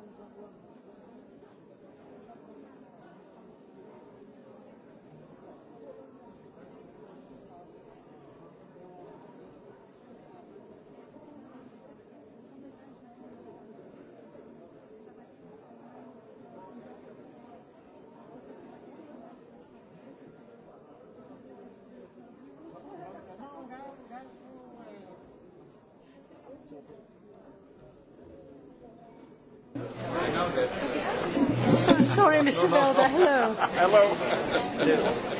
nous envoie. Mr. Belder. Hello. Hello.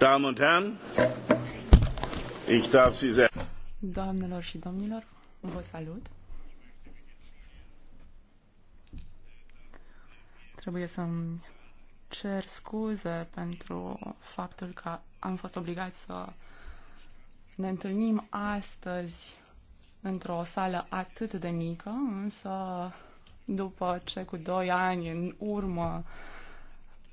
Damen und Herren, ich darf Sie sehr. Doamnelor și domnilor, vă salut. Trebuie să-mi cer scuze pentru faptul că am fost obligat să ne întâlnim astăzi într-o sală atât de mică, însă după ce cu doi ani în urmă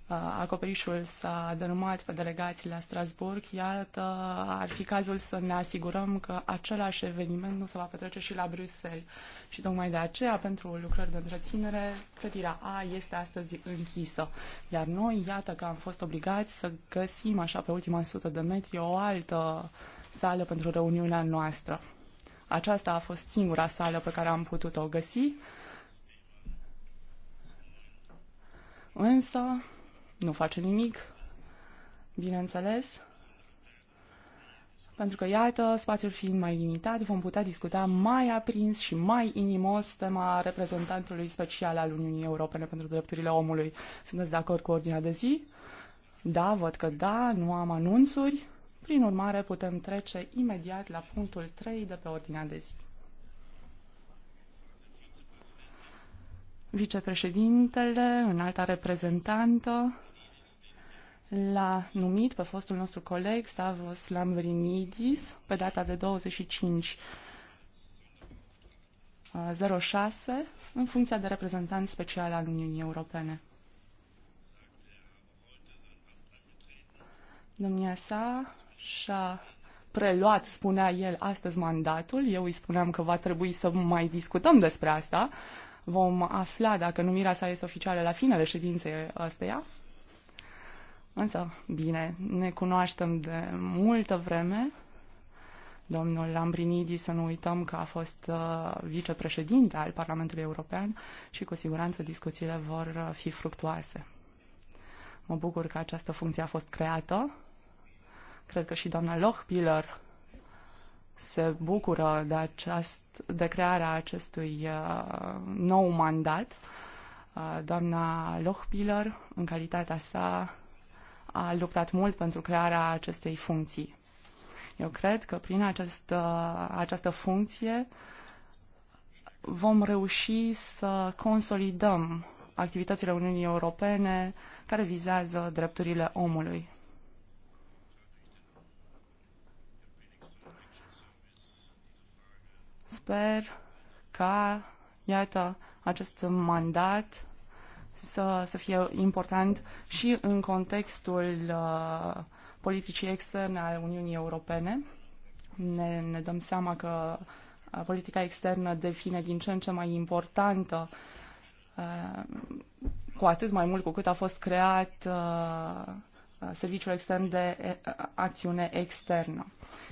Uh, acoperișul s-a dărâmat pe delegații la Strasburg, iată, ar fi cazul să ne asigurăm că același eveniment nu se va petrece și la Bruxelles. Și tocmai de aceea, pentru lucrări de întreținere, clădirea A este astăzi închisă. Iar noi, iată că am fost obligați să găsim, așa pe ultima sută de metri, o altă sală pentru reuniunea noastră. Aceasta a fost singura sală pe care am putut-o găsi. Însă, nu face nimic, bineînțeles. Pentru că, iată, spațiul fiind mai limitat, vom putea discuta mai aprins și mai inimos tema reprezentantului special al Uniunii Europene pentru Drepturile Omului. Sunteți de acord cu ordinea de zi? Da, văd că da, nu am anunțuri. Prin urmare, putem trece imediat la punctul 3 de pe ordinea de zi. Vicepreședintele, înalta reprezentantă, l-a numit pe fostul nostru coleg Stavros Lambrinidis pe data de 25 06 uh, în funcția de reprezentant special al Uniunii Europene. Domnia sa și-a preluat, spunea el, astăzi mandatul. Eu îi spuneam că va trebui să mai discutăm despre asta. Vom afla dacă numirea sa este oficială la finele ședinței ăsteia. Însă, bine, ne cunoaștem de multă vreme. Domnul Lambrinidi, să nu uităm că a fost uh, vicepreședinte al Parlamentului European și cu siguranță discuțiile vor uh, fi fructuoase. Mă bucur că această funcție a fost creată. Cred că și doamna Lochbiller se bucură de, aceast, de crearea acestui uh, nou mandat. Uh, doamna Lochbiller, în calitatea sa a luptat mult pentru crearea acestei funcții. Eu cred că prin această, uh, această funcție vom reuși să consolidăm activitățile Uniunii Europene care vizează drepturile omului. Sper ca, iată, acest mandat să, să fie important și în contextul uh, politicii externe ale Uniunii Europene. Ne, ne dăm seama că uh, politica externă devine din ce în ce mai importantă, uh, cu atât mai mult cu cât a fost creat uh, Uh, Serviciul Extern de uh, Acțiune Externă.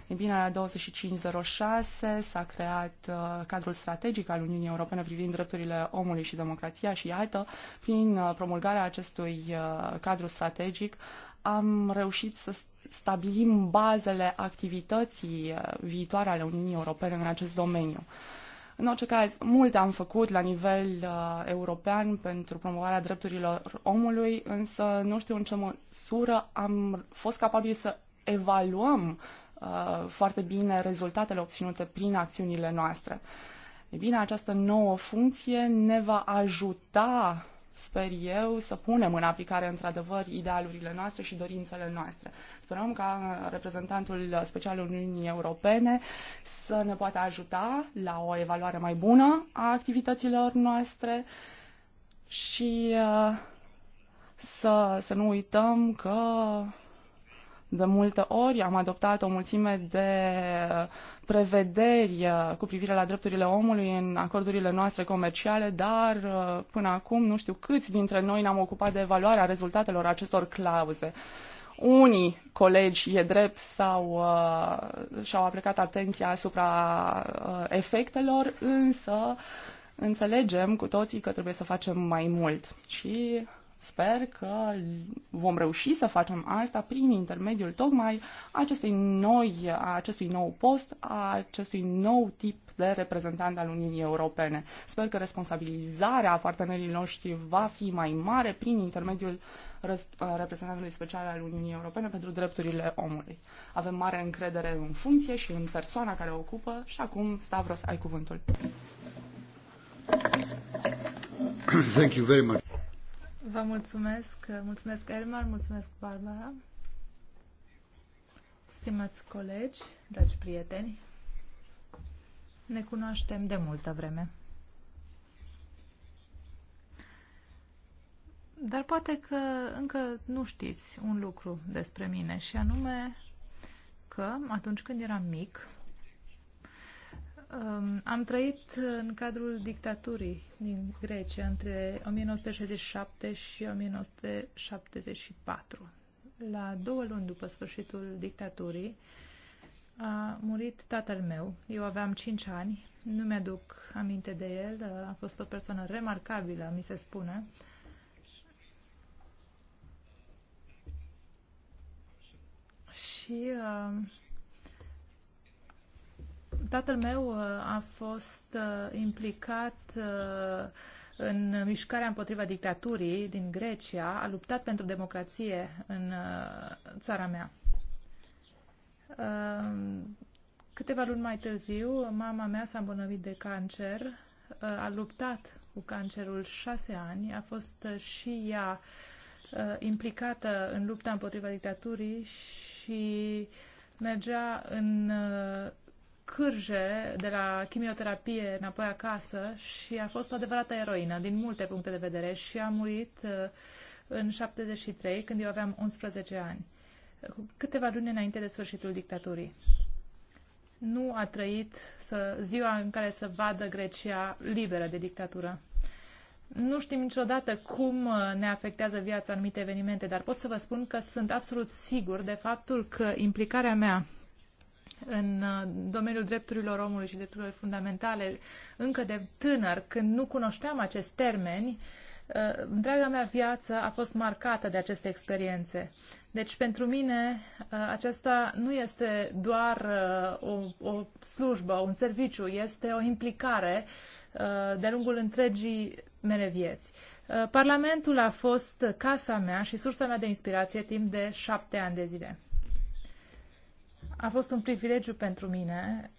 În bine, la 2506 s-a creat uh, cadrul strategic al Uniunii Europene privind drepturile omului și democrația și iată, prin promulgarea acestui cadru strategic, am reușit să stabilim bazele activității viitoare ale Uniunii Europene în acest domeniu. În orice caz, multe am făcut la nivel uh, european pentru promovarea drepturilor omului, însă nu știu în ce măsură am fost capabili să evaluăm uh, foarte bine rezultatele obținute prin acțiunile noastre. E bine, această nouă funcție ne va ajuta sper eu, să punem în aplicare într-adevăr idealurile noastre și dorințele noastre. Sperăm ca reprezentantul special al Uniunii Europene să ne poată ajuta la o evaluare mai bună a activităților noastre și uh, să, să nu uităm că de multe ori am adoptat o mulțime de uh, prevederi uh, cu privire la drepturile omului în acordurile noastre comerciale, dar uh, până acum nu știu câți dintre noi ne-am ocupat de evaluarea rezultatelor acestor clauze. Unii colegi, e drept, s-au, uh, și-au aplicat atenția asupra uh, efectelor, însă înțelegem cu toții că trebuie să facem mai mult. Și Sper că vom reuși să facem asta prin intermediul tocmai acestei noi, a acestui nou post, a acestui nou tip de reprezentant al Uniunii Europene. Sper că responsabilizarea partenerii noștri va fi mai mare prin intermediul reprezentantului special al Uniunii Europene pentru drepturile omului. Avem mare încredere în funcție și în persoana care o ocupă și acum, Stavros, ai cuvântul. Thank you very much. Vă mulțumesc. Mulțumesc, Elmar. Mulțumesc, Barbara. Stimați colegi, dragi prieteni, ne cunoaștem de multă vreme. Dar poate că încă nu știți un lucru despre mine și anume că atunci când eram mic, Um, am trăit în cadrul dictaturii din Grecia între 1967 și 1974. La două luni după sfârșitul dictaturii a murit tatăl meu. Eu aveam 5 ani, nu mi-aduc aminte de el, a fost o persoană remarcabilă, mi se spune. Și uh, Tatăl meu uh, a fost uh, implicat uh, în mișcarea împotriva dictaturii din Grecia, a luptat pentru democrație în țara mea. Câteva luni mai târziu, mama mea s-a îmbolnăvit de cancer, a luptat cu cancerul șase ani, a fost și ea implicată în lupta împotriva dictaturii și mergea în cârje de la chimioterapie înapoi acasă și a fost o adevărată eroină din multe puncte de vedere și a murit uh, în 73 când eu aveam 11 ani, câteva luni înainte de sfârșitul dictaturii. Nu a trăit să, ziua în care să vadă Grecia liberă de dictatură. Nu știm niciodată cum uh, ne afectează viața anumite evenimente, dar pot să vă spun că sunt absolut sigur de faptul că implicarea mea în uh, domeniul drepturilor omului și drepturilor fundamentale încă de tânăr, când nu cunoșteam acest termeni, uh, întreaga mea viață a fost marcată de aceste experiențe. Deci, pentru mine, uh, aceasta nu este doar o, o slujbă, un serviciu, este o implicare de-a lungul întregii mele vieți. Parlamentul a fost casa mea și sursa mea de inspirație timp de șapte ani de zile. A fost un privilegiu pentru mine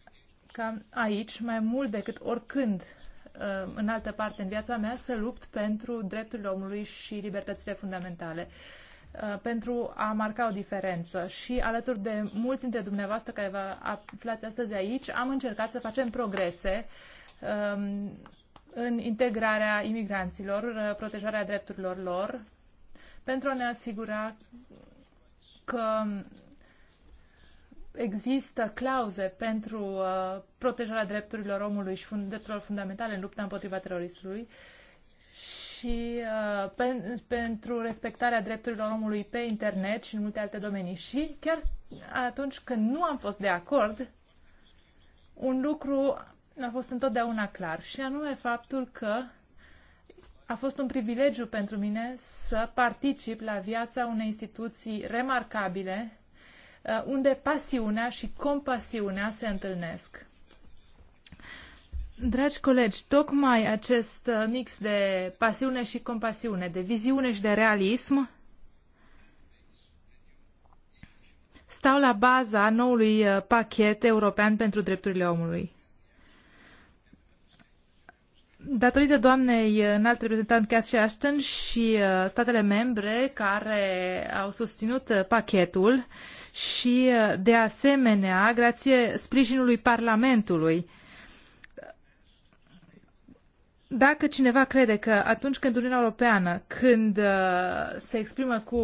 ca aici, mai mult decât oricând uh, în altă parte în viața mea, să lupt pentru drepturile omului și libertățile fundamentale uh, pentru a marca o diferență și alături de mulți dintre dumneavoastră care vă aflați astăzi aici, am încercat să facem progrese um, în integrarea imigranților, uh, protejarea drepturilor lor, pentru a ne asigura că există clauze pentru uh, protejarea drepturilor omului și drepturilor fundamentale în lupta împotriva terorismului și uh, pe, pentru respectarea drepturilor omului pe internet și în multe alte domenii. Și chiar atunci când nu am fost de acord, un lucru a fost întotdeauna clar și anume faptul că a fost un privilegiu pentru mine să particip la viața unei instituții remarcabile Uh, unde pasiunea și compasiunea se întâlnesc. Dragi colegi, tocmai acest uh, mix de pasiune și compasiune, de viziune și de realism, stau la baza noului uh, pachet european pentru drepturile omului. Datorită doamnei uh, înalt reprezentant Cathy Ashton și uh, statele membre care au susținut uh, pachetul și, de asemenea, grație sprijinului Parlamentului, dacă cineva crede că atunci când Uniunea Europeană, când se exprimă cu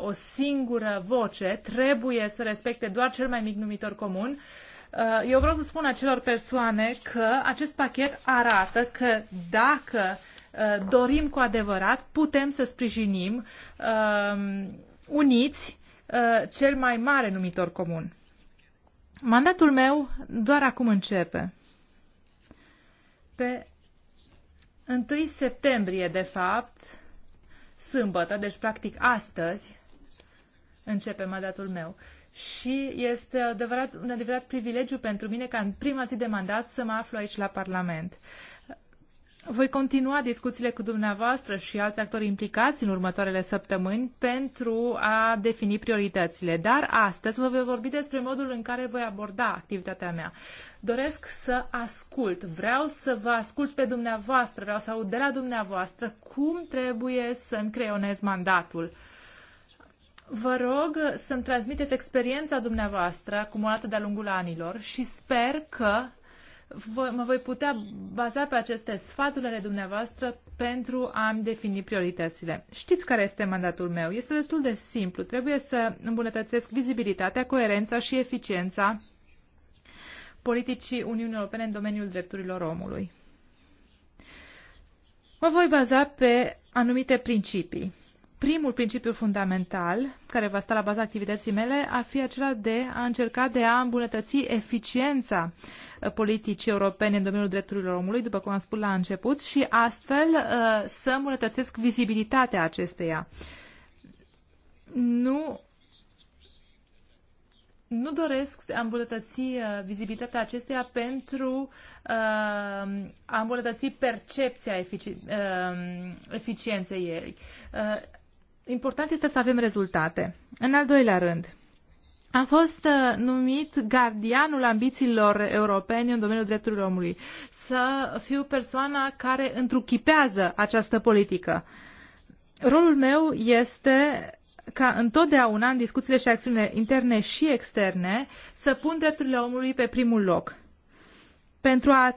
o singură voce, trebuie să respecte doar cel mai mic numitor comun, Uh, eu vreau să spun acelor persoane că acest pachet arată că dacă uh, dorim cu adevărat, putem să sprijinim uh, uniți cel mai mare numitor comun. Mandatul meu doar acum începe. Pe 1 septembrie, de fapt, sâmbătă, deci practic astăzi, începe mandatul meu și este adevărat, un adevărat privilegiu pentru mine ca în prima zi de mandat să mă aflu aici la Parlament. Voi continua discuțiile cu dumneavoastră și alți actori implicați în următoarele săptămâni pentru a defini prioritățile, dar astăzi vă voi vorbi despre modul în care voi aborda activitatea mea. Doresc să ascult, vreau să vă ascult pe dumneavoastră, vreau să aud de la dumneavoastră cum trebuie să-mi creionez mandatul Vă rog să-mi transmiteți experiența dumneavoastră acumulată de-a lungul anilor și sper că vă, mă voi putea baza pe aceste sfaturi ale dumneavoastră pentru a-mi defini prioritățile. Știți care este mandatul meu? Este destul de simplu. Trebuie să îmbunătățesc vizibilitatea, coerența și eficiența politicii Uniunii Europene în domeniul drepturilor omului. Mă voi baza pe anumite principii primul principiu fundamental care va sta la baza activității mele ar fi acela de a încerca de a îmbunătăți eficiența uh, politicii europene în domeniul drepturilor omului, după cum am spus la început, și astfel uh, să îmbunătățesc vizibilitatea acesteia. Nu nu doresc să îmbunătăți uh, vizibilitatea acesteia pentru uh, a îmbunătăți percepția efici- uh, eficienței ei. Uh, important este să avem rezultate. În al doilea rând, am fost uh, numit gardianul ambițiilor europene în domeniul drepturilor omului. Să fiu persoana care întruchipează această politică. Rolul meu este ca întotdeauna în discuțiile și acțiunile interne și externe să pun drepturile omului pe primul loc pentru a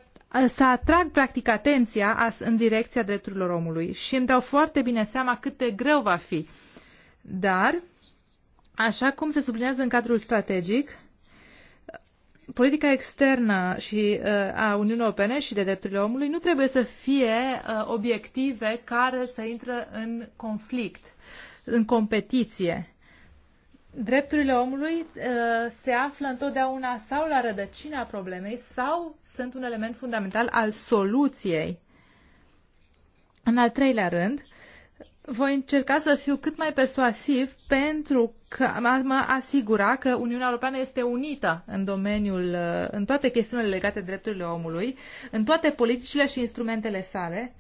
să atrag practic atenția în direcția drepturilor omului și îmi dau foarte bine seama cât de greu va fi. Dar, așa cum se sublinează în cadrul strategic, politica externă și uh, a Uniunii Europene și de drepturile omului nu trebuie să fie uh, obiective care să intră în conflict, în competiție drepturile omului uh, se află întotdeauna sau la rădăcina problemei sau sunt un element fundamental al soluției. În al treilea rând, voi încerca să fiu cât mai persuasiv pentru că mă asigura că Uniunea Europeană este unită în domeniul, uh, în toate chestiunile legate de drepturile omului, în toate politicile și instrumentele sale,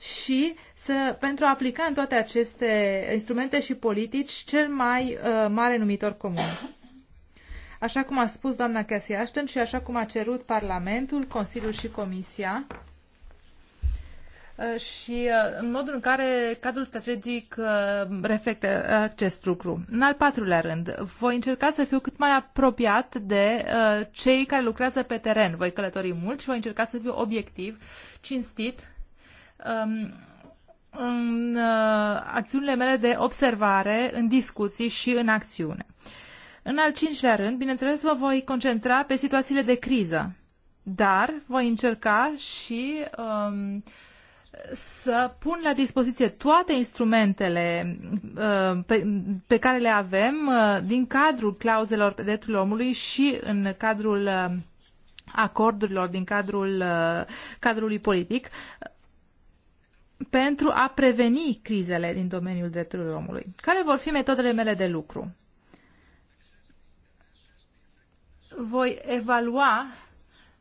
și să, pentru a aplica în toate aceste instrumente și politici cel mai uh, mare numitor comun. Așa cum a spus doamna Cassie Ashton și așa cum a cerut Parlamentul, Consiliul și Comisia, uh, și uh, în modul în care cadrul strategic uh, reflectă acest lucru. În al patrulea rând, voi încerca să fiu cât mai apropiat de cei care lucrează pe teren. Voi călători mult și voi încerca să fiu obiectiv, cinstit um, în uh, acțiunile mele de observare, în discuții și în acțiune. În al cincilea rând, bineînțeles, vă voi concentra pe situațiile de criză, dar voi încerca și um, să pun la dispoziție toate instrumentele uh, pe, pe care le avem uh, din cadrul clauzelor dreptul omului și în cadrul uh, acordurilor din cadrul uh, cadrului politic pentru a preveni crizele din domeniul drepturilor omului. Care vor fi metodele mele de lucru? Voi evalua,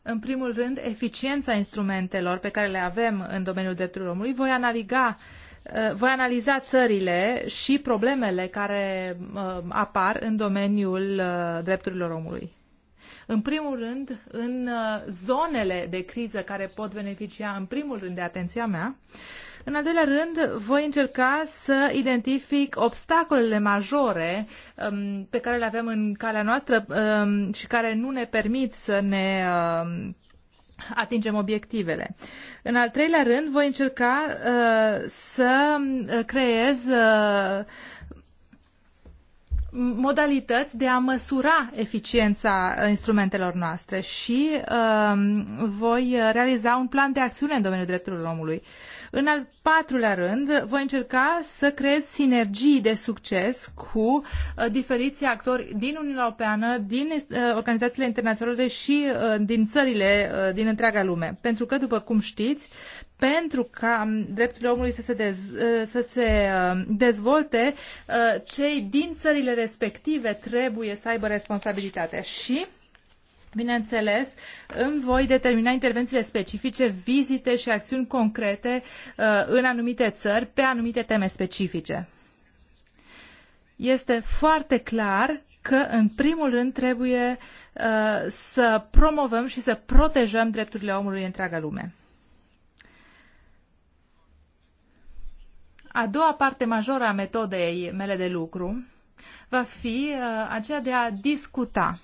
în primul rând, eficiența instrumentelor pe care le avem în domeniul drepturilor omului. Voi analiza, uh, voi analiza țările și problemele care uh, apar în domeniul uh, drepturilor omului în primul rând, în uh, zonele de criză care pot beneficia, în primul rând, de atenția mea. În al doilea rând, voi încerca să identific obstacolele majore um, pe care le avem în calea noastră um, și care nu ne permit să ne um, atingem obiectivele. În al treilea rând, voi încerca uh, să uh, creez uh, modalități de a măsura eficiența uh, instrumentelor noastre și um, uh, voi realiza un plan de acțiune în domeniul drepturilor omului. În al patrulea rând, voi încerca să creez sinergii de succes cu uh, diferiții actori din Uniunea Europeană, din uh, organizațiile internaționale și din țările din întreaga lume. Pentru că, după cum știți, pentru ca drepturile omului să se, dez, uh, să se uh, dezvolte, uh, cei din țările respective trebuie să aibă responsabilitatea și Bineînțeles, îmi voi determina intervențiile specifice, vizite și acțiuni concrete uh, în anumite țări pe anumite teme specifice. Este foarte clar că, în primul rând, trebuie uh, să promovăm și să protejăm drepturile omului întreaga lume. A doua parte majoră a metodei mele de lucru va fi uh, aceea de a discuta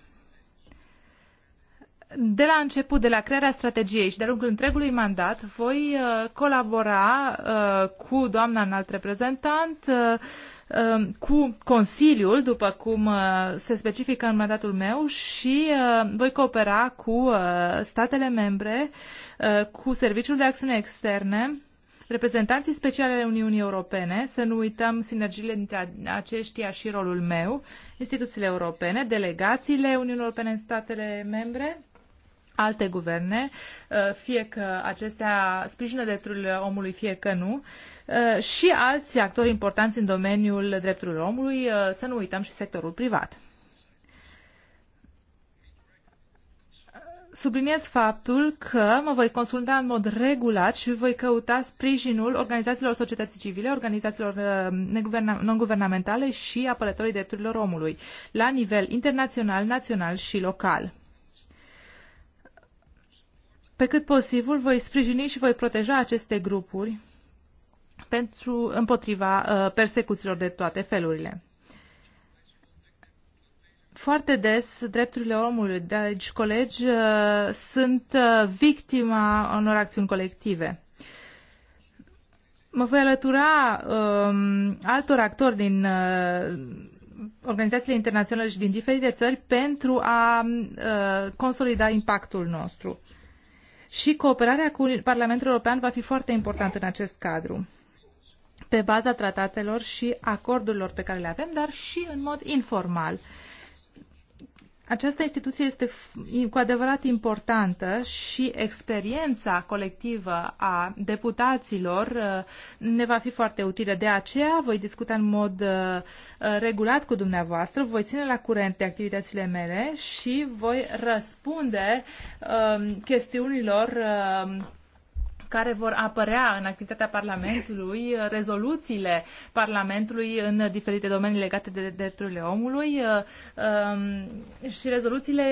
de la început, de la crearea strategiei și de-a lungul întregului mandat, voi uh, colabora uh, cu doamna înalt reprezentant, uh, um, cu Consiliul, după cum uh, se specifică în mandatul meu, și uh, voi coopera cu uh, statele membre, cu Serviciul de Acțiune Externe, reprezentanții speciale ale Uniunii Europene, să nu uităm sinergiile dintre aceștia și rolul meu, instituțiile europene, delegațiile Uniunii Europene în statele membre, alte guverne, uh, fie că acestea sprijină drepturile omului, fie că nu, uh, și alți actori importanți în domeniul drepturilor omului, uh, să nu uităm și sectorul privat. subliniez faptul că mă voi consulta în mod regulat și voi căuta sprijinul organizațiilor societății civile, organizațiilor uh, non-guvernamentale și apărătorii drepturilor omului, la nivel internațional, național și local. Pe cât posibil, voi sprijini și voi proteja aceste grupuri pentru împotriva uh, persecuțiilor de toate felurile. Foarte des, drepturile omului, dragi colegi, uh, sunt uh, victima unor acțiuni colective. Mă voi alătura um, altor actori din uh, organizațiile internaționale și din diferite țări pentru a uh, consolida impactul nostru. Și cooperarea cu Parlamentul European va fi foarte importantă în acest cadru, pe baza tratatelor și acordurilor pe care le avem, dar și în mod informal. Uh, această instituție este cu adevărat importantă și experiența colectivă a deputaților uh, ne va fi foarte utilă. De aceea voi discuta în mod uh, uh, regulat cu dumneavoastră, voi ține la curent de activitățile mele și voi răspunde um, chestiunilor um, care vor apărea în activitatea Parlamentului, rezoluțiile Parlamentului în diferite domenii legate de drepturile omului uh, um, și rezoluțiile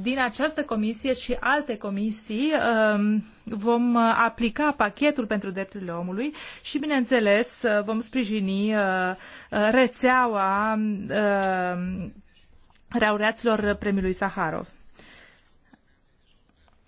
din această comisie și alte comisii um, vom aplica pachetul pentru drepturile omului și, bineînțeles, uh, vom sprijini uh, rețeaua laureaților premiului Saharov.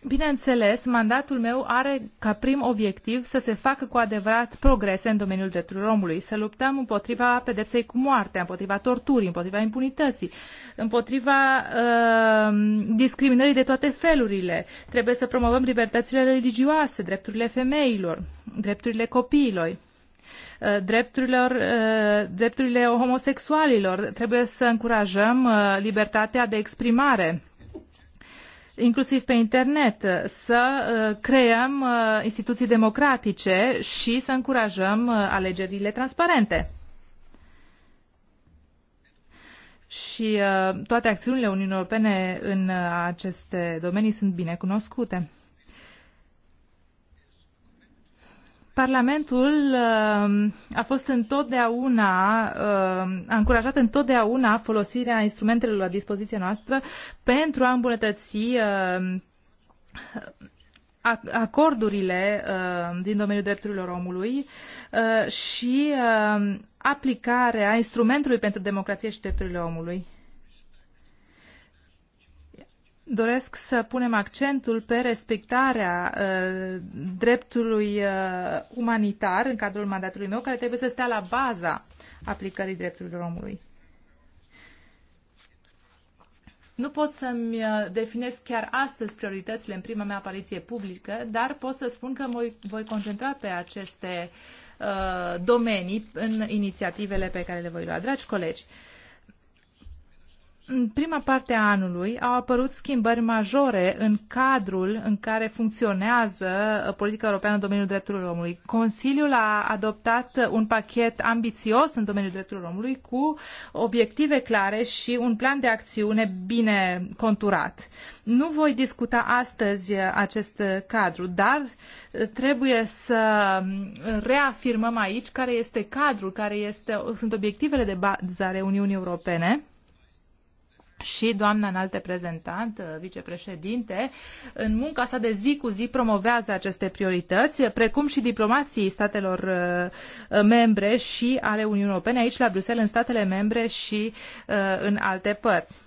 Bineînțeles, mandatul meu are ca prim obiectiv să se facă cu adevărat progrese în domeniul drepturilor omului, să luptăm împotriva pedepsei cu moartea, împotriva torturii, împotriva impunității, împotriva uh, discriminării de toate felurile. Trebuie să promovăm libertățile religioase, drepturile femeilor, drepturile copiilor uh, drepturilor, uh, drepturile homosexualilor. Trebuie să încurajăm uh, libertatea de exprimare inclusiv pe internet, uh, să uh, creăm uh, instituții democratice și să încurajăm alegerile transparente. Și toate acțiunile Uniunii Europene în aceste domenii sunt bine cunoscute. Parlamentul um, a fost întotdeauna, um, a încurajat întotdeauna folosirea instrumentelor la dispoziția noastră pentru a îmbunătăți um, acordurile din domeniul drepturilor omului uh, și aplicarea instrumentului pentru democrație și drepturile omului doresc să punem accentul pe respectarea uh, dreptului uh, umanitar în cadrul mandatului meu, care trebuie să stea la baza aplicării drepturilor omului. Nu pot să-mi uh, definesc chiar astăzi prioritățile în prima mea apariție publică, dar pot să spun că mă voi concentra pe aceste uh, domenii în inițiativele pe care le voi lua. Dragi colegi, uh, în prima parte a anului au apărut schimbări majore în cadrul în care funcționează uh, politica europeană în domeniul drepturilor omului. Consiliul a adoptat uh, un pachet ambițios în domeniul drepturilor omului cu obiective clare și un plan de acțiune bine conturat. Nu voi discuta astăzi uh, acest cadru, dar trebuie să um, reafirmăm aici care este cadrul, care este, sunt obiectivele de bază ale Uniunii Europene și doamna înalt reprezentant, uh, vicepreședinte, în munca sa de zi cu zi promovează aceste priorități, precum și diplomații statelor uh, uh, membre și ale Uniunii Europene aici la Bruxelles, în statele membre și în alte părți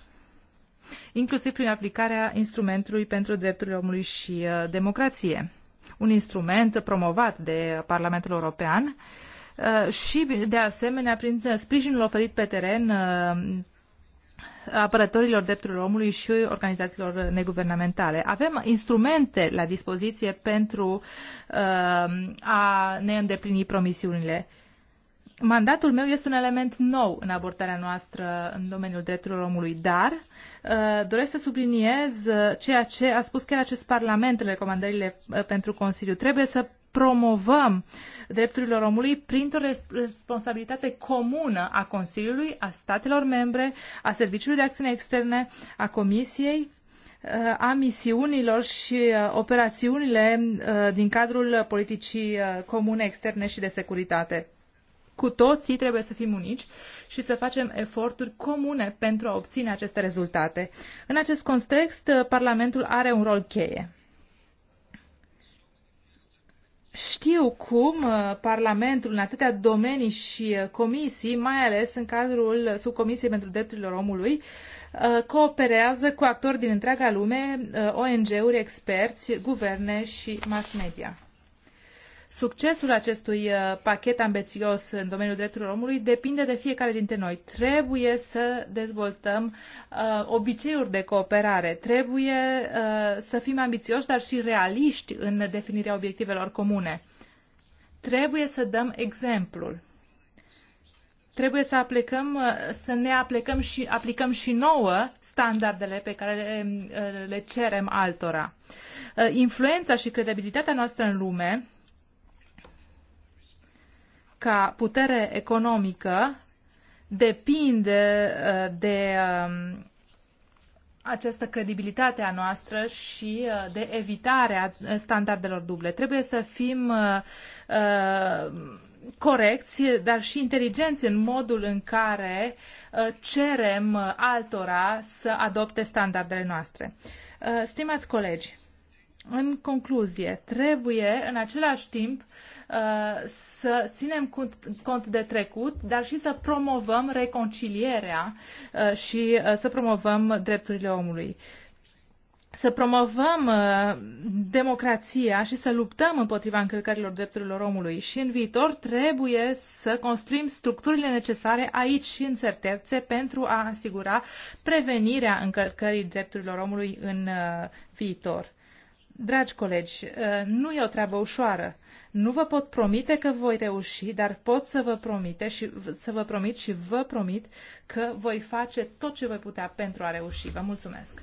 inclusiv prin aplicarea instrumentului pentru drepturile omului și democrație, un instrument promovat de Parlamentul European și, de asemenea, prin sprijinul oferit pe teren apărătorilor drepturilor omului și organizațiilor neguvernamentale. Avem instrumente la dispoziție pentru uh, a ne îndeplini promisiunile. Mandatul meu este un element nou în abordarea noastră în domeniul drepturilor omului, dar uh, doresc să subliniez uh, ceea ce a spus chiar acest Parlament în recomandările uh, pentru Consiliu. Trebuie să promovăm drepturile omului printr-o responsabilitate comună a Consiliului, a statelor membre, a Serviciului de Acțiune Externe, a Comisiei, uh, a misiunilor și uh, operațiunile uh, din cadrul politicii comune externe și de securitate. Cu toții trebuie să fim unici și să facem eforturi comune pentru a obține aceste rezultate. În acest context, Parlamentul are un rol cheie știu cum uh, Parlamentul în atâtea domenii și uh, comisii, mai ales în cadrul subcomisiei pentru drepturile omului, uh, cooperează cu actori din întreaga lume, ONG-uri, experți, guverne și mass media. Succesul acestui uh, pachet ambițios în domeniul drepturilor omului depinde de fiecare dintre noi. Trebuie să dezvoltăm uh, obiceiuri de cooperare, trebuie uh, să fim ambițioși, dar și realiști în definirea obiectivelor comune. Trebuie să dăm exemplul trebuie să aplicăm, uh, să ne aplicăm și, aplicăm și nouă standardele pe care le, uh, le cerem altora. Influența și credibilitatea noastră în lume ca putere economică depinde uh, de um, această credibilitate a noastră și uh, de evitarea standardelor duble. Trebuie să fim uh, corecți, dar și inteligenți în modul în care cerem altora să adopte standardele noastre. Stimați colegi, în concluzie, trebuie în același timp Uh, să ținem cont de trecut, dar și să promovăm reconcilierea uh, și uh, să promovăm drepturile omului să promovăm democrația și să luptăm împotriva încălcărilor drepturilor omului și în viitor trebuie să construim structurile necesare aici și în certețe pentru a asigura prevenirea încălcării drepturilor omului în viitor. Dragi colegi, nu e o treabă ușoară nu vă pot promite că voi reuși, dar pot să vă promite și să vă promit și vă promit că voi face tot ce voi putea pentru a reuși. Vă mulțumesc.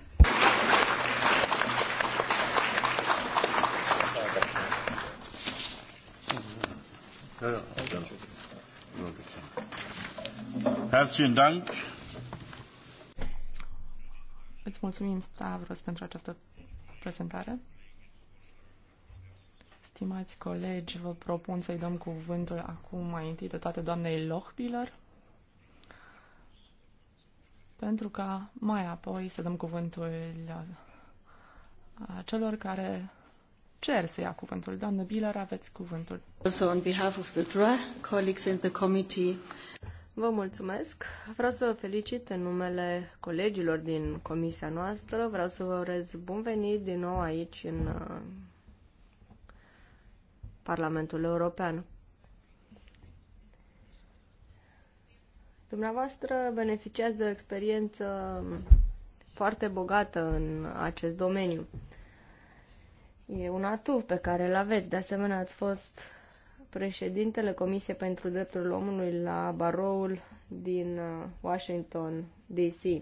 Herzlichen Dank. Îți mulțumim, Stavros, pentru această prezentare. Stimați colegi, vă propun să-i dăm cuvântul acum mai întâi de toate doamnei Lochbiller, pentru ca mai apoi să dăm cuvântul celor care cer să ia cuvântul. Doamnă Biller, aveți cuvântul. Also on behalf of the DRA, colleagues in the committee, Vă mulțumesc. Vreau să vă felicit în numele colegilor din comisia noastră. Vreau să vă urez bun venit din nou aici în Parlamentul European. Dumneavoastră beneficiați de o experiență foarte bogată în acest domeniu. E un atu pe care îl aveți. De asemenea, ați fost președintele Comisiei pentru Drepturile Omului la baroul din uh, Washington, D.C.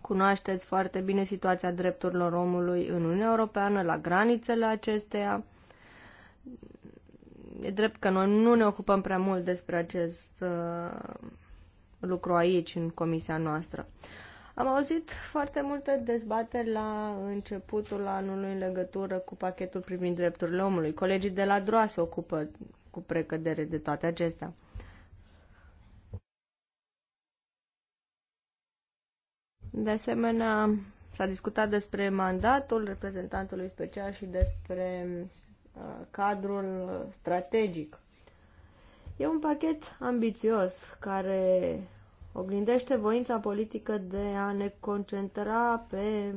Cunoașteți foarte bine situația drepturilor omului în Uniunea Europeană, la granițele acesteia E drept că noi nu ne ocupăm prea mult despre acest uh, lucru aici, în comisia noastră. Am auzit foarte multe dezbateri la începutul anului în legătură cu pachetul privind drepturile omului. Colegii de la DROA se ocupă cu precădere de toate acestea. De asemenea, s-a discutat despre mandatul reprezentantului special și despre Uh, cadrul strategic. E un pachet ambițios care oglindește voința politică de a ne concentra pe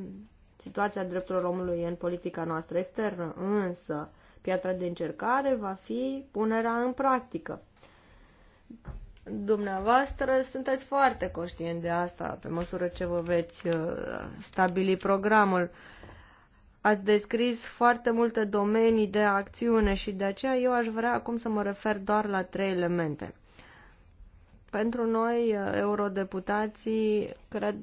situația drepturilor omului în politica noastră externă, însă piatra de încercare va fi punerea în practică. Dumneavoastră sunteți foarte conștient de asta pe măsură ce vă veți uh, stabili programul. Ați descris foarte multe domenii de acțiune și de aceea eu aș vrea acum să mă refer doar la trei elemente. Pentru noi, uh, eurodeputații, cred,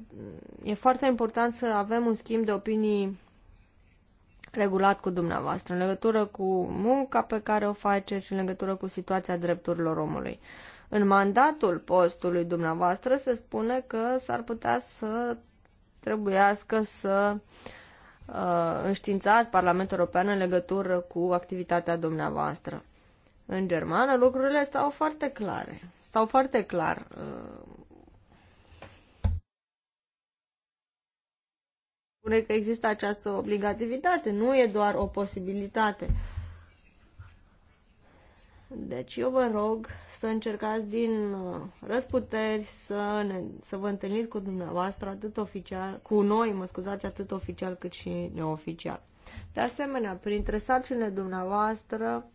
e foarte important să avem un schimb de opinii regulat cu dumneavoastră, în legătură cu munca pe care o faceți, în legătură cu situația drepturilor omului. În mandatul postului dumneavoastră se spune că s-ar putea să trebuiască să uh, Uh, înștiințați Parlamentul European în legătură cu activitatea dumneavoastră. În germană lucrurile stau foarte clare. Stau foarte clar. Uh, spune că există această obligativitate, nu e doar o posibilitate. Uh, deci eu vă rog să încercați din uh, răsputeri să, ne, să vă întâlniți cu dumneavoastră atât oficial, cu noi, mă scuzați, atât oficial cât și neoficial. De asemenea, printre sarcinile dumneavoastră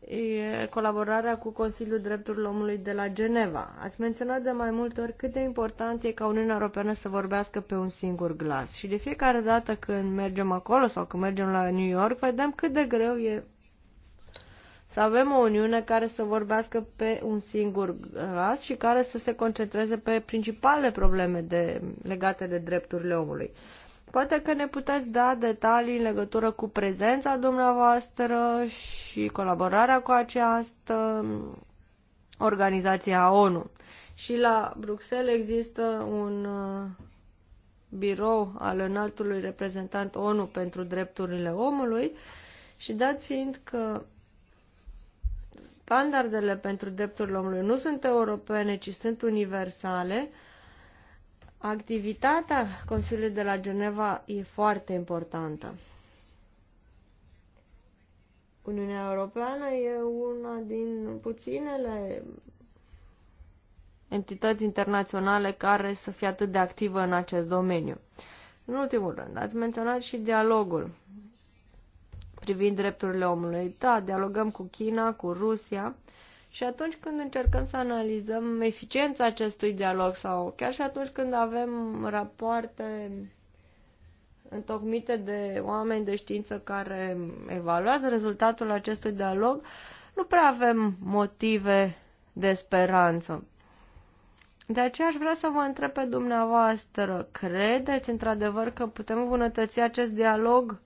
e colaborarea cu Consiliul Drepturilor Omului de la Geneva. Ați menționat de mai multe ori cât de important e ca Uniunea Europeană să vorbească pe un singur glas. Și de fiecare dată când mergem acolo sau când mergem la New York, vedem cât de greu e să avem o Uniune care să vorbească pe un singur glas și care să se concentreze pe principalele probleme de, legate de drepturile omului. Poate că ne puteți da detalii în legătură cu prezența dumneavoastră și colaborarea cu această organizație a ONU. Și la Bruxelles există un uh, birou al înaltului reprezentant ONU pentru drepturile omului și dat fiind că standardele pentru drepturile omului nu sunt europene, ci sunt universale, activitatea Consiliului de la Geneva e foarte importantă. Uniunea Europeană e una din puținele entități internaționale care să fie atât de activă în acest domeniu. În ultimul rând, ați menționat și dialogul privind drepturile omului. Da, dialogăm cu China, cu Rusia și atunci când încercăm să analizăm eficiența acestui dialog sau chiar și atunci când avem rapoarte întocmite de oameni de știință care evaluează rezultatul acestui dialog, nu prea avem motive de speranță. De aceea aș vrea să vă întreb pe dumneavoastră, credeți într-adevăr că putem îmbunătăți acest dialog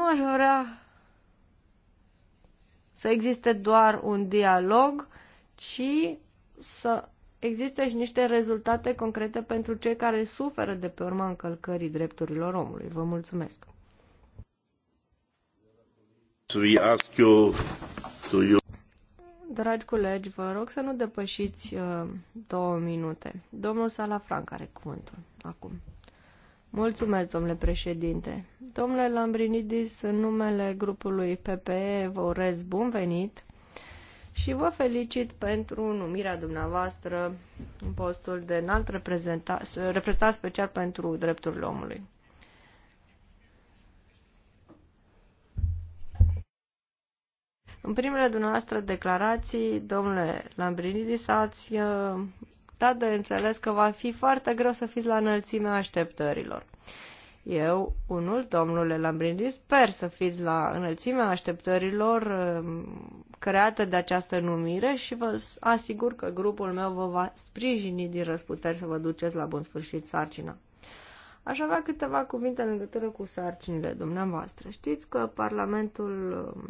nu aș vrea să existe doar un dialog, ci să existe și niște rezultate concrete pentru cei care suferă de pe urma încălcării drepturilor omului. Vă mulțumesc! Dragi colegi, vă rog să nu depășiți uh, două minute. Domnul Salafran are cuvântul acum. Mulțumesc, domnule președinte. Domnule Lambrinidis, în numele grupului PPE vă urez bun venit și vă felicit pentru numirea dumneavoastră în postul de înalt reprezentant, reprezentant special pentru drepturile omului. În primele dumneavoastră declarații, domnule Lambrinidis, ați uh, dat de înțeles că va fi foarte greu să fiți la înălțimea așteptărilor. Eu, unul, domnule Lambrini, sper să fiți la înălțimea așteptărilor um, create de această numire și vă asigur că grupul meu vă va sprijini din răsputeri să vă duceți la bun sfârșit sarcina. Aș avea câteva cuvinte în legătură cu sarcinile dumneavoastră. Știți că Parlamentul um,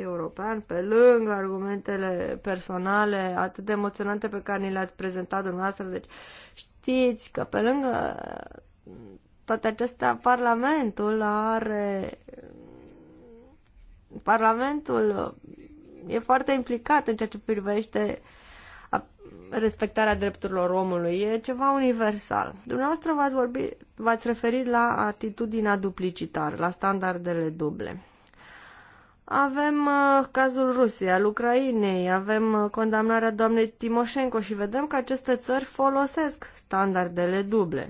European, pe lângă argumentele personale atât de emoționante pe care ni le-ați prezentat dumneavoastră, deci știți că pe lângă toate acestea, Parlamentul are... Parlamentul uh, e foarte implicat în ceea ce privește respectarea drepturilor omului. E ceva universal. Dumneavoastră v-ați, vorbit, v-ați referit la atitudinea duplicitară, la standardele duble. Avem uh, cazul Rusiei, al Ucrainei, avem uh, condamnarea doamnei Timoșenko și vedem că aceste țări folosesc standardele duble.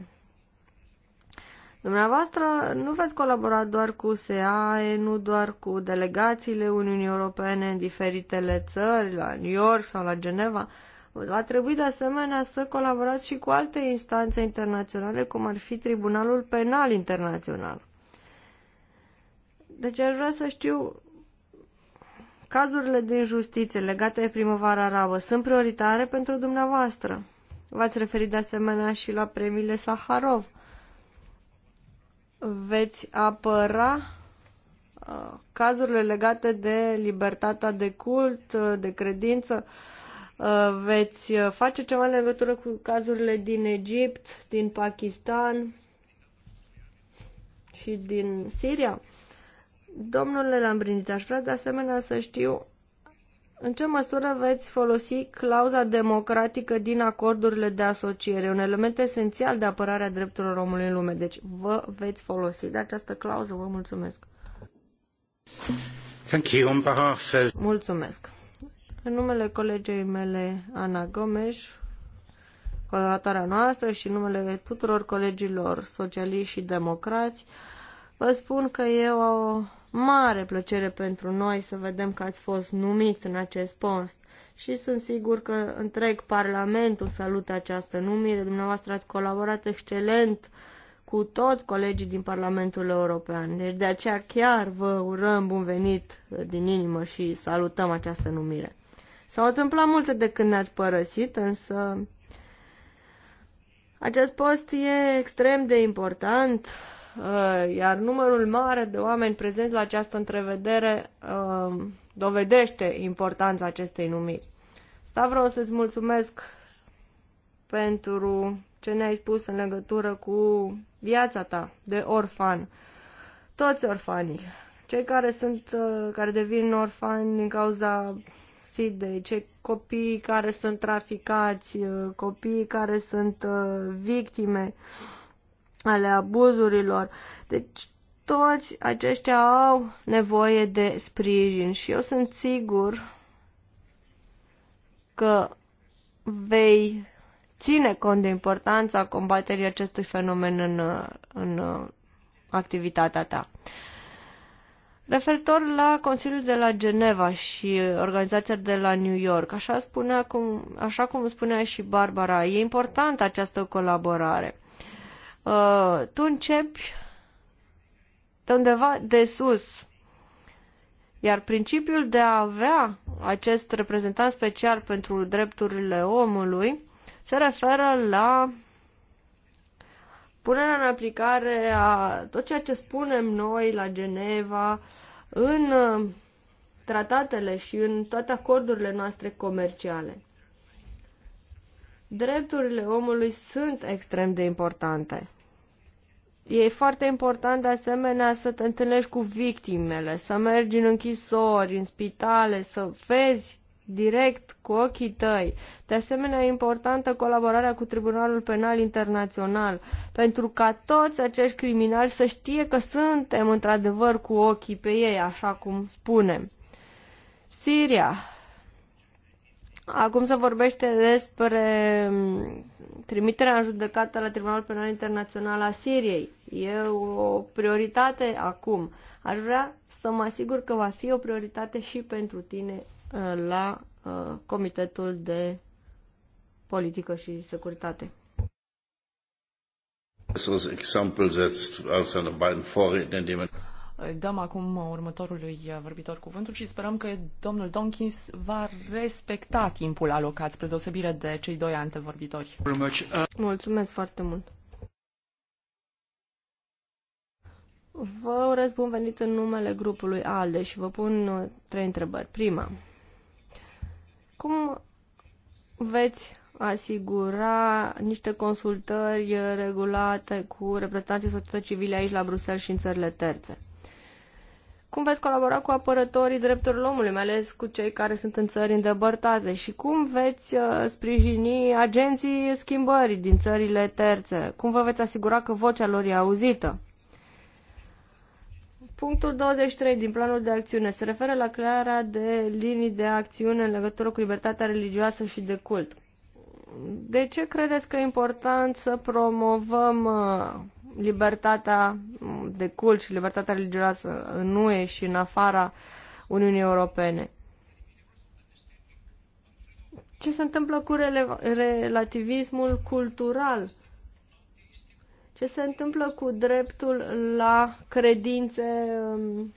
Dumneavoastră nu veți colabora doar cu SEAE, nu doar cu delegațiile Uniunii Europene în diferitele țări, la New York sau la Geneva. Va trebui de asemenea să colaborați și cu alte instanțe internaționale, cum ar fi Tribunalul Penal Internațional. Deci aș vrea să știu cazurile din justiție legate de primăvara arabă sunt prioritare pentru dumneavoastră. V-ați referit de asemenea și la premiile Saharov veți apăra uh, cazurile legate de libertatea de cult, uh, de credință, uh, veți face ceva în legătură cu cazurile din Egipt, din Pakistan și din Siria? Domnule Lambrinit, aș vrea de asemenea să știu în ce măsură veți folosi clauza democratică din acordurile de asociere, un element esențial de apărare a drepturilor omului în lume? Deci vă veți folosi de această clauză? Vă mulțumesc. Thank you on behalf of... Mulțumesc. În numele colegei mele, Ana Gomes, colaboratoarea noastră și în numele tuturor colegilor socialiști și democrați, vă spun că eu mare plăcere pentru noi să vedem că ați fost numit în acest post și sunt sigur că întreg Parlamentul salută această numire. Dumneavoastră ați colaborat excelent cu toți colegii din Parlamentul European. Deci de aceea chiar vă urăm bun venit din inimă și salutăm această numire. S-au întâmplat multe de când ne-ați părăsit, însă acest post e extrem de important Uh, iar numărul mare de oameni prezenți la această întrevedere uh, dovedește importanța acestei numiri. să-ți mulțumesc pentru ce ne-ai spus în legătură cu viața ta de orfan. Toți orfanii, cei care sunt, uh, care devin orfani din cauza sidei, cei copii care sunt traficați, copii care sunt victime, uh, ale abuzurilor. Deci toți aceștia au nevoie de sprijin și eu sunt sigur că vei ține cont de importanța combaterii acestui fenomen în, în uh, activitatea ta. Referitor la Consiliul de la Geneva și organizația de la New York, așa, spunea cum, așa cum spunea și Barbara, e importantă această colaborare uh, tu începi de undeva de sus. Iar principiul de a avea acest reprezentant special pentru drepturile omului se referă la punerea în aplicare a tot ceea ce spunem noi la Geneva în uh, tratatele și în toate acordurile noastre comerciale. Drepturile omului sunt extrem de importante. E foarte important de asemenea să te întâlnești cu victimele, să mergi în închisori, în spitale, să vezi direct cu ochii tăi. De asemenea, e importantă colaborarea cu Tribunalul Penal Internațional, pentru ca toți acești criminali să știe că suntem într-adevăr cu ochii pe ei, așa cum spunem. Siria, Acum se vorbește despre trimiterea în judecată la Tribunalul Penal Internațional a Siriei. E o prioritate acum. Aș vrea să mă asigur că va fi o prioritate și pentru tine uh, la uh, Comitetul de Politică și Securitate. Besseres Exempel setzt als seine beiden Vorredner, indem dăm acum următorului vorbitor cuvântul și sperăm că domnul Donkins va respecta timpul alocat, spre deosebire de cei doi antevorbitori. Mulțumesc foarte mult! Vă urez bun venit în numele grupului ALDE și vă pun uh, trei întrebări. Prima, cum veți asigura niște consultări uh, regulate cu reprezentanții societății civile aici la Bruxelles și în țările terțe? Cum veți colabora cu apărătorii drepturilor omului, mai ales cu cei care sunt în țări îndepărtate? Și cum veți uh, sprijini agenții schimbării din țările terțe? Cum vă veți asigura că vocea lor e auzită? Punctul 23 din planul de acțiune se referă la crearea de linii de acțiune în legătură cu libertatea religioasă și de cult. De ce credeți că e important să promovăm uh, libertatea de cult și libertatea religioasă în UE și în afara Uniunii Europene. Ce se întâmplă cu relativismul cultural? Ce se întâmplă cu dreptul la credințe um,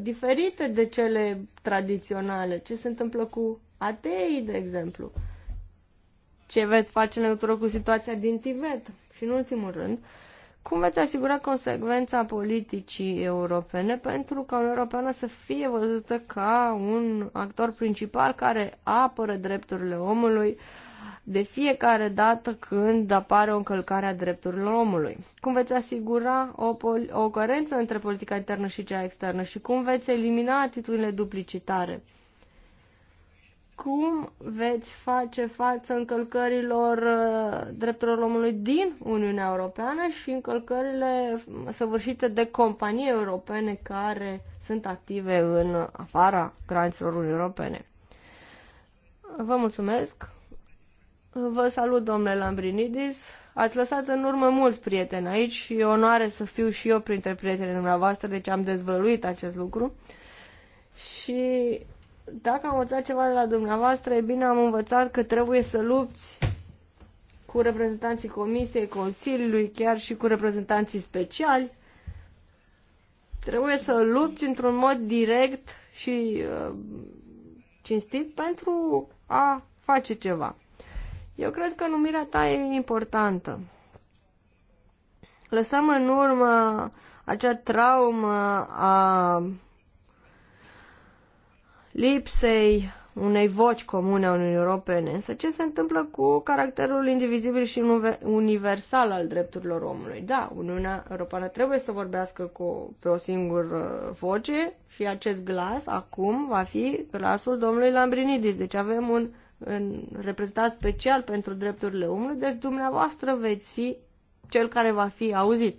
diferite de cele tradiționale? Ce se întâmplă cu ateii, de exemplu? Ce veți face în legătură cu situația din Tibet? Și în ultimul rând, uh, cum veți asigura consecvența politicii europene pentru ca Uniunea Europeană să fie văzută ca un actor principal care apără drepturile omului de fiecare dată când apare o încălcare a drepturilor omului? Cum veți asigura o, o coerență între politica internă și cea externă și cum veți elimina atitudinile duplicitare? cum veți face față încălcărilor uh, drepturilor omului din Uniunea Europeană și încălcările săvârșite de companii europene care sunt active în afara granițelor Uniunii Europene. Vă mulțumesc. Vă salut, domnule Lambrinidis. Ați lăsat în urmă mulți prieteni aici și e onoare să fiu și eu printre prietenii dumneavoastră, deci am dezvăluit acest lucru. Și dacă am învățat ceva de la dumneavoastră, e bine, am învățat că trebuie să lupți cu reprezentanții Comisiei, Consiliului, chiar și cu reprezentanții speciali. Trebuie să lupți într-un mod direct și uh, cinstit pentru a face ceva. Eu cred că numirea ta e importantă. Lăsăm în urmă acea traumă a lipsei unei voci comune a Uniunii Europene. Însă ce se întâmplă cu caracterul indivizibil și universal al drepturilor omului? Da, Uniunea Europeană trebuie să vorbească cu, pe o singură uh, voce și acest glas acum va fi glasul domnului Lambrinidis. Deci avem un, un reprezentant special pentru drepturile omului, deci dumneavoastră veți fi cel care va fi auzit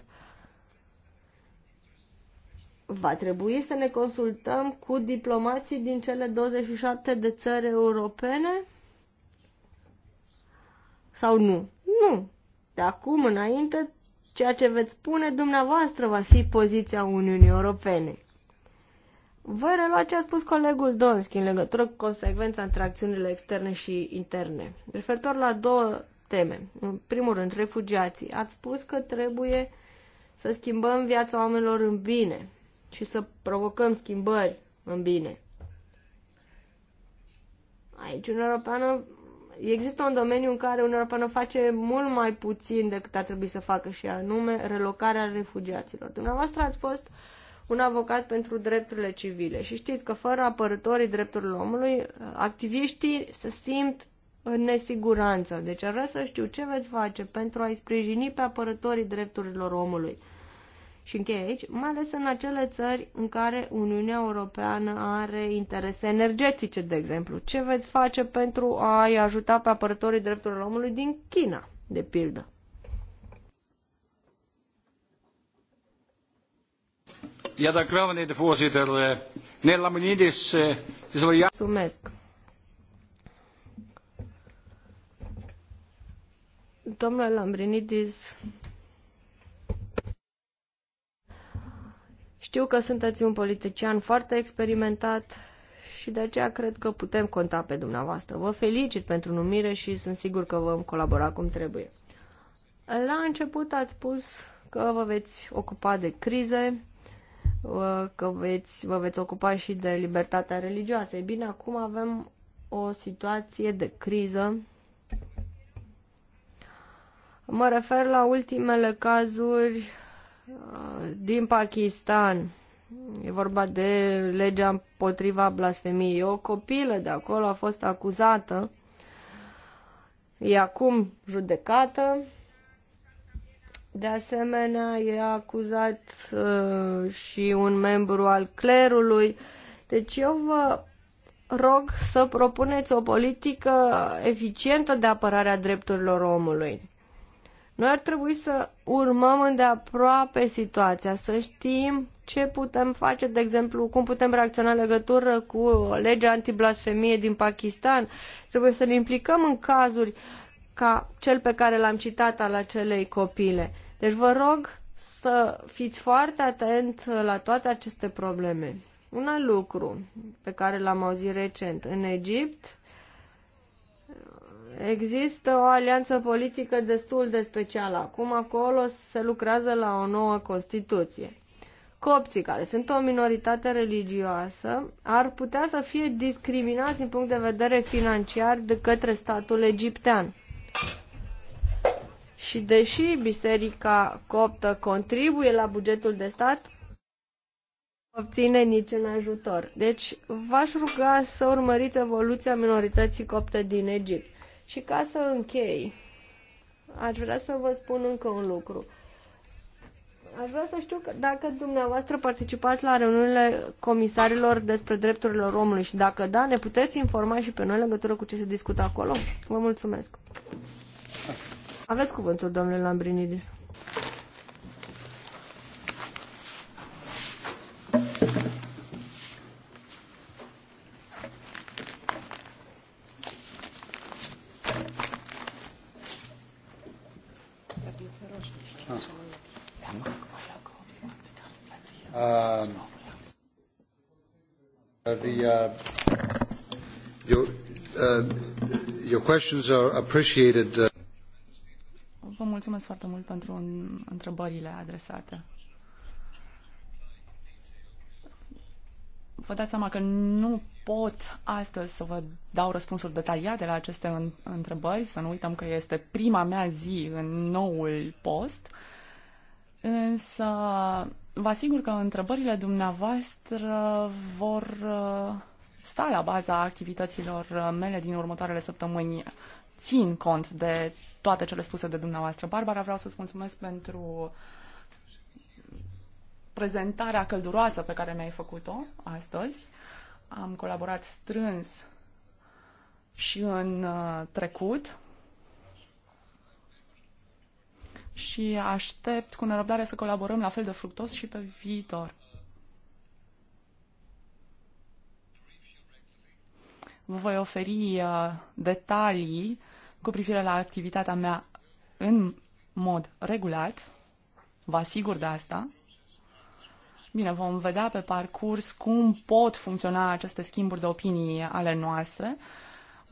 va trebui să ne consultăm cu diplomații din cele 27 de țări europene? Sau nu? Nu. De acum înainte, ceea ce veți spune dumneavoastră va fi poziția Uniunii Europene. Voi relua ce a spus colegul Donski în legătură cu consecvența între acțiunile externe și interne. Referitor la două teme. În primul rând, refugiații. Ați spus că trebuie să schimbăm viața oamenilor în bine și să provocăm schimbări în bine. Aici Uniunea Europeană există un domeniu în care Uniunea Europeană face mult mai puțin decât ar trebui să facă și anume relocarea refugiaților. Dumneavoastră ați fost un avocat pentru drepturile civile și știți că fără apărătorii drepturilor omului, activiștii se simt în nesiguranță. Deci ar vrea să știu ce veți face pentru a-i sprijini pe apărătorii drepturilor omului și încheie aici, mai ales în acele țări în care Uniunea Europeană are interese energetice, de exemplu. Ce veți face pentru a-i ajuta pe apărătorii drepturilor omului din China, de pildă? Ja, dank u wel, meneer de voorzitter. Eh, meneer Lamonidis, het is eh, al ja... Mulțumesc. Domnule Lambrinidis, Știu că sunteți un politician foarte experimentat și de aceea cred că putem conta pe dumneavoastră. Vă felicit pentru numire și sunt sigur că vom colabora cum trebuie. La început ați spus că vă veți ocupa de crize, că veți, vă veți ocupa și de libertatea religioasă. E bine, acum avem o situație de criză. Mă refer la ultimele cazuri din Pakistan. E vorba de legea împotriva blasfemiei. O copilă de acolo a fost acuzată, e acum judecată. De asemenea, e acuzat uh, și un membru al clerului. Deci eu vă rog să propuneți o politică eficientă de apărare a drepturilor omului. Noi ar trebui să urmăm îndeaproape situația, să știm ce putem face, de exemplu, cum putem reacționa în legătură cu legea antiblasfemie din Pakistan. Trebuie să ne implicăm în cazuri ca cel pe care l-am citat al acelei copile. Deci vă rog să fiți foarte atent la toate aceste probleme. Un alt lucru pe care l-am auzit recent. În Egipt, Există o alianță politică destul de specială. Acum acolo se lucrează la o nouă Constituție. Copții, care sunt o minoritate religioasă, ar putea să fie discriminați din punct de vedere financiar de către statul egiptean. Și deși Biserica Coptă contribuie la bugetul de stat, obține niciun ajutor. Deci v-aș ruga să urmăriți evoluția minorității copte din Egipt. Și ca să închei, aș vrea să vă spun încă un lucru. Aș vrea să știu că dacă dumneavoastră participați la reuniunile comisarilor despre drepturile omului și dacă da, ne puteți informa și pe noi legătură cu ce se discută acolo? Vă mulțumesc. Aveți cuvântul, domnule Lambrinidis. Uh, uh, uh. Vă mulțumesc foarte mult pentru întrebările adresate. Vă dați seama că nu pot astăzi să vă dau răspunsuri detaliate la aceste întrebări, să nu uităm că este prima mea zi în noul post. Uh, Însă vă asigur că întrebările dumneavoastră vor uh, sta la baza activităților uh, mele din următoarele săptămâni. Țin cont de toate cele spuse de dumneavoastră. Barbara, vreau să-ți mulțumesc pentru prezentarea călduroasă pe care mi-ai făcut-o astăzi. Am colaborat strâns și în uh, trecut și aștept cu nerăbdare să colaborăm la fel de fructos și pe viitor. Vă voi oferi uh, detalii cu privire la activitatea mea în mod regulat. Vă asigur de asta. Bine, vom vedea pe parcurs cum pot funcționa aceste schimburi de opinii ale noastre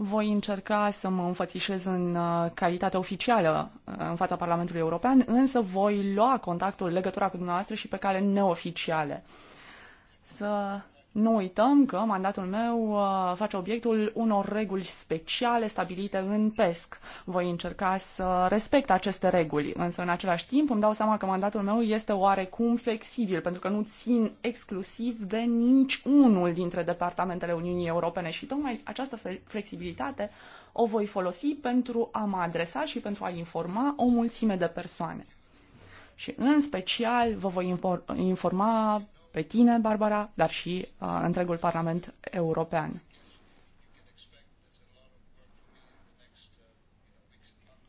voi încerca să mă înfățișez în uh, calitate oficială uh, în fața Parlamentului European, însă voi lua contactul, legătura cu dumneavoastră și pe cale neoficiale. Să nu uităm că mandatul meu uh, face obiectul unor reguli speciale stabilite în PESC. Voi încerca să respect aceste reguli, însă în același timp îmi dau seama că mandatul meu este oarecum flexibil, pentru că nu țin exclusiv de nici unul dintre departamentele Uniunii Europene și tocmai această flexibilitate o voi folosi pentru a mă adresa și pentru a informa o mulțime de persoane. Și în special vă voi informa pe tine, Barbara, dar și uh, întregul Parlament European.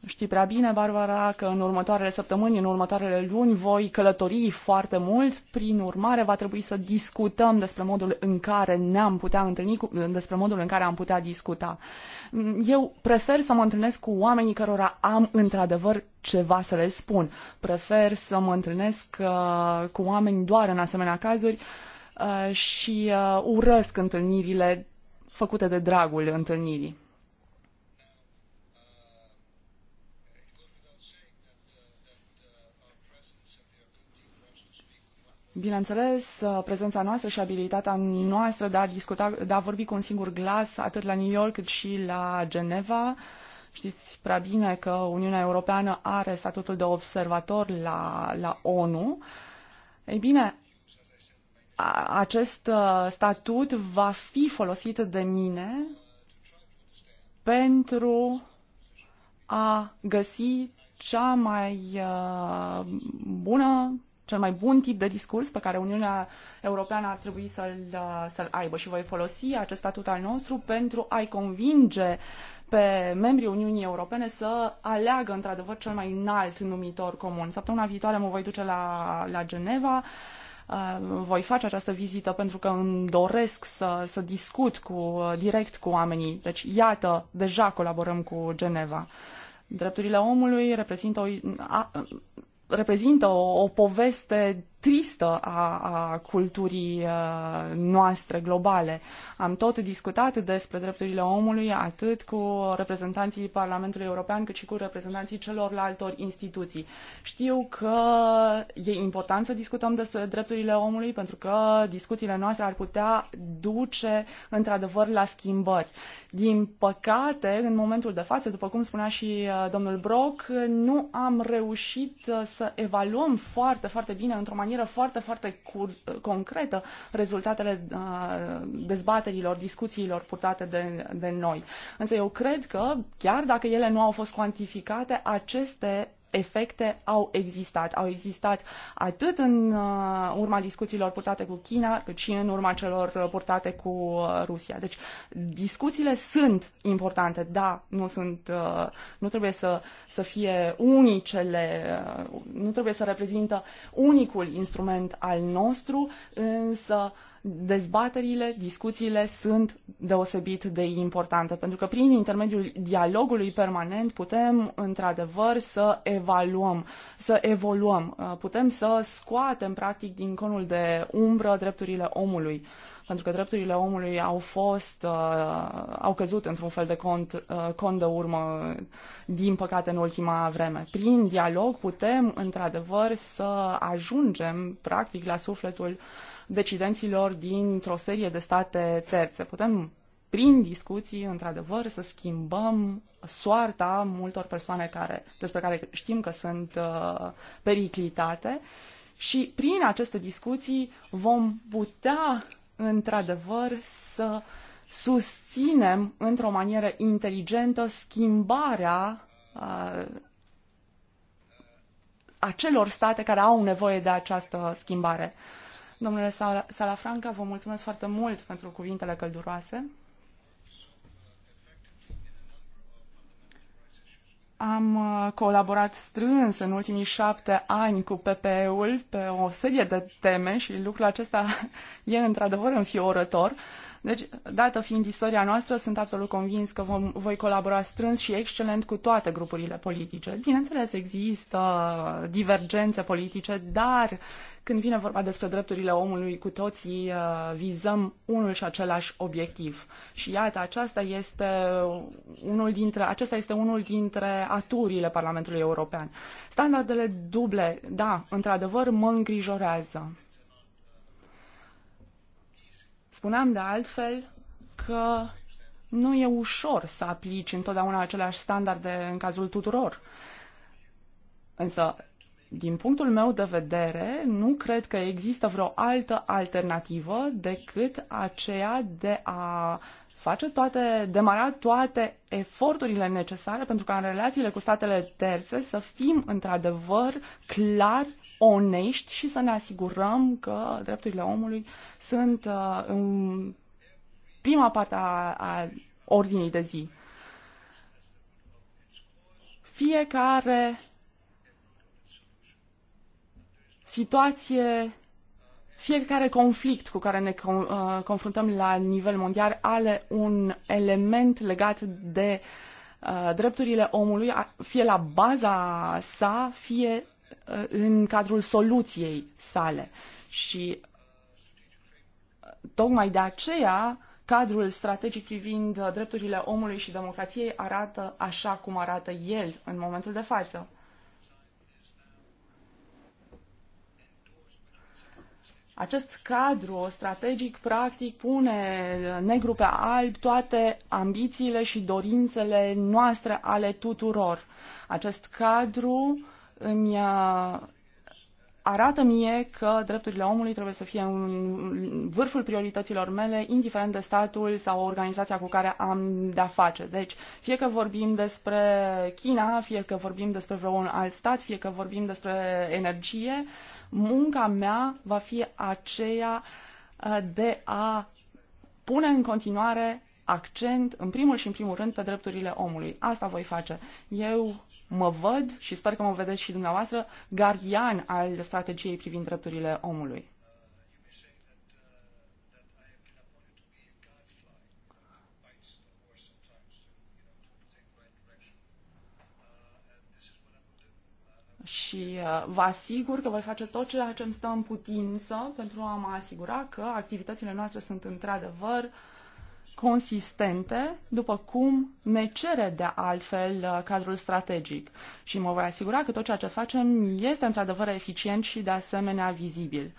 Știi prea bine, Barbara, că în următoarele săptămâni, în următoarele luni, voi călători foarte mult. Prin urmare, va trebui să discutăm despre modul în care ne-am putea întâlni, cu, despre modul în care am putea discuta. Eu prefer să mă întâlnesc cu oamenii cărora am într-adevăr ceva să le spun. Prefer să mă întâlnesc uh, cu oameni doar în asemenea cazuri uh, și uh, urăsc întâlnirile făcute de dragul întâlnirii. Bineînțeles, uh, prezența noastră și abilitatea noastră de a discuta, de a vorbi cu un singur glas, atât la New York cât și la Geneva. Știți prea bine că Uniunea Europeană are statutul de observator la, la ONU. Ei bine, acest uh, statut va fi folosit de mine pentru a găsi cea mai uh, bună cel mai bun tip de discurs pe care Uniunea Europeană ar trebui să-l, uh, să-l aibă și voi folosi acest statut al nostru pentru a-i convinge pe membrii Uniunii Europene să aleagă într-adevăr cel mai înalt numitor comun. Săptămâna viitoare mă voi duce la, la Geneva uh, voi face această vizită pentru că îmi doresc să, să discut cu, uh, direct cu oamenii. Deci, iată, deja colaborăm cu Geneva. Drepturile omului reprezintă o, a, reprezintă o, o poveste tristă a, a culturii uh, noastre globale. Am tot discutat despre drepturile omului atât cu reprezentanții Parlamentului European cât și cu reprezentanții celorlaltor instituții. Știu că e important să discutăm despre drepturile omului pentru că discuțiile noastre ar putea duce într-adevăr la schimbări. Din păcate, în momentul de față, după cum spunea și uh, domnul Brock, nu am reușit uh, să evaluăm foarte, foarte bine într-o manieră manieră foarte, foarte cur- concretă rezultatele uh, dezbaterilor, discuțiilor purtate de, de noi. Însă eu cred că, chiar dacă ele nu au fost cuantificate, aceste efecte au existat. Au existat atât în uh, urma discuțiilor purtate cu China, cât și în urma celor uh, purtate cu uh, Rusia. Deci discuțiile sunt importante, da, nu sunt, nu trebuie să, să fie unicele, nu trebuie să reprezintă unicul instrument al nostru, însă dezbaterile, discuțiile sunt deosebit de importante, pentru că prin intermediul dialogului permanent putem într-adevăr să evaluăm, să evoluăm, uh, putem să scoatem practic din conul de umbră drepturile omului pentru că drepturile omului au fost, uh, au căzut într-un fel de cont, uh, cont de urmă, din păcate, în ultima vreme. Prin dialog putem, într-adevăr, să ajungem, practic, la sufletul uh, decidenților dintr-o serie de state terțe. Putem, prin discuții, într-adevăr, să schimbăm soarta multor persoane care, despre care știm că sunt uh, periclitate și prin aceste discuții vom putea, într-adevăr, să susținem într-o manieră inteligentă schimbarea uh, acelor state care au nevoie de această schimbare. Uh, Domnule Salafranca, vă mulțumesc foarte mult pentru cuvintele călduroase. Am uh, colaborat strâns în ultimii șapte ani cu PPE-ul pe o serie de teme și lucrul acesta e într-adevăr înfiorător. Deci, dată fiind istoria noastră, sunt absolut convins că vom, voi colabora strâns și excelent cu toate grupurile politice. Bineînțeles, există divergențe politice, dar când vine vorba despre drepturile omului, cu toții uh, vizăm unul și același obiectiv. Și iată, aceasta este unul dintre, acesta este unul dintre aturile Parlamentului European. Standardele duble, da, într-adevăr, mă îngrijorează. Spuneam de altfel că nu e ușor să aplici întotdeauna aceleași standarde în cazul tuturor. Însă din punctul meu de vedere, nu cred că există vreo altă alternativă decât aceea de a face toate, demara toate eforturile necesare pentru ca în relațiile cu statele terțe să fim într-adevăr clar onești și să ne asigurăm că drepturile omului sunt uh, în prima parte a, a ordinii de zi. Fiecare situație, fiecare conflict cu care ne uh, confruntăm la nivel mondial are un element legat de uh, drepturile omului, fie la baza sa, fie uh, în cadrul soluției sale. Și tocmai de aceea cadrul strategic privind drepturile omului și democrației arată așa cum arată el în momentul de față. Acest cadru strategic, practic, pune negru pe alb toate ambițiile și dorințele noastre ale tuturor. Acest cadru îmi uh, arată mie că drepturile omului trebuie să fie în vârful priorităților mele, indiferent de statul sau organizația cu care am de-a face. Deci, fie că vorbim despre China, fie că vorbim despre vreun alt stat, fie că vorbim despre energie, Munca mea va fi aceea uh, de a pune în continuare accent, în primul și în primul rând, pe drepturile omului. Asta voi face. Eu mă văd și sper că mă vedeți și dumneavoastră gardian al strategiei privind drepturile omului. și uh, vă asigur că voi face tot ceea ce îmi stă în putință pentru a mă asigura că activitățile noastre sunt într-adevăr consistente, după cum ne cere de altfel uh, cadrul strategic. Și mă voi asigura că tot ceea ce facem este într-adevăr eficient și de asemenea vizibil.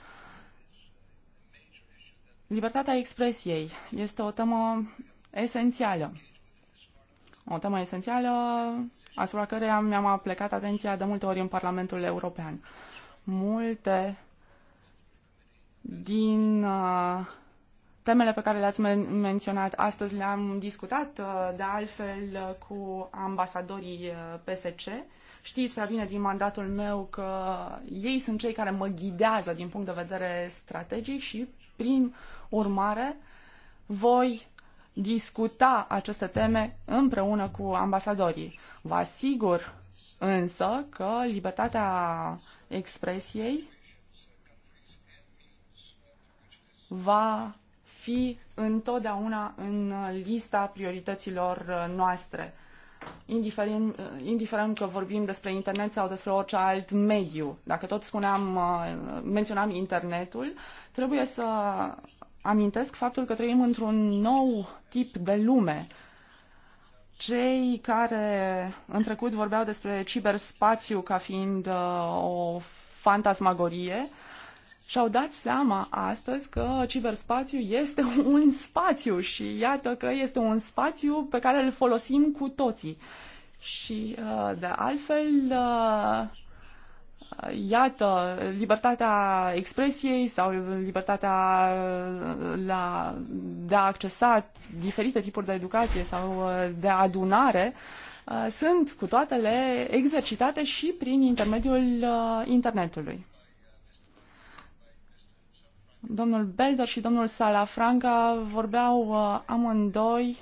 Libertatea expresiei este o temă esențială o temă esențială asupra care mi-am plecat atenția de multe ori în Parlamentul European. Multe din uh, temele pe care le-ați men- menționat astăzi le-am discutat uh, de altfel uh, cu ambasadorii PSC. Știți prea bine din mandatul meu că ei sunt cei care mă ghidează din punct de vedere strategic și, prin urmare, voi discuta aceste teme împreună cu ambasadorii. Vă asigur însă că libertatea expresiei va fi întotdeauna în lista priorităților noastre, indiferent, indiferent că vorbim despre internet sau despre orice alt mediu. Dacă tot spuneam, menționam internetul, trebuie să amintesc faptul că trăim într-un nou tip de lume. Cei care în trecut vorbeau despre ciberspațiu ca fiind uh, o fantasmagorie și-au dat seama astăzi că ciberspațiu este un spațiu și iată că este un spațiu pe care îl folosim cu toții. Și uh, de altfel uh, iată, libertatea expresiei sau libertatea uh, la, de a accesa diferite tipuri de educație sau uh, de adunare uh, sunt cu toatele exercitate și prin intermediul internetului. Domnul Belder și domnul Salafranca vorbeau amândoi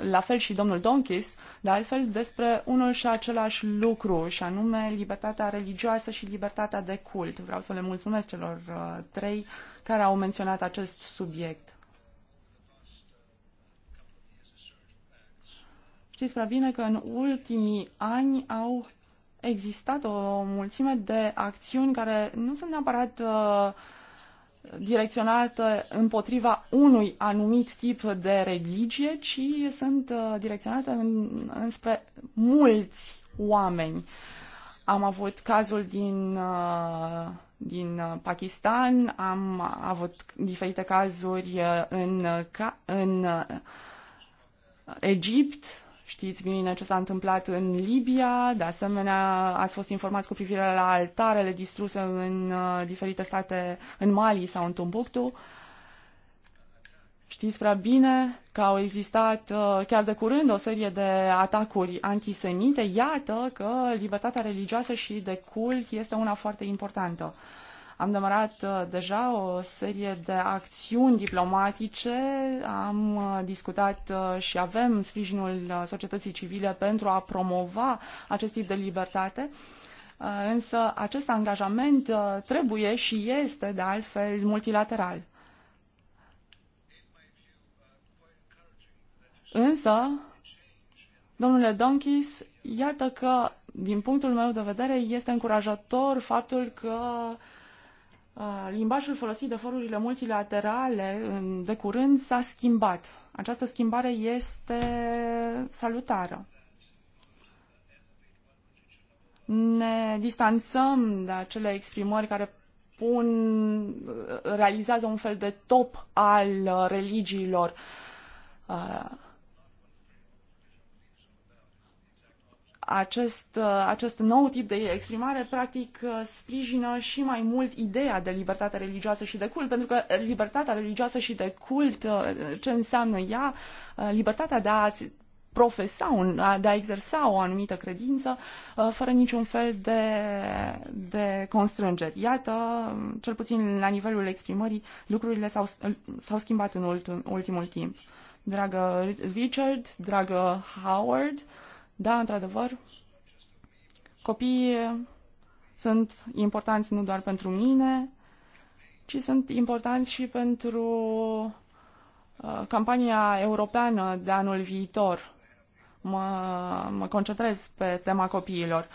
la fel și domnul Donchis, de altfel despre unul și același lucru, și anume libertatea religioasă și libertatea de cult. Vreau să le mulțumesc celor uh, trei care au menționat acest subiect. Știți prea bine că în ultimii ani au existat o mulțime de acțiuni care nu sunt neapărat uh, direcționate împotriva unui anumit tip de religie, ci sunt uh, direcționate în, înspre mulți oameni. Am avut cazul din, uh, din Pakistan, am avut diferite cazuri uh, în, în Egipt, Știți bine ce s-a întâmplat în Libia, de asemenea ați fost informați cu privire la altarele distruse în uh, diferite state, în Mali sau în Tumbuctu. Știți prea bine că au existat uh, chiar de curând o serie de atacuri antisemite. Iată că libertatea religioasă și de cult este una foarte importantă. Am demarat uh, deja o serie de acțiuni diplomatice, am uh, discutat uh, și avem sprijinul societății civile pentru a promova acest tip de libertate. Însă acest angajament trebuie și este, de altfel, multilateral. Însă, domnule Donchis, iată că, din punctul meu de vedere, este încurajator faptul că uh, limbajul folosit de forurile multilaterale de curând s-a schimbat. Această schimbare este salutară. Ne distanțăm de acele exprimări care pun, realizează un fel de top al uh, religiilor. acest, uh, acest nou tip de exprimare practic uh, sprijină și mai mult ideea de libertate religioasă și de cult, pentru că libertatea religioasă și de cult, uh, ce înseamnă ea, libertatea de a profesa, un, de a exersa o anumită credință fără niciun fel de, de constrângeri. Iată, cel puțin la nivelul exprimării, lucrurile s-au, s-au schimbat în ultimul timp. Dragă Richard, dragă Howard, uh, da, într-adevăr, copiii sunt importanți nu doar pentru mine, ci sunt importanți și pentru uh, campania europeană de anul viitor. Mă, mă concentrez pe tema copiilor.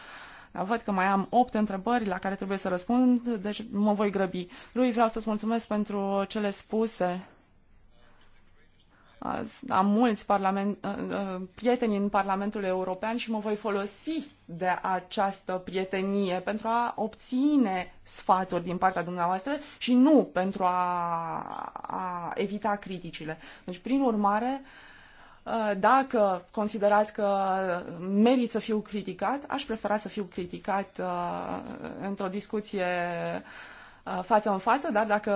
Văd că mai am opt întrebări la care trebuie să răspund, deci mă voi grăbi. Lui, vreau să-ți mulțumesc pentru cele spuse am mulți parlament, uh, uh, prieteni în Parlamentul European și mă voi folosi de această prietenie pentru a obține sfaturi din partea dumneavoastră și nu pentru a, a evita criticile. Deci, prin urmare, uh, dacă considerați că merit să fiu criticat, aș prefera să fiu criticat într-o discuție uh, Uh, față în față, dar dacă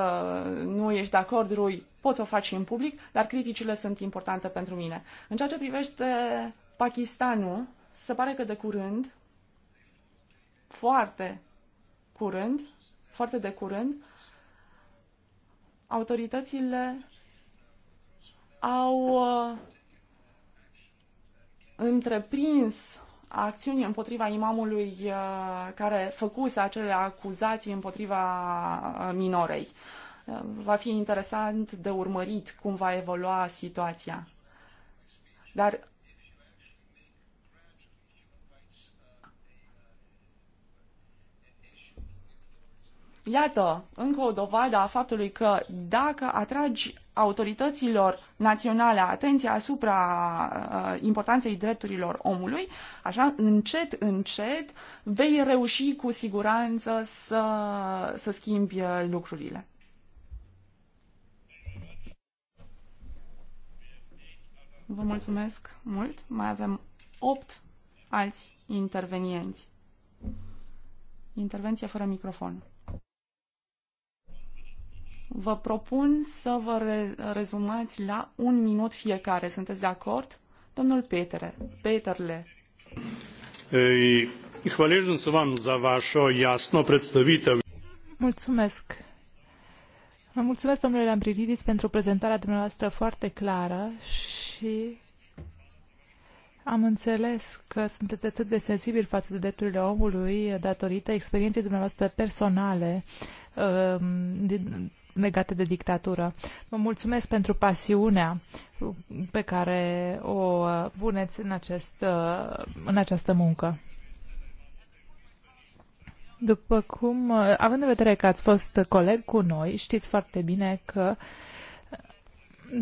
nu ești de acord, rui, poți să o faci și în public, dar criticile sunt importante pentru mine. În ceea ce privește Pakistanul, se pare că de curând, foarte curând, foarte de curând, autoritățile au uh, întreprins acțiuni împotriva imamului uh, care făcuse acele acuzații împotriva uh, minorei. Uh, va fi interesant de urmărit cum va evolua situația. Dar Iată, încă o dovadă a faptului că dacă atragi autorităților naționale atenția asupra uh, importanței drepturilor omului, așa încet, încet vei reuși cu siguranță să, să schimbi uh, lucrurile. Vă mulțumesc mult. Mai avem opt alți intervenienți. Intervenție fără microfon. Vă propun să vă re- rezumați la un minut fiecare. Sunteți de acord? Domnul Petere, Peterle. Hvaležen jasno Mulțumesc. Vă mulțumesc, domnule Lambridis, pentru prezentarea dumneavoastră foarte clară și am înțeles că sunteți atât de sensibil față de drepturile omului datorită experienței dumneavoastră personale um, din, legate de dictatură. Vă mulțumesc pentru pasiunea pe care o puneți în, acest, în această muncă. După cum, având în vedere că ați fost coleg cu noi, știți foarte bine că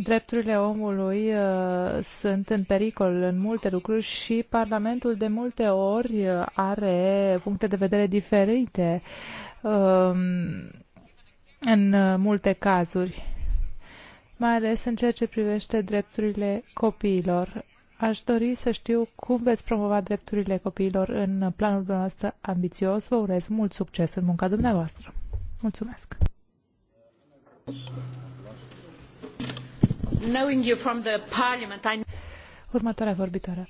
drepturile omului uh, sunt în pericol în multe lucruri și Parlamentul de multe ori uh, are puncte de vedere diferite. Uh, în uh, multe cazuri, mai ales în ceea ce privește drepturile copiilor. Aș dori să știu cum veți promova drepturile copiilor în planul dumneavoastră ambițios. Vă urez mult succes în munca dumneavoastră. Mulțumesc! Următoarea vorbitoare.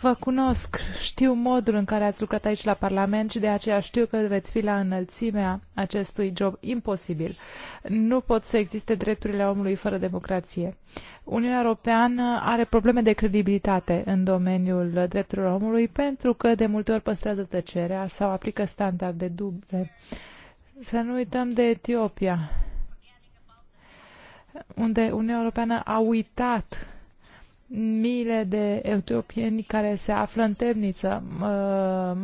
Vă cunosc, știu modul în care ați lucrat aici la Parlament și de aceea știu că veți fi la înălțimea acestui job imposibil. Nu pot să existe drepturile omului fără democrație. Uniunea Europeană are probleme de credibilitate în domeniul drepturilor omului pentru că de multe ori păstrează tăcerea sau aplică standarde duble. Să nu uităm de Etiopia, unde Uniunea Europeană a uitat miile de etiopieni care se află în temniță, uh,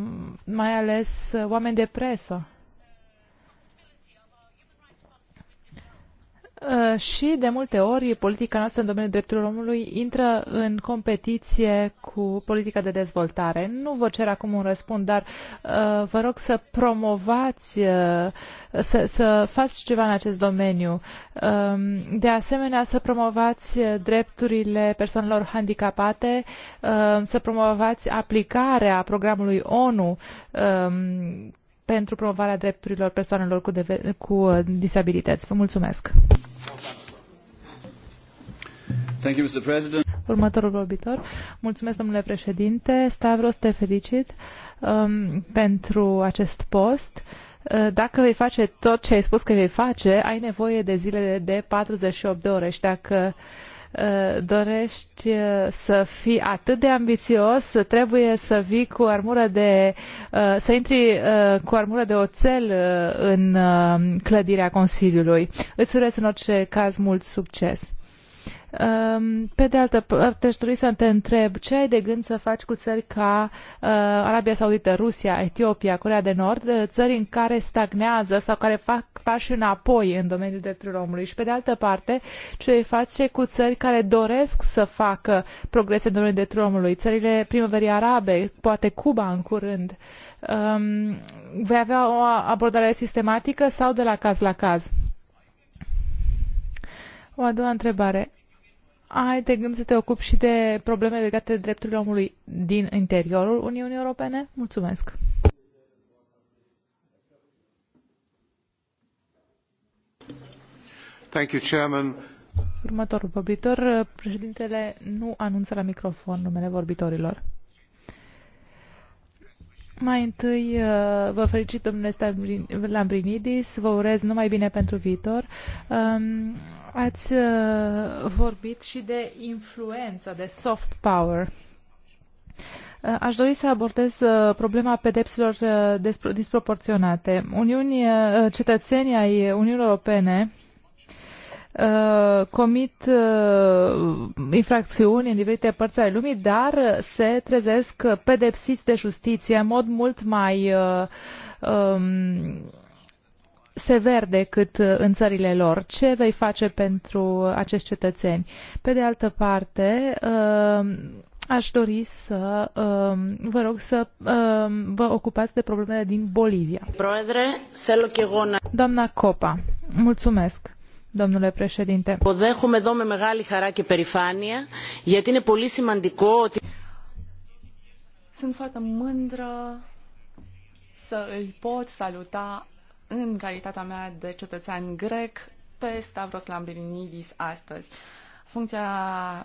mai ales uh, oameni de presă. Uh, și de multe ori politica noastră în domeniul drepturilor omului intră în competiție cu politica de dezvoltare. Nu vă cer acum un răspund, dar uh, vă rog să promovați, uh, să, să faci ceva în acest domeniu. Um, de asemenea, să promovați drepturile persoanelor handicapate, să promovați aplicarea programului ONU um, pentru promovarea drepturilor persoanelor cu, cu uh, disabilități. Vă mulțumesc! Thank you, Mr. President. Următorul vorbitor. Mulțumesc, domnule președinte. Stavros, te felicit um, pentru acest post. Uh, dacă vei face tot ce ai spus că vei face, ai nevoie de zile de 48 de ore și dacă uh, Ă, dorești ă, să fii atât de ambițios, trebuie să vii cu armură de, ă, să intri cu armură de oțel în clădirea Consiliului. Îți urez în orice caz mult succes. Ehm, pe de altă parte, aș dori să te întreb ce ai de gând să faci cu țări ca eh, Arabia Saudită, Rusia, Etiopia, Corea de Nord, țări în care stagnează sau care fac pași înapoi în domeniul drepturilor omului și, pe de altă parte, ce îi face cu țări care doresc să facă progrese în domeniul drepturilor omului, țările primăverii arabe, poate Cuba în curând. Um, vei avea o abordare sistematică sau de la caz la caz? O a doua întrebare ai de gând să te ocupi și de probleme legate de drepturile omului din interiorul Uniunii Europene? Mulțumesc! Thank you, Chairman. Următorul vorbitor, președintele nu anunță la microfon numele vorbitorilor. Mai întâi uh, vă felicit, domnule Lambrinidis, vă urez numai bine pentru viitor. Um, ați uh, vorbit și de influență, de soft power. Uh, aș dori să abordez problema pedepsilor disproporționate. Uniunii, cetățenii ai Uniunii Europene Uh, comit uh, infracțiuni în diferite părți ale lumii, dar se trezesc pedepsiți de justiție în mod mult mai uh, um, sever decât în țările lor. Ce vei face pentru acești cetățeni? Pe de altă parte, um, aș dori să um, vă rog să um, vă ocupați de problemele din Bolivia. Doamna Copa, mulțumesc domnule președinte. Sunt foarte mândră să îl pot saluta în calitatea mea de cetățean grec pe Stavros Lambrinidis astăzi. Funcția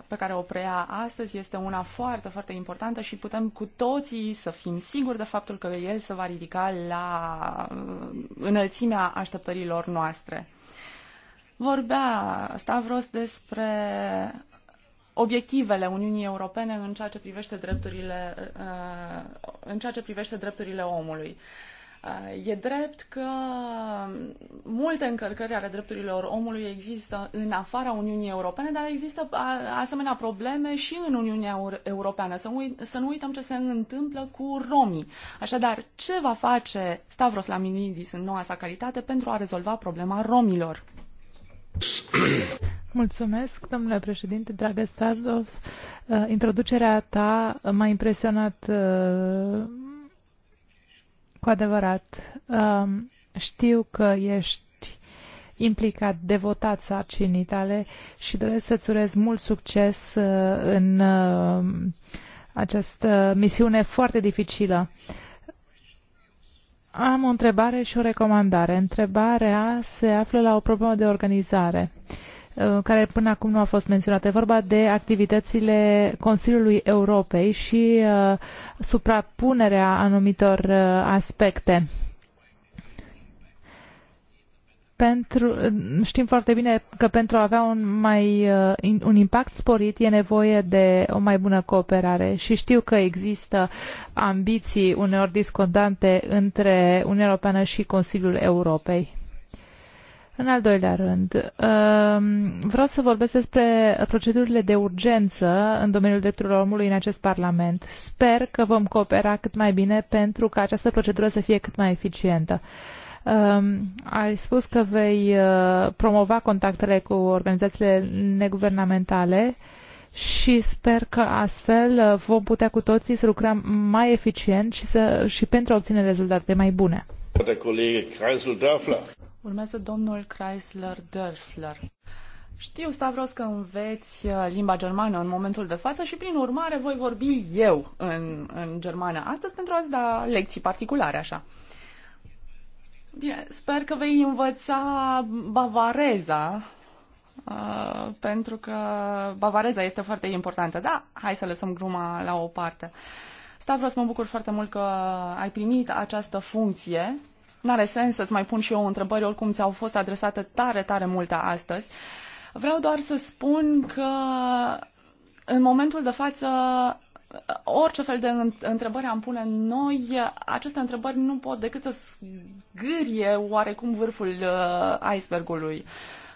pe care o preia astăzi este una foarte, foarte importantă și putem cu toții să fim siguri de faptul că el se va ridica la uh, înălțimea așteptărilor noastre. Vorbea Stavros despre obiectivele Uniunii Europene în ceea ce privește drepturile, uh, în ceea ce privește drepturile omului. Uh, e drept că multe încălcări ale drepturilor omului există în afara Uniunii Europene, dar există asemenea probleme și în Uniunea Europeană. Să, uit, să nu uităm ce se întâmplă cu romii. Așadar, ce va face Stavros Laminidis în noua sa calitate pentru a rezolva problema romilor? Mulțumesc, domnule președinte, dragă Stardov. Uh, introducerea ta m-a impresionat uh, cu adevărat. Um, știu că ești implicat, devotat sarcinii tale și doresc să-ți urez mult succes uh, în această misiune foarte dificilă. Am o întrebare și o recomandare. Întrebarea se află la o problemă de organizare uh, care până acum nu a fost menționată. E vorba de activitățile Consiliului Europei și uh, suprapunerea anumitor uh, aspecte pentru, știm foarte bine că pentru a avea un, mai, uh, un impact sporit e nevoie de o mai bună cooperare și știu că există ambiții uneori discordante între Uniunea Europeană și Consiliul Europei. În al doilea rând, um, vreau să vorbesc despre procedurile de urgență în domeniul drepturilor omului în acest Parlament. Sper că vom coopera cât mai bine pentru ca această procedură să fie cât mai eficientă. Ai spus că vei uh, promova contactele cu organizațiile neguvernamentale și sper că astfel uh, vom putea cu toții să lucrăm mai eficient și, să, și pentru a obține rezultate mai bune. Urmează domnul Chrysler-Dörfler. Știu, Stavros, că înveți uh, limba germană în momentul de față și, prin urmare, voi vorbi eu în, în germană astăzi pentru a-ți da lecții particulare, așa. Uh, Bine, sper că vei învăța bavareza, uh, pentru că bavareza este foarte importantă. Da, hai să lăsăm gruma la o parte. Stavros, mă bucur foarte mult că ai primit această funcție. N-are sens să-ți mai pun și eu întrebări, oricum ți-au fost adresate tare, tare multe astăzi. Vreau doar să spun că în momentul de față orice fel de întrebări am pune noi, aceste întrebări nu pot decât să zgârie oarecum vârful uh, icebergului.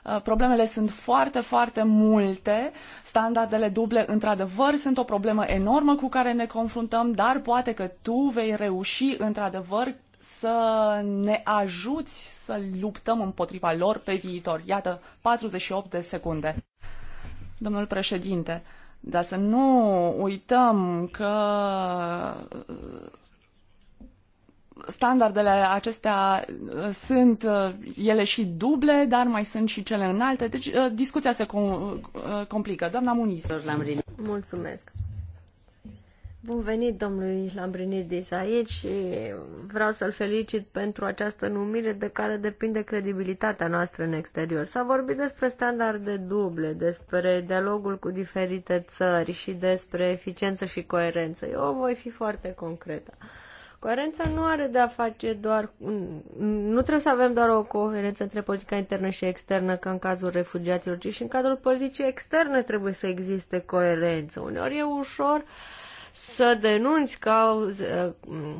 Uh, problemele sunt foarte, foarte multe. Standardele duble, într-adevăr, sunt o problemă enormă cu care ne confruntăm, dar poate că tu vei reuși, într-adevăr, să ne ajuți să luptăm împotriva lor pe viitor. Iată, 48 de secunde. Domnul președinte, uh, dar să nu uităm că uh, standardele acestea uh, sunt uh, ele și duble, dar mai sunt și cele înalte. Deci discuția se complică. Doamna Muniz. Mulțumesc. Bun venit domnului de aici și vreau să-l felicit pentru această numire de care depinde credibilitatea noastră în exterior. S-a vorbit despre standarde duble, despre dialogul cu diferite țări și despre eficiență și coerență. Eu voi fi foarte concretă. Coerența nu are de a face doar... Nu trebuie să avem doar o coerență între politica internă și externă, ca în cazul refugiaților, ci și în cadrul politicii externe trebuie să existe coerență. Uneori e ușor uh, să denunți cauze, eh,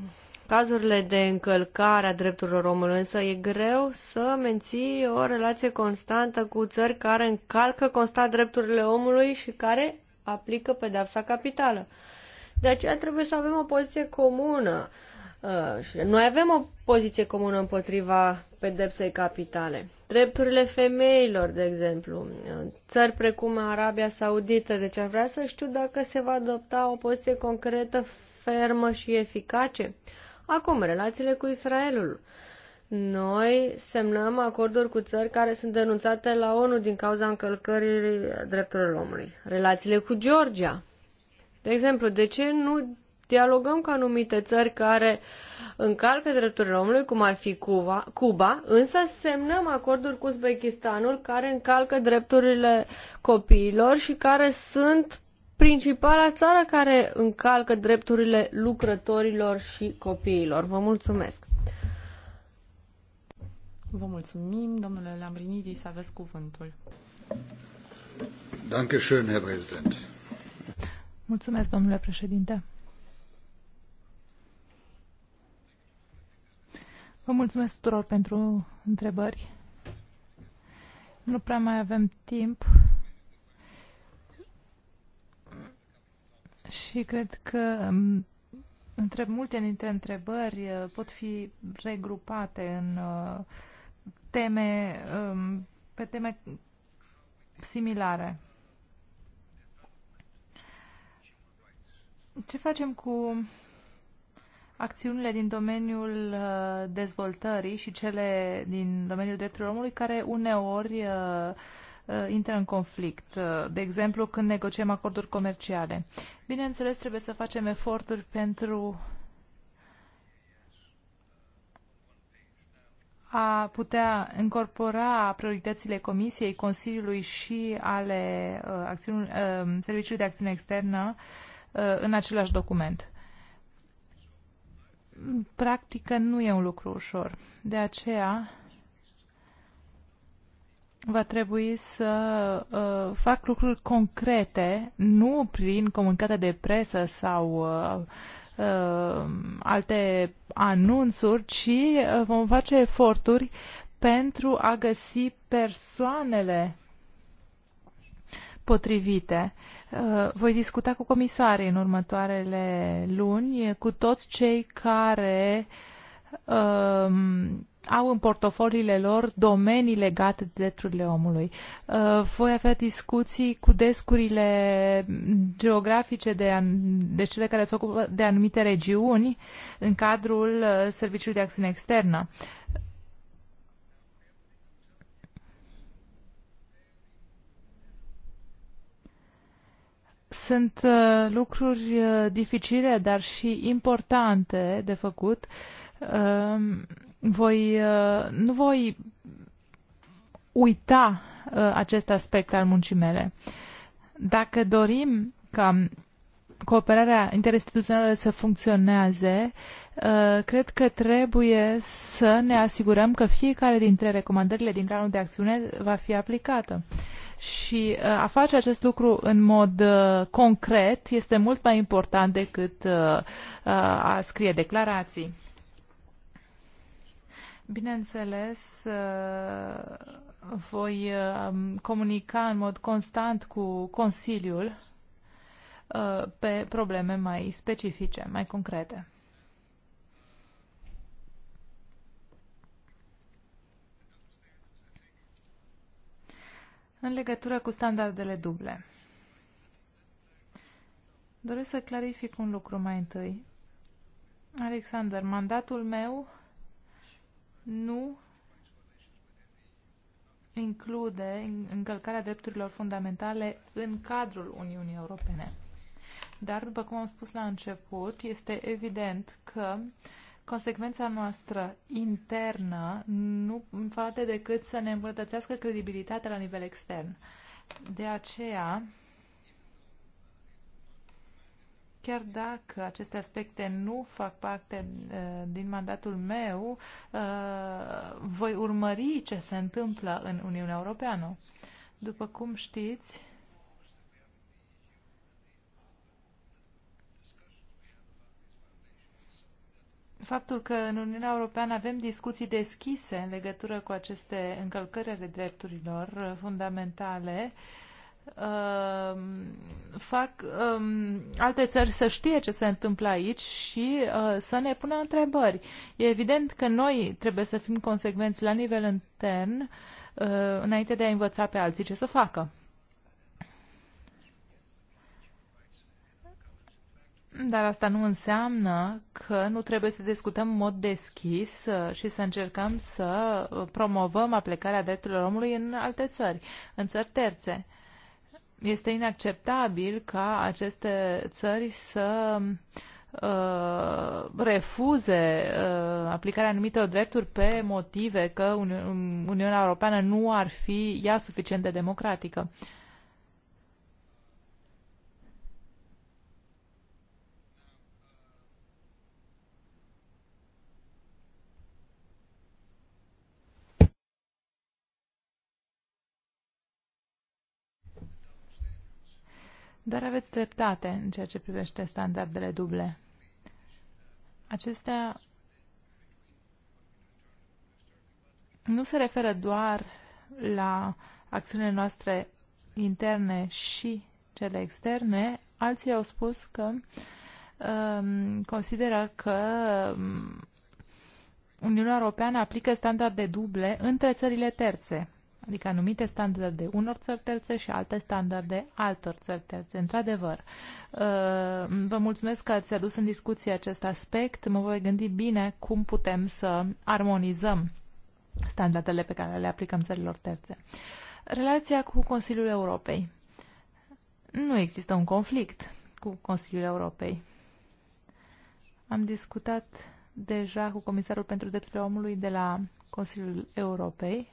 cazurile de încălcare a drepturilor omului, însă e greu să menții o relație constantă cu țări care încalcă constant drepturile omului și care aplică pedepsa capitală. De aceea trebuie să avem o poziție comună uh, Uh, noi avem o poziție comună împotriva pedepsei capitale. Drepturile femeilor, de exemplu, uh, țări precum Arabia Saudită, deci ar vrea să știu dacă se va adopta o poziție concretă, fermă și eficace. Acum, relațiile cu Israelul. Noi semnăm acorduri cu țări care sunt denunțate la ONU din cauza încălcării drepturilor omului. Relațiile cu Georgia. De exemplu, de ce nu Dialogăm cu anumite țări care încalcă drepturile omului, cum ar fi Cuba, Cuba însă semnăm acorduri cu Uzbekistanul care încalcă drepturile copiilor și care sunt principala țară care încalcă drepturile lucrătorilor și copiilor. Vă mulțumesc! Vă mulțumim, domnule Lambrinidi, să aveți cuvântul. schön, Herr Präsident. Mulțumesc, domnule președinte. Vă mulțumesc tuturor pentru întrebări. Nu prea mai avem timp. Și cred că um, între, multe dintre întrebări uh, pot fi regrupate în uh, teme, um, pe teme similare. Ce facem cu acțiunile din domeniul uh, dezvoltării și cele din domeniul drepturilor omului care uneori uh, uh, intră în conflict, de exemplu când negociem acorduri comerciale. Bineînțeles, trebuie să facem eforturi pentru a putea incorpora prioritățile Comisiei, Consiliului și ale Serviciului de Acțiune Externă în același document practică nu e un lucru ușor. De aceea va trebui să uh, fac lucruri concrete, nu prin comunicate de presă sau uh, uh, alte anunțuri, ci uh, vom face eforturi pentru a găsi persoanele potrivite. Uh, voi discuta cu comisarii în următoarele luni, cu toți cei care um, au în portofoliile lor domenii legate de drepturile omului. Uh, voi avea discuții cu descurile geografice de, de cele care se ocupă de anumite regiuni în cadrul uh, Serviciului de Acțiune Externă. Sunt uh, lucruri uh, dificile, dar și importante de făcut. Uh, voi, uh, nu voi uita uh, acest aspect al muncii mele. Dacă dorim ca cooperarea interinstituțională să funcționeze, uh, cred că trebuie să ne asigurăm că fiecare dintre recomandările din planul de acțiune va fi aplicată și uh, a face acest lucru în mod uh, concret este mult mai important decât uh, a scrie declarații. Bineînțeles, voi um, comunica în mod constant cu Consiliul pe probleme mai specifice, mai concrete. În legătură cu standardele duble, doresc să clarific un lucru mai întâi. Alexander, mandatul meu nu include încălcarea drepturilor fundamentale în cadrul Uniunii Europene. Dar, după cum am spus la început, este evident că uh, consecvența noastră internă nu face decât să ne îmbunătățească credibilitatea la nivel extern. De aceea, chiar dacă aceste aspecte nu fac parte uh, din mandatul meu, uh, voi urmări ce se întâmplă în Uniunea Europeană. După cum știți, faptul că în Uniunea Europeană avem discuții deschise în legătură cu aceste încălcări ale drepturilor uh, fundamentale uh, fac um, alte țări să știe ce se întâmplă aici și uh, să ne pună întrebări. E evident că noi trebuie să fim consecvenți la nivel intern uh, înainte de a învăța pe alții ce să facă. Dar asta nu înseamnă că nu trebuie să discutăm în mod deschis uh, și să încercăm să uh, promovăm aplicarea drepturilor omului în alte țări, în țări terțe. Este inacceptabil ca aceste țări să uh, refuze uh, aplicarea anumitor drepturi pe motive că Uni Uniunea Europeană nu ar fi ea suficient de democratică. Uh, Dar aveți dreptate în ceea ce privește standardele duble. Acestea nu se referă doar la acțiunile noastre interne și cele externe. Alții au spus că um, consideră că um, Uniunea Europeană aplică standarde duble între țările terțe adică anumite standarde unor țări terțe și alte standarde altor țări terțe. Într-adevăr, uh, vă mulțumesc că ați adus în discuție acest aspect. Mă voi gândi bine cum putem să armonizăm standardele pe care le aplicăm țărilor terțe. Relația cu Consiliul Europei. Nu există un conflict cu Consiliul Europei. Am discutat deja cu Comisarul pentru Drepturile Omului de la Consiliul Europei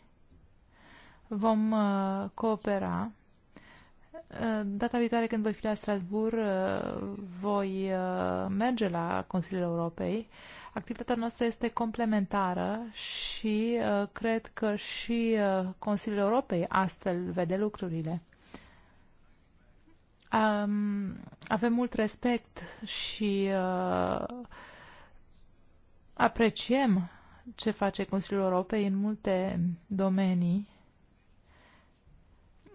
Vom uh, coopera. Uh, data viitoare când voi fi la Strasbourg, uh, voi uh, merge la Consiliul Europei. Activitatea noastră este complementară și cred că și Consiliul Europei astfel vede lucrurile. Um, avem mult respect și apreciem ce face Consiliul Europei în multe domenii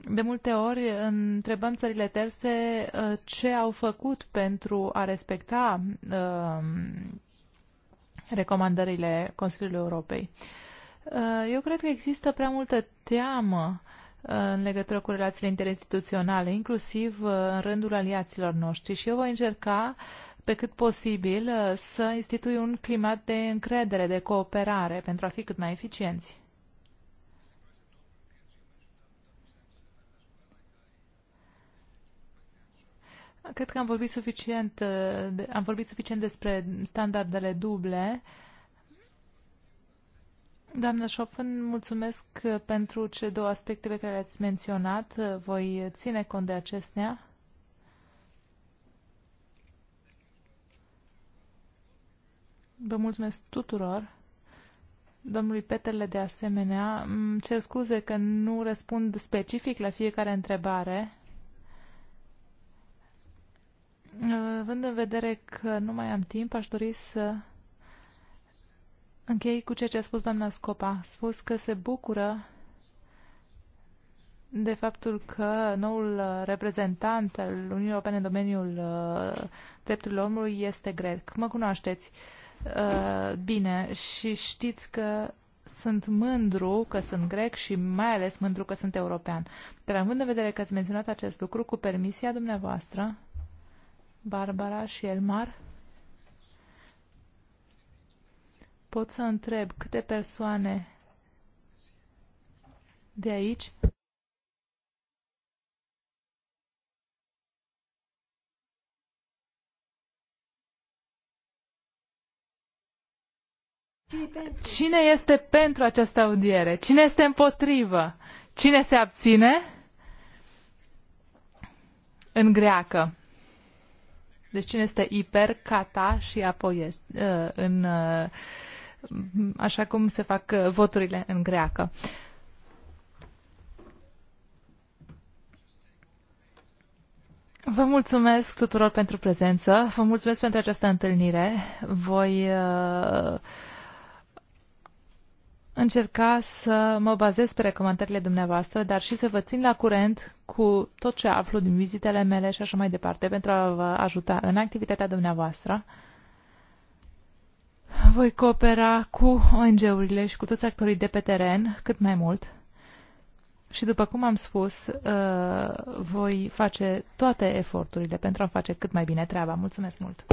de multe ori întrebăm țările terse uh, ce au făcut pentru a respecta um, recomandările Consiliului Europei. Uh, eu cred că există prea multă teamă uh, în legătură cu relațiile interinstituționale, inclusiv în rândul aliaților noștri și eu voi încerca pe cât posibil să institui un climat de încredere, de cooperare pentru a fi cât mai eficienți. Cred că am vorbit suficient, uh, am vorbit suficient despre standardele duble. Doamnă Șopân, mulțumesc uh, pentru cele două aspecte pe care le-ați menționat. Uh, voi ține cont de acestea. Vă mulțumesc tuturor. Domnului Peterle, de asemenea, îmi cer scuze că nu răspund specific la fiecare întrebare. Uh, având în vedere că nu mai am timp, aș dori să închei cu ceea ce a spus doamna Scopa. A spus că se bucură de faptul că noul reprezentant al Uniunii Europene în domeniul uh, drepturilor omului este grec. Mă cunoașteți uh, bine și știți că sunt mândru că sunt grec și mai ales mândru că sunt european. Dar având în vedere că ați menționat acest lucru, cu permisia dumneavoastră, Barbara și Elmar, pot să întreb câte persoane de aici Cine este pentru această audiere? Cine este împotrivă? Cine se abține? În greacă. Deci cine este iper, cata și apoi este, uh, în, uh, așa cum se fac uh, voturile în greacă. Vă mulțumesc tuturor pentru prezență, vă mulțumesc pentru această întâlnire. Voi uh, încerca să mă bazez pe recomandările dumneavoastră, dar și să vă țin la curent cu tot ce aflu din vizitele mele și așa mai departe, pentru a vă ajuta în activitatea dumneavoastră. Voi coopera cu ONG-urile și cu toți actorii de pe teren cât mai mult. Și după cum am spus, uh, voi face toate eforturile pentru a face cât mai bine treaba. Mulțumesc mult!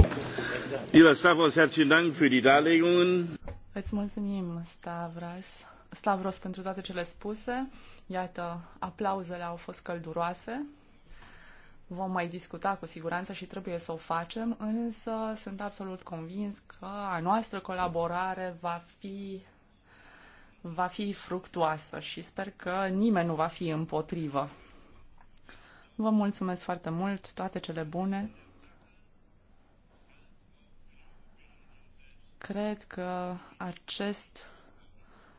Îți mulțumim, Stavros. Stavros, pentru toate cele spuse. Iată, aplauzele au fost călduroase. Vom mai discuta cu siguranță și trebuie să o facem, însă sunt absolut convins că a noastră colaborare va fi va fi fructuoasă și sper că nimeni nu va fi împotrivă. Vă mulțumesc foarte mult, toate cele bune. Cred că acest,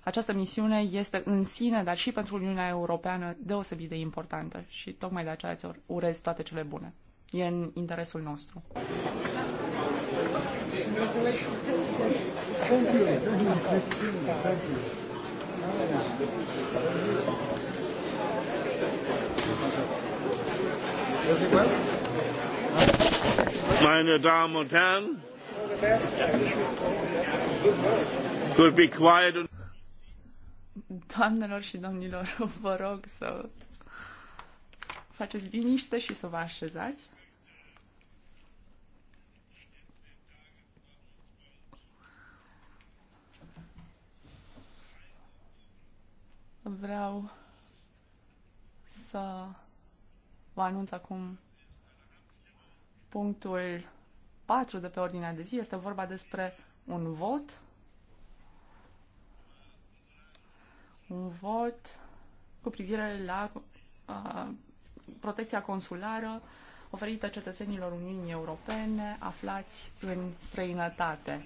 această misiune este în sine, dar și pentru Uniunea Europeană, deosebit de importantă și tocmai de aceea îți urez toate cele bune. E în interesul nostru. Meine Damen und Herren, Could be quiet. Doamnelor și domnilor, vă rog să faceți liniște și să vă așezați. Vreau să vă anunț acum punctul 4 de pe ordinea de zi. Este vorba despre un vot. Un vot cu privire la uh, protecția consulară oferită cetățenilor Uniunii Europene aflați în străinătate.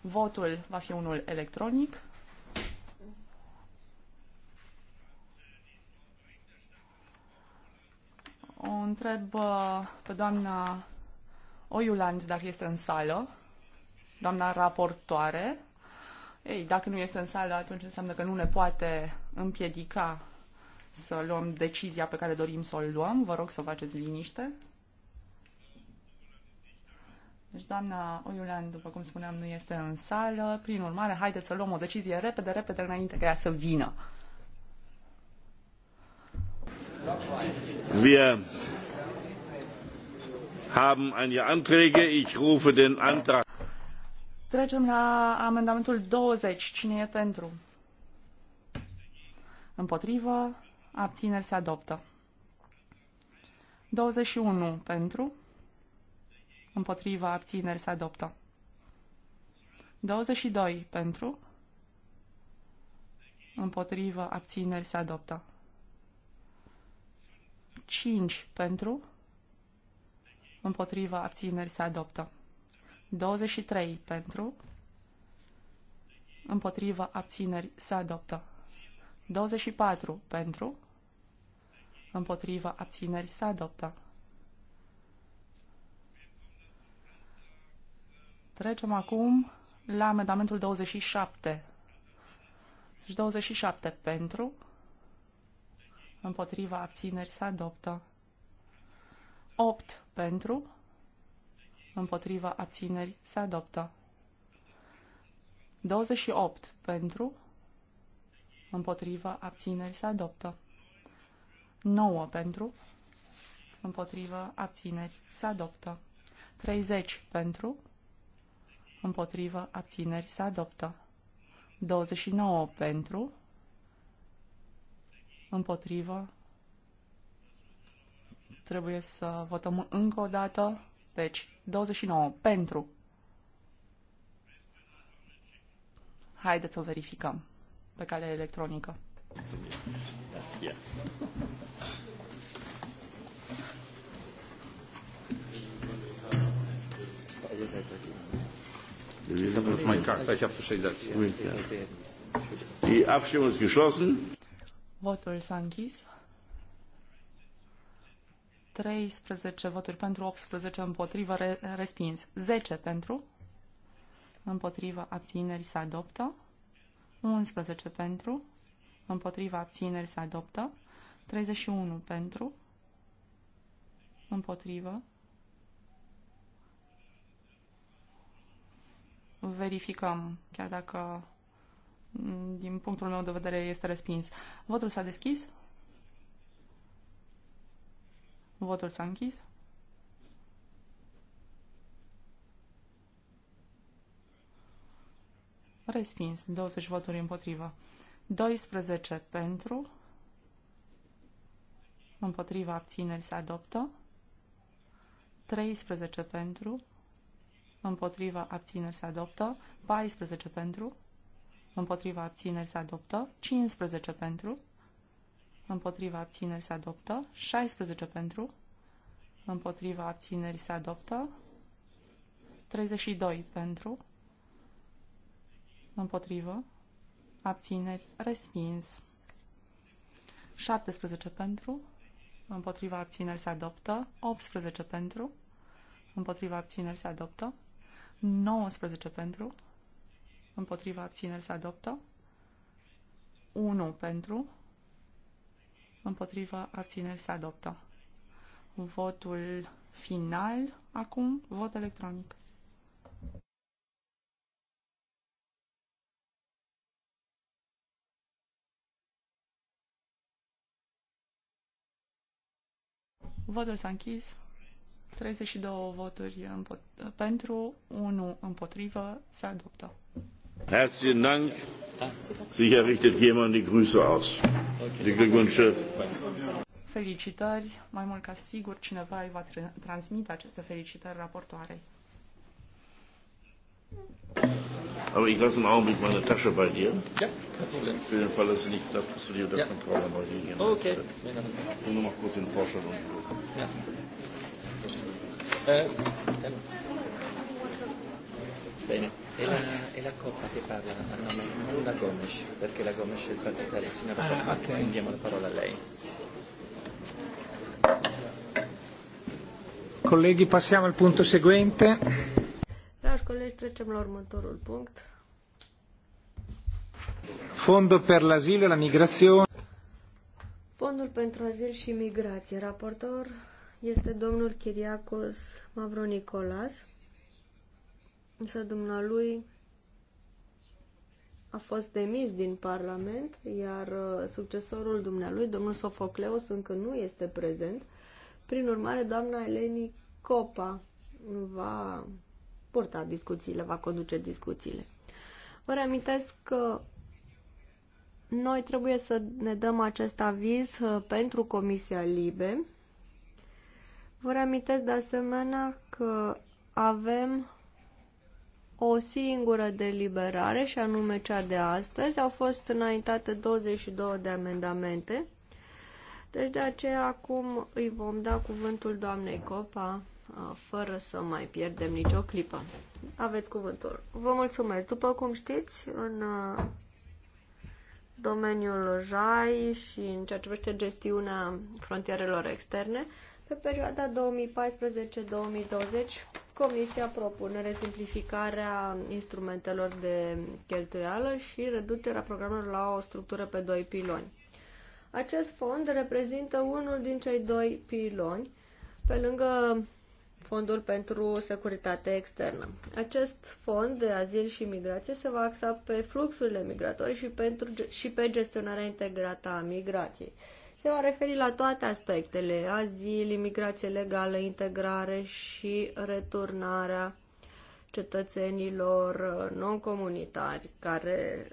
Votul va fi unul electronic. O întreb pe doamna Oiuland, dacă este în sală, doamna raportoare, ei, dacă nu este în sală, atunci înseamnă că nu ne poate împiedica să luăm decizia pe care dorim să o luăm. Vă rog să faceți liniște. Deci doamna Oiuland, după cum spuneam, nu este în sală. Prin urmare, haideți să luăm o decizie repede, repede, înainte ca ea să vină. Wir haben einige Anträge. Ich rufe den Antrag. Trecem la amendamentul 20. Cine e pentru? Împotrivă. Abțineri se adoptă. 21 pentru. Împotriva abțineri se adoptă. 22 pentru. Împotrivă abțineri se adoptă. 5 pentru împotriva abțineri se adoptă. 23 pentru, împotriva abțineri se adoptă. 24 pentru, împotriva abțineri se adoptă. Trecem acum la amendamentul 27. Deci 27 pentru, împotriva abțineri se adoptă. 8 pentru, împotriva abțineri se adoptă. 28 pentru, împotriva abțineri se adoptă. 9 pentru, împotriva abțineri se adoptă. 30 pentru, împotriva abțineri se adoptă. 29 pentru, împotriva Trebuie să votăm încă o dată. Deci, 29 pentru. Haideți să verificăm pe cale electronică. Votul s-a închis. 13 voturi pentru, 18 împotrivă, re, respins. 10 pentru, împotrivă, abțineri se adoptă. 11 pentru, împotrivă, abțineri se adoptă. 31 pentru, împotrivă. Verificăm, chiar dacă mm, din punctul meu de vedere este respins. Votul s-a deschis. Votul s-a închis. Respins. 20 voturi împotrivă. 12 pentru. Împotriva abțineri se adoptă. 13 pentru. Împotriva abțineri se adoptă. 14 pentru. Împotriva abțineri se adoptă. 15 pentru împotriva abținerii se adoptă, 16 pentru, împotriva abținerii se adoptă, 32 pentru, împotrivă, abțineri, respins, 17 pentru, împotriva abțineri se adoptă, 18 pentru, împotriva abțineri se adoptă, 19 pentru, împotriva abțineri se adoptă, 1 pentru, împotriva, abțineri se adoptă. Votul final, acum, vot electronic. Votul s-a închis. 32 voturi pentru, 1 împotrivă, se adoptă. Herzlichen Dank. Sicher richtet jemand die Grüße aus. Die Glückwünsche. Felicitări, mai mult ca sigur cineva îi va transmite aceste felicitări raportoarei. Aber ich lasse einen Augenblick meine Tasche bei dir. Ja, kein Problem. Für den Fall, dass du nicht klappt, dass du dir davon ja. trauen bei dir gehen. Okay. Ich nur noch kurz den Vorschlag. Ja. Äh, Bene, e la, è la Coppa che parla a nome, non la Gomes, perché la Gomes è il partito della signora ah, Coppa, okay. quindi diamo la parola a lei. Colleghi, passiamo al punto seguente. Dragi colegi, trecem la următorul punct. Fondo per l'asilo e la migrazione. Fondul pentru azil și migrație. Raportor este domnul Chiriacos Mavro Nicolas. Însă dumnealui a fost demis din Parlament, iar uh, succesorul dumnealui, domnul Sofocleus, încă nu este prezent. Prin urmare, doamna Eleni Copa va purta discuțiile, va conduce discuțiile. Vă reamintesc că noi trebuie să ne dăm acest aviz uh, pentru Comisia Libe. Vă reamintesc de asemenea că avem o singură deliberare, și anume cea de astăzi. Au fost înaintate 22 de amendamente. Deci de aceea acum îi vom da cuvântul doamnei Copa, fără să mai pierdem nicio clipă. Aveți cuvântul. Vă mulțumesc. După cum știți, în domeniul JAI și în ceea ce privește gestiunea frontierelor externe, pe perioada 2014-2020 Comisia propune simplificarea instrumentelor de cheltuială și reducerea programelor la o structură pe doi piloni. Acest fond reprezintă unul din cei doi piloni, pe lângă fondul pentru securitate externă. Acest fond de azil și migrație se va axa pe fluxurile migratorii și, pentru, și pe gestionarea integrată a migrației se va referi la toate aspectele, azil, imigrație legală, integrare și returnarea cetățenilor uh, non-comunitari care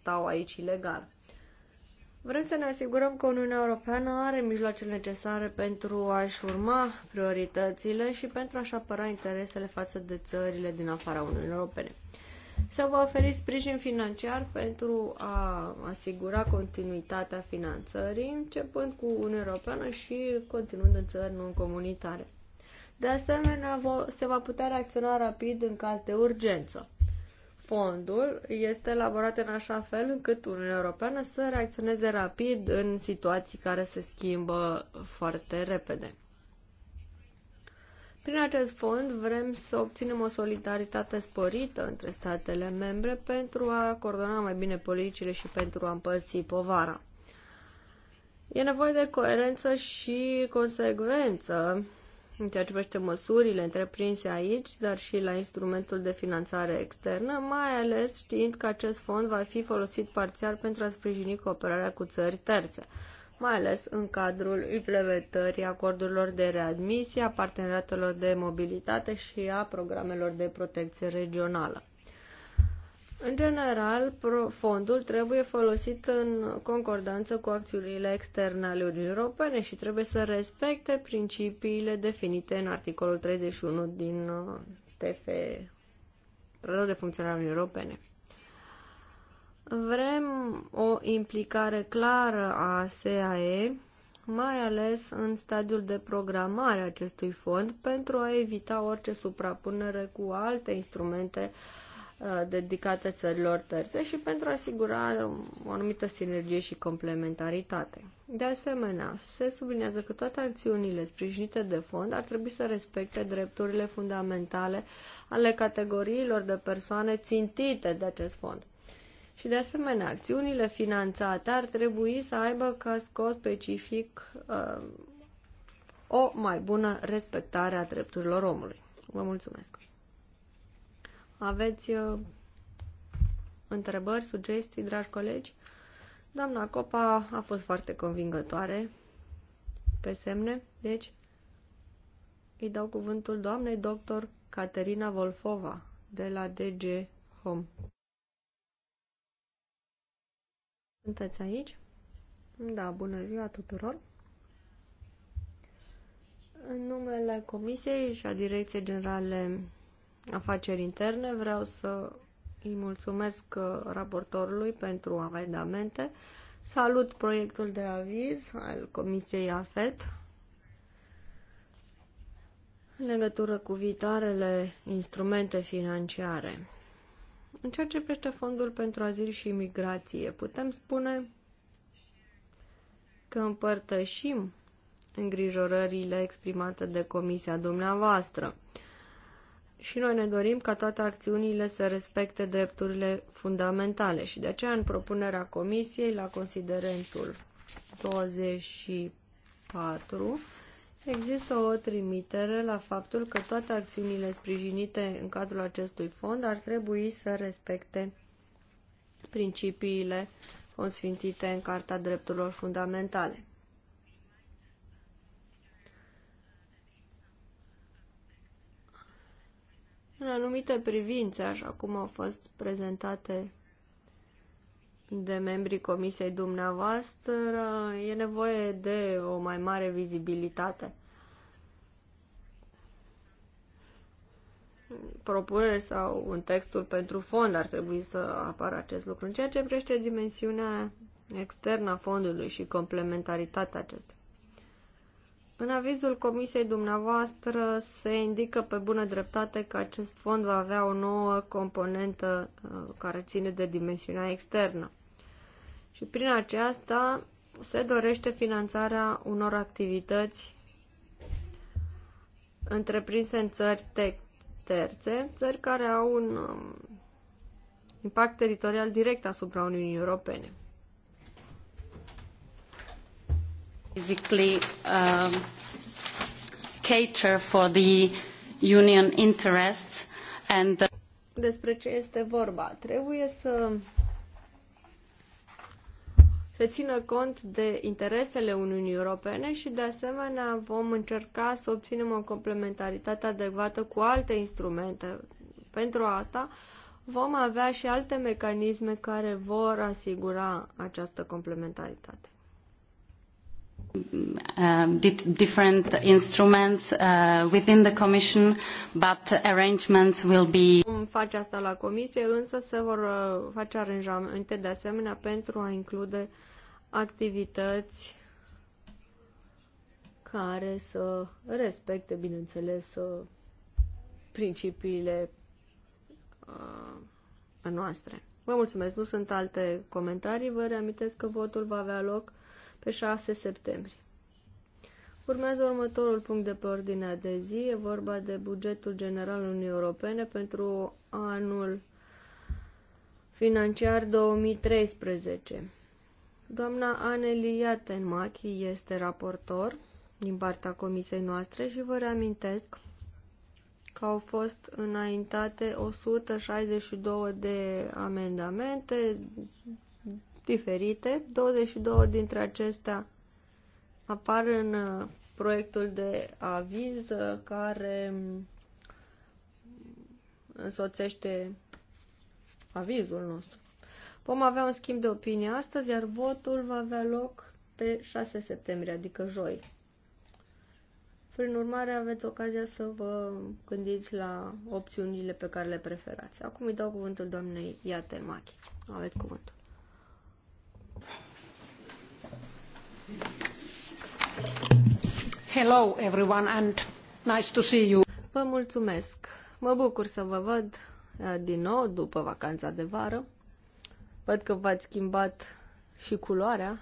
stau aici ilegal. Vrem să ne asigurăm că Uniunea Europeană are mijloacele necesare pentru a-și urma prioritățile și pentru a-și apăra interesele față de țările din afara Uniunii Europene să vă oferi sprijin financiar pentru a asigura continuitatea finanțării, începând cu Uniunea Europeană și continuând în țări non-comunitare. De asemenea, se va putea reacționa rapid în caz de urgență. Fondul este elaborat în așa fel încât Uniunea Europeană să reacționeze rapid în situații care se schimbă foarte repede. Prin acest fond vrem să obținem o solidaritate sporită între statele membre pentru a coordona mai bine politicile și pentru a împărți povara. E nevoie de coerență și consecvență în ceea ce privește măsurile întreprinse aici, dar și la instrumentul de finanțare externă, mai ales știind că acest fond va fi folosit parțial pentru a sprijini cooperarea cu țări terțe mai ales în cadrul implementării acordurilor de readmisie, a parteneriatelor de mobilitate și a programelor de protecție regională. În general, fondul trebuie folosit în concordanță cu acțiunile externe ale Uniunii Europene și trebuie să respecte principiile definite în articolul 31 din uh, TF, Tratatul de Funcționare Uniunii Europene. Vrem o implicare clară a SAE, mai ales în stadiul de programare acestui fond, pentru a evita orice suprapunere cu alte instrumente uh, dedicate țărilor terțe și pentru a asigura o anumită sinergie și complementaritate. De asemenea, se sublinează că toate acțiunile sprijinite de fond ar trebui să respecte drepturile fundamentale ale categoriilor de persoane țintite de acest fond. Și de asemenea, acțiunile finanțate ar trebui să aibă ca scop specific uh, o mai bună respectare a drepturilor omului. Vă mulțumesc. Aveți uh, întrebări, sugestii, dragi colegi? Doamna Copa a fost foarte convingătoare pe semne, deci îi dau cuvântul doamnei doctor Caterina Volfova de la DG Home. Sunteți aici? Da, bună ziua tuturor! În numele Comisiei și a Direcției Generale Afaceri Interne vreau să îi mulțumesc uh, raportorului pentru amendamente. Salut proiectul de aviz al Comisiei AFET în legătură cu viitoarele instrumente financiare. În ceea ce privește fondul pentru azil și imigrație, putem spune că împărtășim îngrijorările exprimate de comisia dumneavoastră. Și noi ne dorim ca toate acțiunile să respecte drepturile fundamentale și de aceea în propunerea comisiei la considerentul 24 Există o trimitere la faptul că toate acțiunile sprijinite în cadrul acestui fond ar trebui să respecte principiile consfințite în Carta Drepturilor Fundamentale. În anumite privințe, așa cum au fost prezentate de membrii comisiei dumneavoastră, e nevoie de o mai mare vizibilitate. propuneri sau un textul pentru fond ar trebui să apară acest lucru. În ceea ce prește dimensiunea externă a fondului și complementaritatea acestuia. În avizul comisiei dumneavoastră se indică pe bună dreptate că acest fond va avea o nouă componentă uh, care ține de dimensiunea externă și prin aceasta se dorește finanțarea unor activități întreprinse în țări terțe, țări care au un um, impact teritorial direct asupra Uniunii Europene. Basically, um, cater for the Union interests and the... Despre ce este vorba? Trebuie să să țină cont de interesele Uniunii Europene și, de asemenea, vom încerca să obținem o complementaritate adecvată cu alte instrumente. Pentru asta vom avea și alte mecanisme care vor asigura această complementaritate um, different instruments uh, within the Commission, but arrangements will be... Vom face asta la Comisie, însă se vor uh, face aranjamente de asemenea pentru a include activități care să respecte, bineînțeles, uh, principiile uh, noastre. Vă mulțumesc, nu sunt alte comentarii, vă reamintesc că votul va avea loc pe 6 septembrie. Urmează următorul punct de pe ordinea de zi, e vorba de bugetul general al Uniunii Europene pentru anul financiar 2013. Doamna Aneli Iatenmachi este raportor din partea comisiei noastre și vă reamintesc că au fost înaintate 162 de amendamente, diferite. 22 dintre acestea apar în uh, proiectul de aviz uh, care mm, însoțește avizul nostru. Vom avea un schimb de opinie astăzi, iar votul va avea loc pe 6 septembrie, adică joi. Prin urmare, aveți ocazia să vă gândiți la opțiunile pe care le preferați. Acum îi dau cuvântul doamnei Iate Machi. Aveți cuvântul. Hello everyone and nice to see you. Vă mulțumesc. Mă bucur să vă văd eh, din nou după vacanța de vară. Văd că v-ați schimbat și culoarea.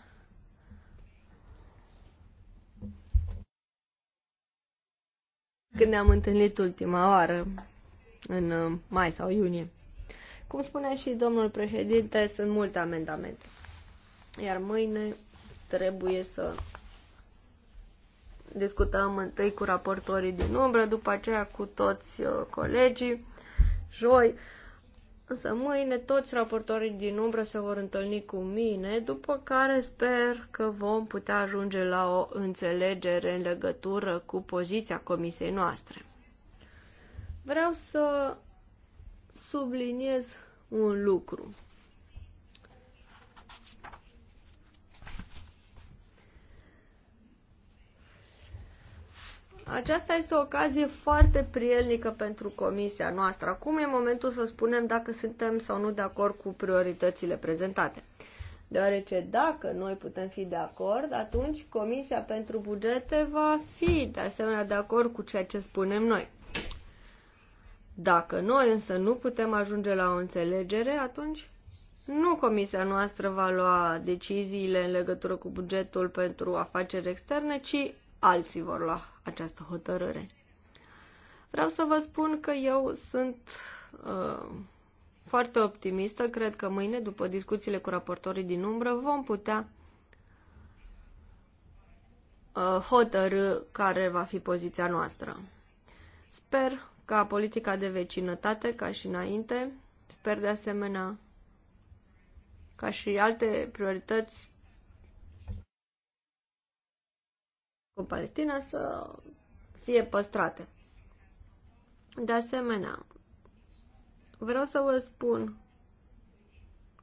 Când ne-am întâlnit ultima oară, în eh, mai sau iunie. Cum spunea și domnul președinte, sunt multe amendamente. Iar mâine trebuie să discutăm întâi cu raportorii din umbră, după aceea cu toți uh, colegii, joi. Însă mâine toți raportorii din umbră se vor întâlni cu mine, după care sper că vom putea ajunge la o înțelegere în legătură cu poziția comisiei noastre. Vreau să subliniez un lucru. Aceasta este o ocazie foarte prielnică pentru comisia noastră. Acum e momentul să spunem dacă suntem sau nu de acord cu prioritățile prezentate. Deoarece dacă noi putem fi de acord, atunci Comisia pentru Bugete va fi de asemenea de acord cu ceea ce spunem noi. Dacă noi însă nu putem ajunge la o înțelegere, atunci nu comisia noastră va lua deciziile în legătură cu bugetul pentru afaceri externe, ci alții vor lua această hotărâre. Vreau să vă spun că eu sunt uh, foarte optimistă. Cred că mâine, după discuțiile cu raportorii din umbră, vom putea uh, hotărâ care va fi poziția noastră. Sper ca politica de vecinătate, ca și înainte, sper de asemenea ca și alte priorități cu Palestina să fie păstrate. De asemenea, vreau să vă spun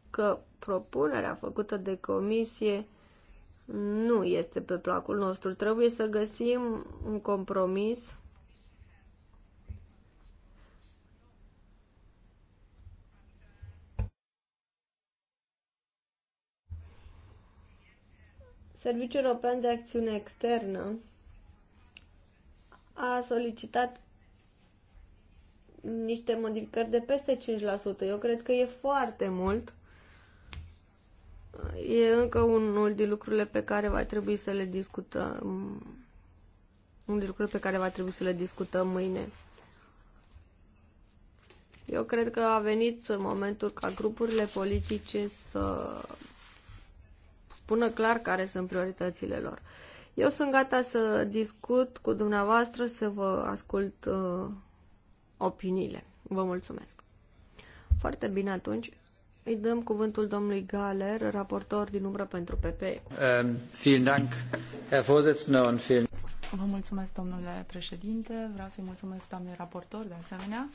că propunerea făcută de comisie nu este pe placul nostru. Trebuie să găsim un compromis Serviciul European de Acțiune Externă a solicitat niște modificări de peste 5%. Eu cred că e foarte mult. E încă unul din lucrurile pe care va trebui să le discutăm. Unul din lucrurile pe care va trebui să le discutăm mâine. Eu cred că a venit momentul ca grupurile politice să spună clar care sunt prioritățile lor. Eu sunt gata să discut cu dumneavoastră, să vă ascult uh, opiniile. Vă mulțumesc. Foarte bine atunci. Îi dăm cuvântul domnului Galer, raportor din umbră pentru PP. Um, vielen Dank, Herr Vorsitzender, Vă mulțumesc, domnule președinte. Vreau să-i mulțumesc, doamne raportor, de asemenea.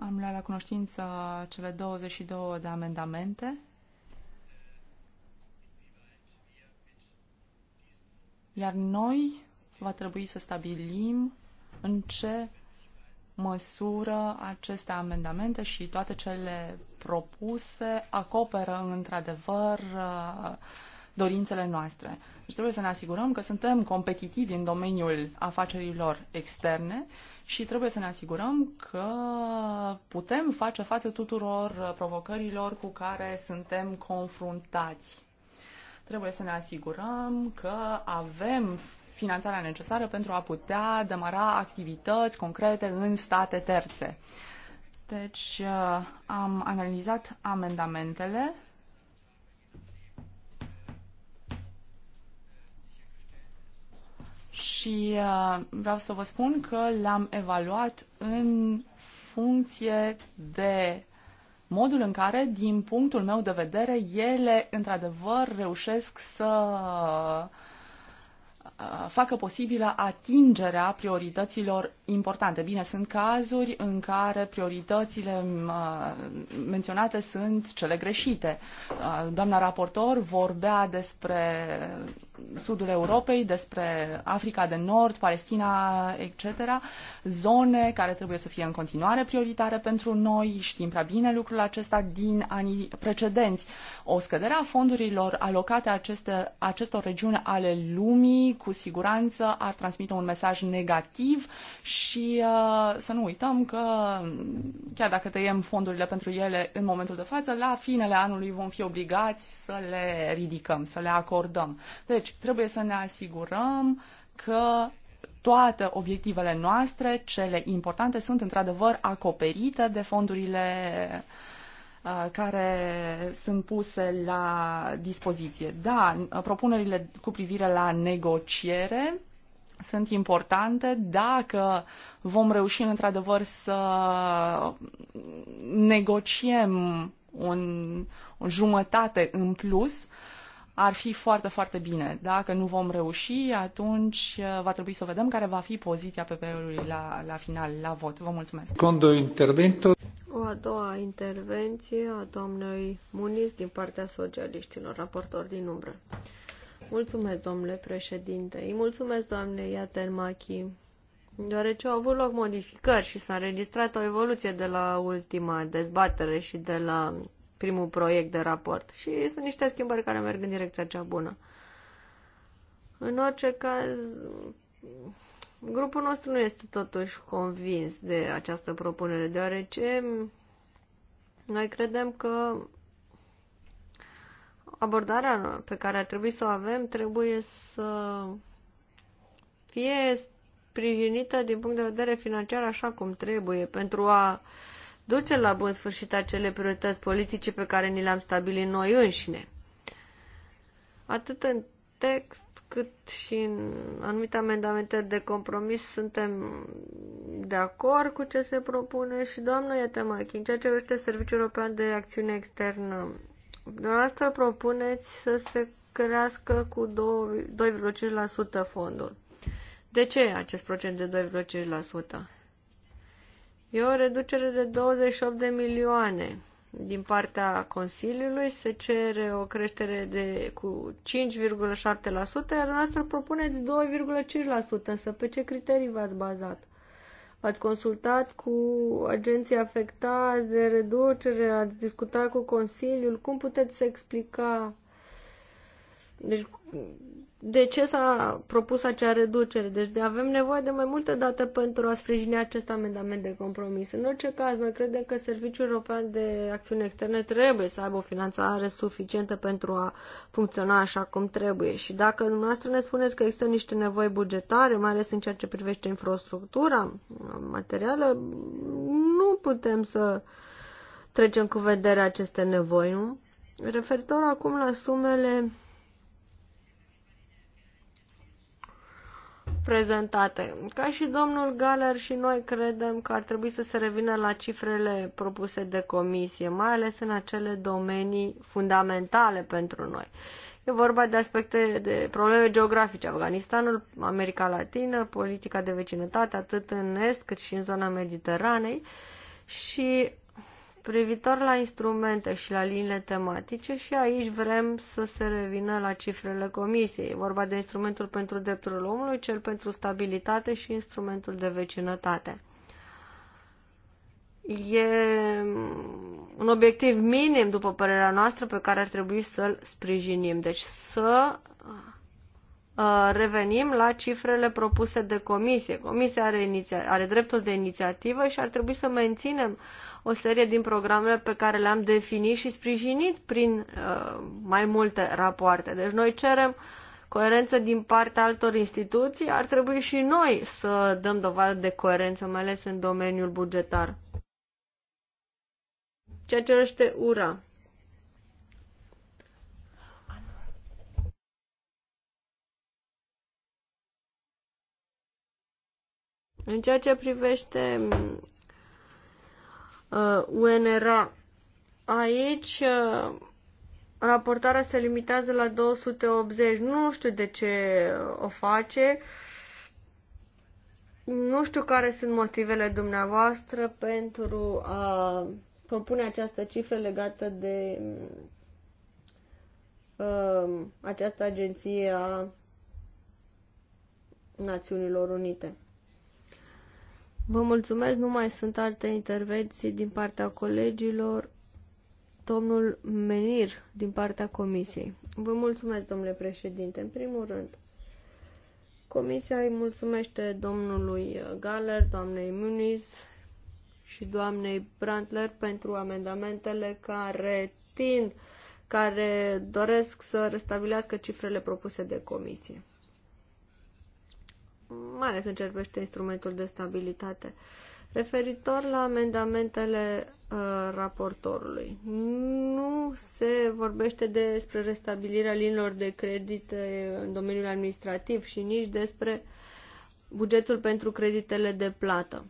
Am luat la cunoștință cele 22 de amendamente. Iar noi va trebui să stabilim în ce măsură aceste amendamente și toate cele propuse acoperă într-adevăr uh, dorințele noastre. Deci trebuie să ne asigurăm că suntem competitivi în domeniul afacerilor externe și trebuie să ne asigurăm că putem face față tuturor provocărilor cu care suntem confruntați. Trebuie să ne asigurăm că avem finanțarea necesară pentru a putea demara activități concrete în state terțe. Deci uh, am analizat amendamentele și uh, vreau să vă spun că l-am evaluat în funcție de modul în care, din punctul meu de vedere, ele, într-adevăr, reușesc să uh, facă posibilă atingerea priorităților importante. Bine, sunt cazuri în care prioritățile uh, menționate sunt cele greșite. Uh, doamna raportor vorbea despre sudul Europei, despre Africa de Nord, Palestina, etc. Zone care trebuie să fie în continuare prioritare pentru noi. Știm prea bine lucrul acesta din anii precedenți. O scădere a fondurilor alocate aceste, acestor regiuni ale lumii cu siguranță ar transmite un mesaj negativ și uh, să nu uităm că chiar dacă tăiem fondurile pentru ele în momentul de față, la finele anului vom fi obligați să le ridicăm, să le acordăm. Deci trebuie să ne asigurăm că toate obiectivele noastre, cele importante, sunt într-adevăr acoperite de fondurile uh, care sunt puse la dispoziție. Da, uh, propunerile cu privire la negociere sunt importante dacă vom reuși într-adevăr să negociem un, un jumătate în plus, ar fi foarte, foarte bine. Dacă nu vom reuși, atunci uh, va trebui să vedem care va fi poziția PP-ului la, la final, la vot. Vă mulțumesc. Condo intervento. O a doua intervenție a doamnei Muniz din partea socialiștilor, raportor din umbră. Mulțumesc, domnule președinte. Îi mulțumesc, doamne Iatermachi, deoarece au avut loc modificări și s-a înregistrat o evoluție de la ultima dezbatere și de la primul proiect de raport. Și sunt niște schimbări care merg în direcția cea bună. În orice caz, grupul nostru nu este totuși convins de această propunere, deoarece noi credem că abordarea pe care ar trebui să o avem trebuie să fie sprijinită din punct de vedere financiar așa cum trebuie pentru a duce la bun sfârșit acele priorități politice pe care ni le-am stabilit noi înșine. Atât în text cât și în anumite amendamente de compromis suntem de acord cu ce se propune și doamnă Iatemachi, în ceea ce vrește Serviciul European de Acțiune Externă Dumneavoastră propuneți să se crească cu 2,5% fondul. De ce acest procent de 2,5%? E o reducere de 28 de milioane din partea Consiliului, se cere o creștere de cu 5,7%, iar noastră propuneți 2,5%, însă pe ce criterii v-ați bazat? ați consultat cu agenții afectați de reducere, ați discutat cu Consiliul, cum puteți să explica deci, de ce s-a propus acea reducere? Deci de avem nevoie de mai multe date pentru a sprijini acest amendament de compromis. În orice caz, noi credem că Serviciul European de Acțiune Externe trebuie să aibă o finanțare suficientă pentru a funcționa așa cum trebuie. Și dacă dumneavoastră ne spuneți că există niște nevoi bugetare, mai ales în ceea ce privește infrastructura materială, nu putem să trecem cu vedere aceste nevoi, nu? Referitor acum la sumele prezentate. Ca și domnul Galer și noi credem că ar trebui să se revină la cifrele propuse de comisie, mai ales în acele domenii fundamentale pentru noi. E vorba de aspecte de probleme geografice, Afganistanul, America Latină, politica de vecinătate, atât în est cât și în zona Mediteranei și Privitor la instrumente și la liniile tematice și aici vrem să se revină la cifrele comisiei. E vorba de instrumentul pentru drepturile omului, cel pentru stabilitate și instrumentul de vecinătate. E un obiectiv minim, după părerea noastră, pe care ar trebui să-l sprijinim. Deci să Uh, revenim la cifrele propuse de comisie. Comisia are, iniția, are dreptul de inițiativă și ar trebui să menținem o serie din programele pe care le-am definit și sprijinit prin uh, mai multe rapoarte. Deci noi cerem coerență din partea altor instituții, ar trebui și noi să dăm dovadă de coerență, mai ales în domeniul bugetar. Ceea ce este URA. În ceea ce privește uh, UNRA, aici uh, raportarea se limitează la 280. Nu știu de ce uh, o face. Nu știu care sunt motivele dumneavoastră pentru a propune această cifră legată de uh, această agenție a Națiunilor Unite. Vă mulțumesc, nu mai sunt alte intervenții din partea colegilor. Domnul Menir, din partea comisiei. Vă mulțumesc, domnule președinte. În primul rând, comisia îi mulțumește domnului Galler, doamnei Muniz și doamnei Brandler pentru amendamentele care tind, care doresc să restabilească cifrele propuse de comisie mai ales în ce instrumentul de stabilitate. Referitor la amendamentele uh, raportorului, nu se vorbește despre restabilirea linilor de credit în domeniul administrativ și nici despre bugetul pentru creditele de plată.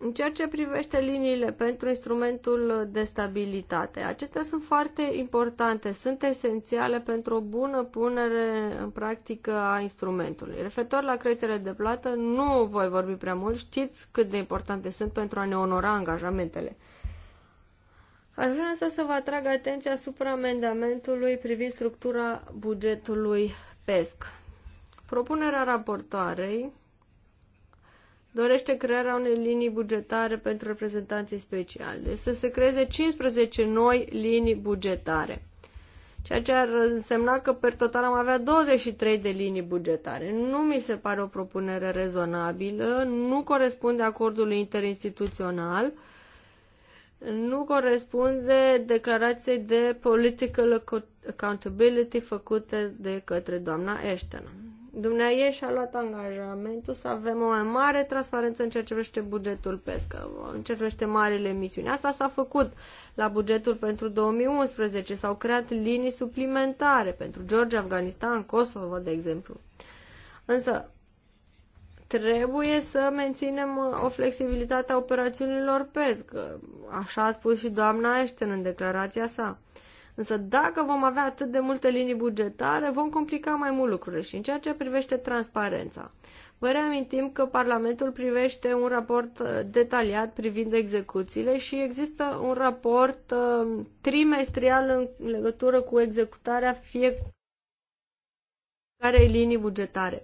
În ceea ce privește liniile pentru instrumentul de stabilitate, acestea sunt foarte importante, sunt esențiale pentru o bună punere în practică a instrumentului. Referitor la creditele de plată, nu voi vorbi prea mult, știți cât de importante sunt pentru a ne onora angajamentele. Aș vrea însă să vă atrag atenția asupra amendamentului privind structura bugetului PESC. Propunerea raportoarei dorește crearea unei linii bugetare pentru reprezentanții speciale. Deci să se creeze 15 noi linii bugetare. Ceea ce ar însemna că per total am avea 23 de linii bugetare. Nu mi se pare o propunere rezonabilă, nu corespunde acordului interinstituțional, nu corespunde declarației de political accountability făcute de către doamna Ashton. Dumneavoastră și-a luat angajamentul să avem o mai mare transparență în ceea ce privește bugetul pescă, în ceea ce privește marile misiuni. Asta s-a făcut la bugetul pentru 2011. S-au creat linii suplimentare pentru Georgia, Afganistan, Kosovo, de exemplu. Însă, trebuie să menținem uh, o flexibilitate a operațiunilor PESC, așa a spus și doamna Ashton în declarația sa. Însă dacă vom avea atât de multe linii bugetare, vom complica mai mult lucrurile și în ceea ce privește transparența. Vă reamintim că Parlamentul privește un raport uh, detaliat privind execuțiile și există un raport uh, trimestrial în legătură cu executarea fiecarei linii bugetare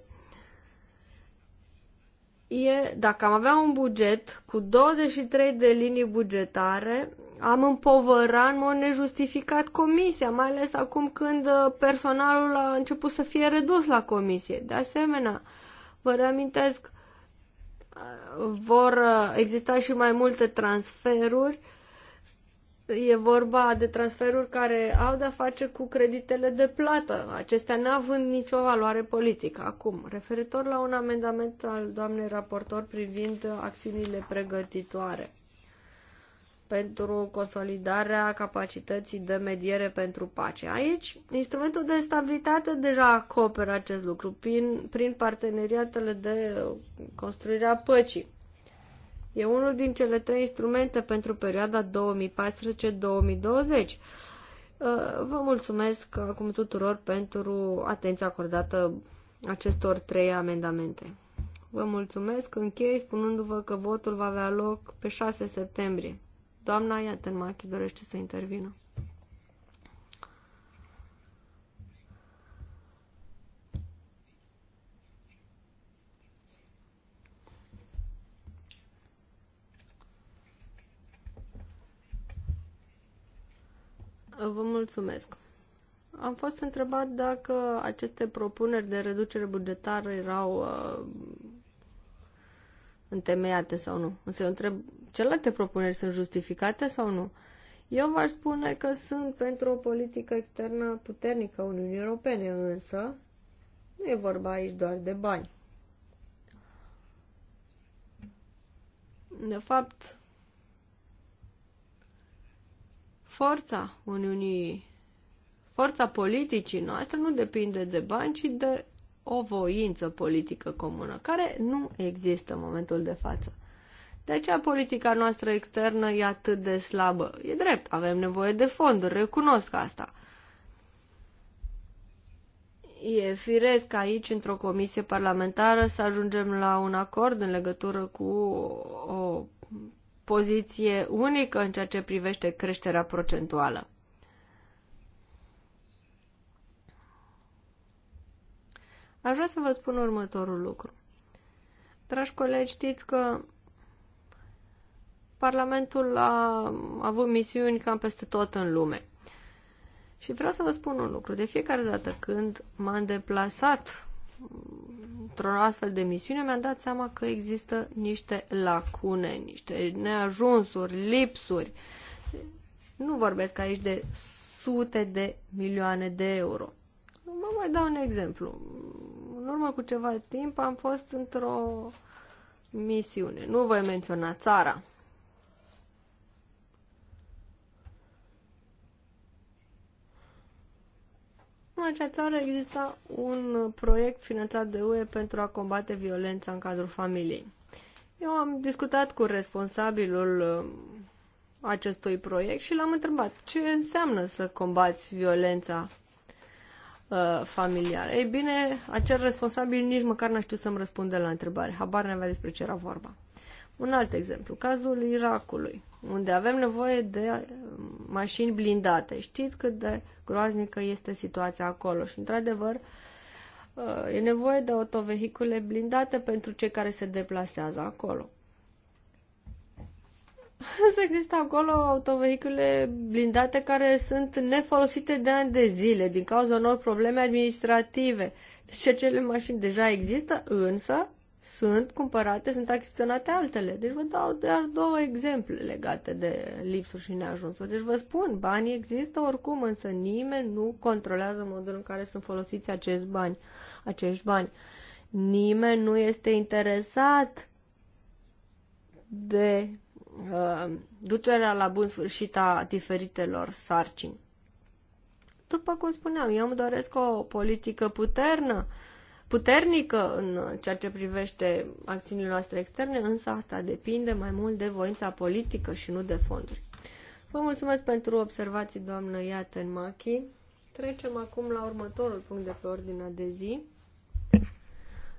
e, dacă am avea un buget cu 23 de linii bugetare, am împovărat în mod nejustificat comisia, mai ales acum când uh, personalul a început să fie redus la comisie. De asemenea, vă reamintesc, uh, vor uh, exista și mai multe transferuri. E vorba de transferuri care au de-a face cu creditele de plată, acestea neavând nicio valoare politică. Acum, referitor la un amendament al doamnei raportor privind acțiunile pregătitoare pentru consolidarea capacității de mediere pentru pace. Aici, instrumentul de stabilitate deja acoperă acest lucru prin, prin parteneriatele de construire a păcii. E unul din cele trei instrumente pentru perioada 2014-2020. Uh, vă mulțumesc acum tuturor pentru atenția acordată acestor trei amendamente. Vă mulțumesc, închei spunându-vă că votul va avea loc pe 6 septembrie. Doamna Iatenmachi dorește să intervină. Vă mulțumesc. Am fost întrebat dacă aceste propuneri de reducere bugetară erau uh, întemeiate sau nu. Însă eu întreb celelalte propuneri sunt justificate sau nu? Eu v-aș spune că sunt pentru o politică externă puternică a Uniunii Europene, însă nu e vorba aici doar de bani. De fapt, forța Uniunii, forța politicii noastre nu depinde de bani, ci de o voință politică comună, care nu există în momentul de față. De aceea politica noastră externă e atât de slabă. E drept, avem nevoie de fonduri, recunosc asta. E firesc aici, într-o comisie parlamentară, să ajungem la un acord în legătură cu o poziție unică în ceea ce privește creșterea procentuală. Aș vrea să vă spun următorul lucru. Dragi colegi, știți că Parlamentul a avut misiuni cam peste tot în lume. Și vreau să vă spun un lucru. De fiecare dată când m-am deplasat într-o astfel de misiune, mi-am dat seama că există niște lacune, niște neajunsuri, lipsuri. Nu vorbesc aici de sute de milioane de euro. Vă mai dau un exemplu. În urmă cu ceva timp am fost într-o misiune. Nu voi menționa țara, în acea țară exista un proiect finanțat de UE pentru a combate violența în cadrul familiei. Eu am discutat cu responsabilul um, acestui proiect și l-am întrebat ce înseamnă să combați violența uh, familiară. Ei bine, acel responsabil nici măcar n-a știut să-mi răspundă la întrebare. Habar n-avea despre ce era vorba. Uh, un alt exemplu, cazul Irakului, unde avem nevoie de um, mașini blindate. Știți cât de groaznică este situația acolo și, într-adevăr, uh, e nevoie de autovehicule blindate pentru cei care se deplasează acolo. Să există acolo autovehicule blindate care sunt nefolosite de ani de zile din cauza unor probleme administrative. Deci acele mașini deja există, însă sunt cumpărate, sunt achiziționate altele. Deci vă dau doar două exemple legate de lipsuri și neajunsuri. Deci vă spun, banii există oricum, însă nimeni nu controlează modul în care sunt folosiți acești bani. Acești bani. Nimeni nu este interesat de uh, ducerea la bun sfârșit a diferitelor sarcini. După cum spuneam, eu îmi doresc o politică puternă uh, puternică în ceea ce privește acțiunile noastre externe, însă asta depinde mai mult de voința politică și nu de fonduri. Vă mulțumesc pentru observații, doamnă Iaten Machi. Trecem acum la următorul punct de pe ordinea de zi.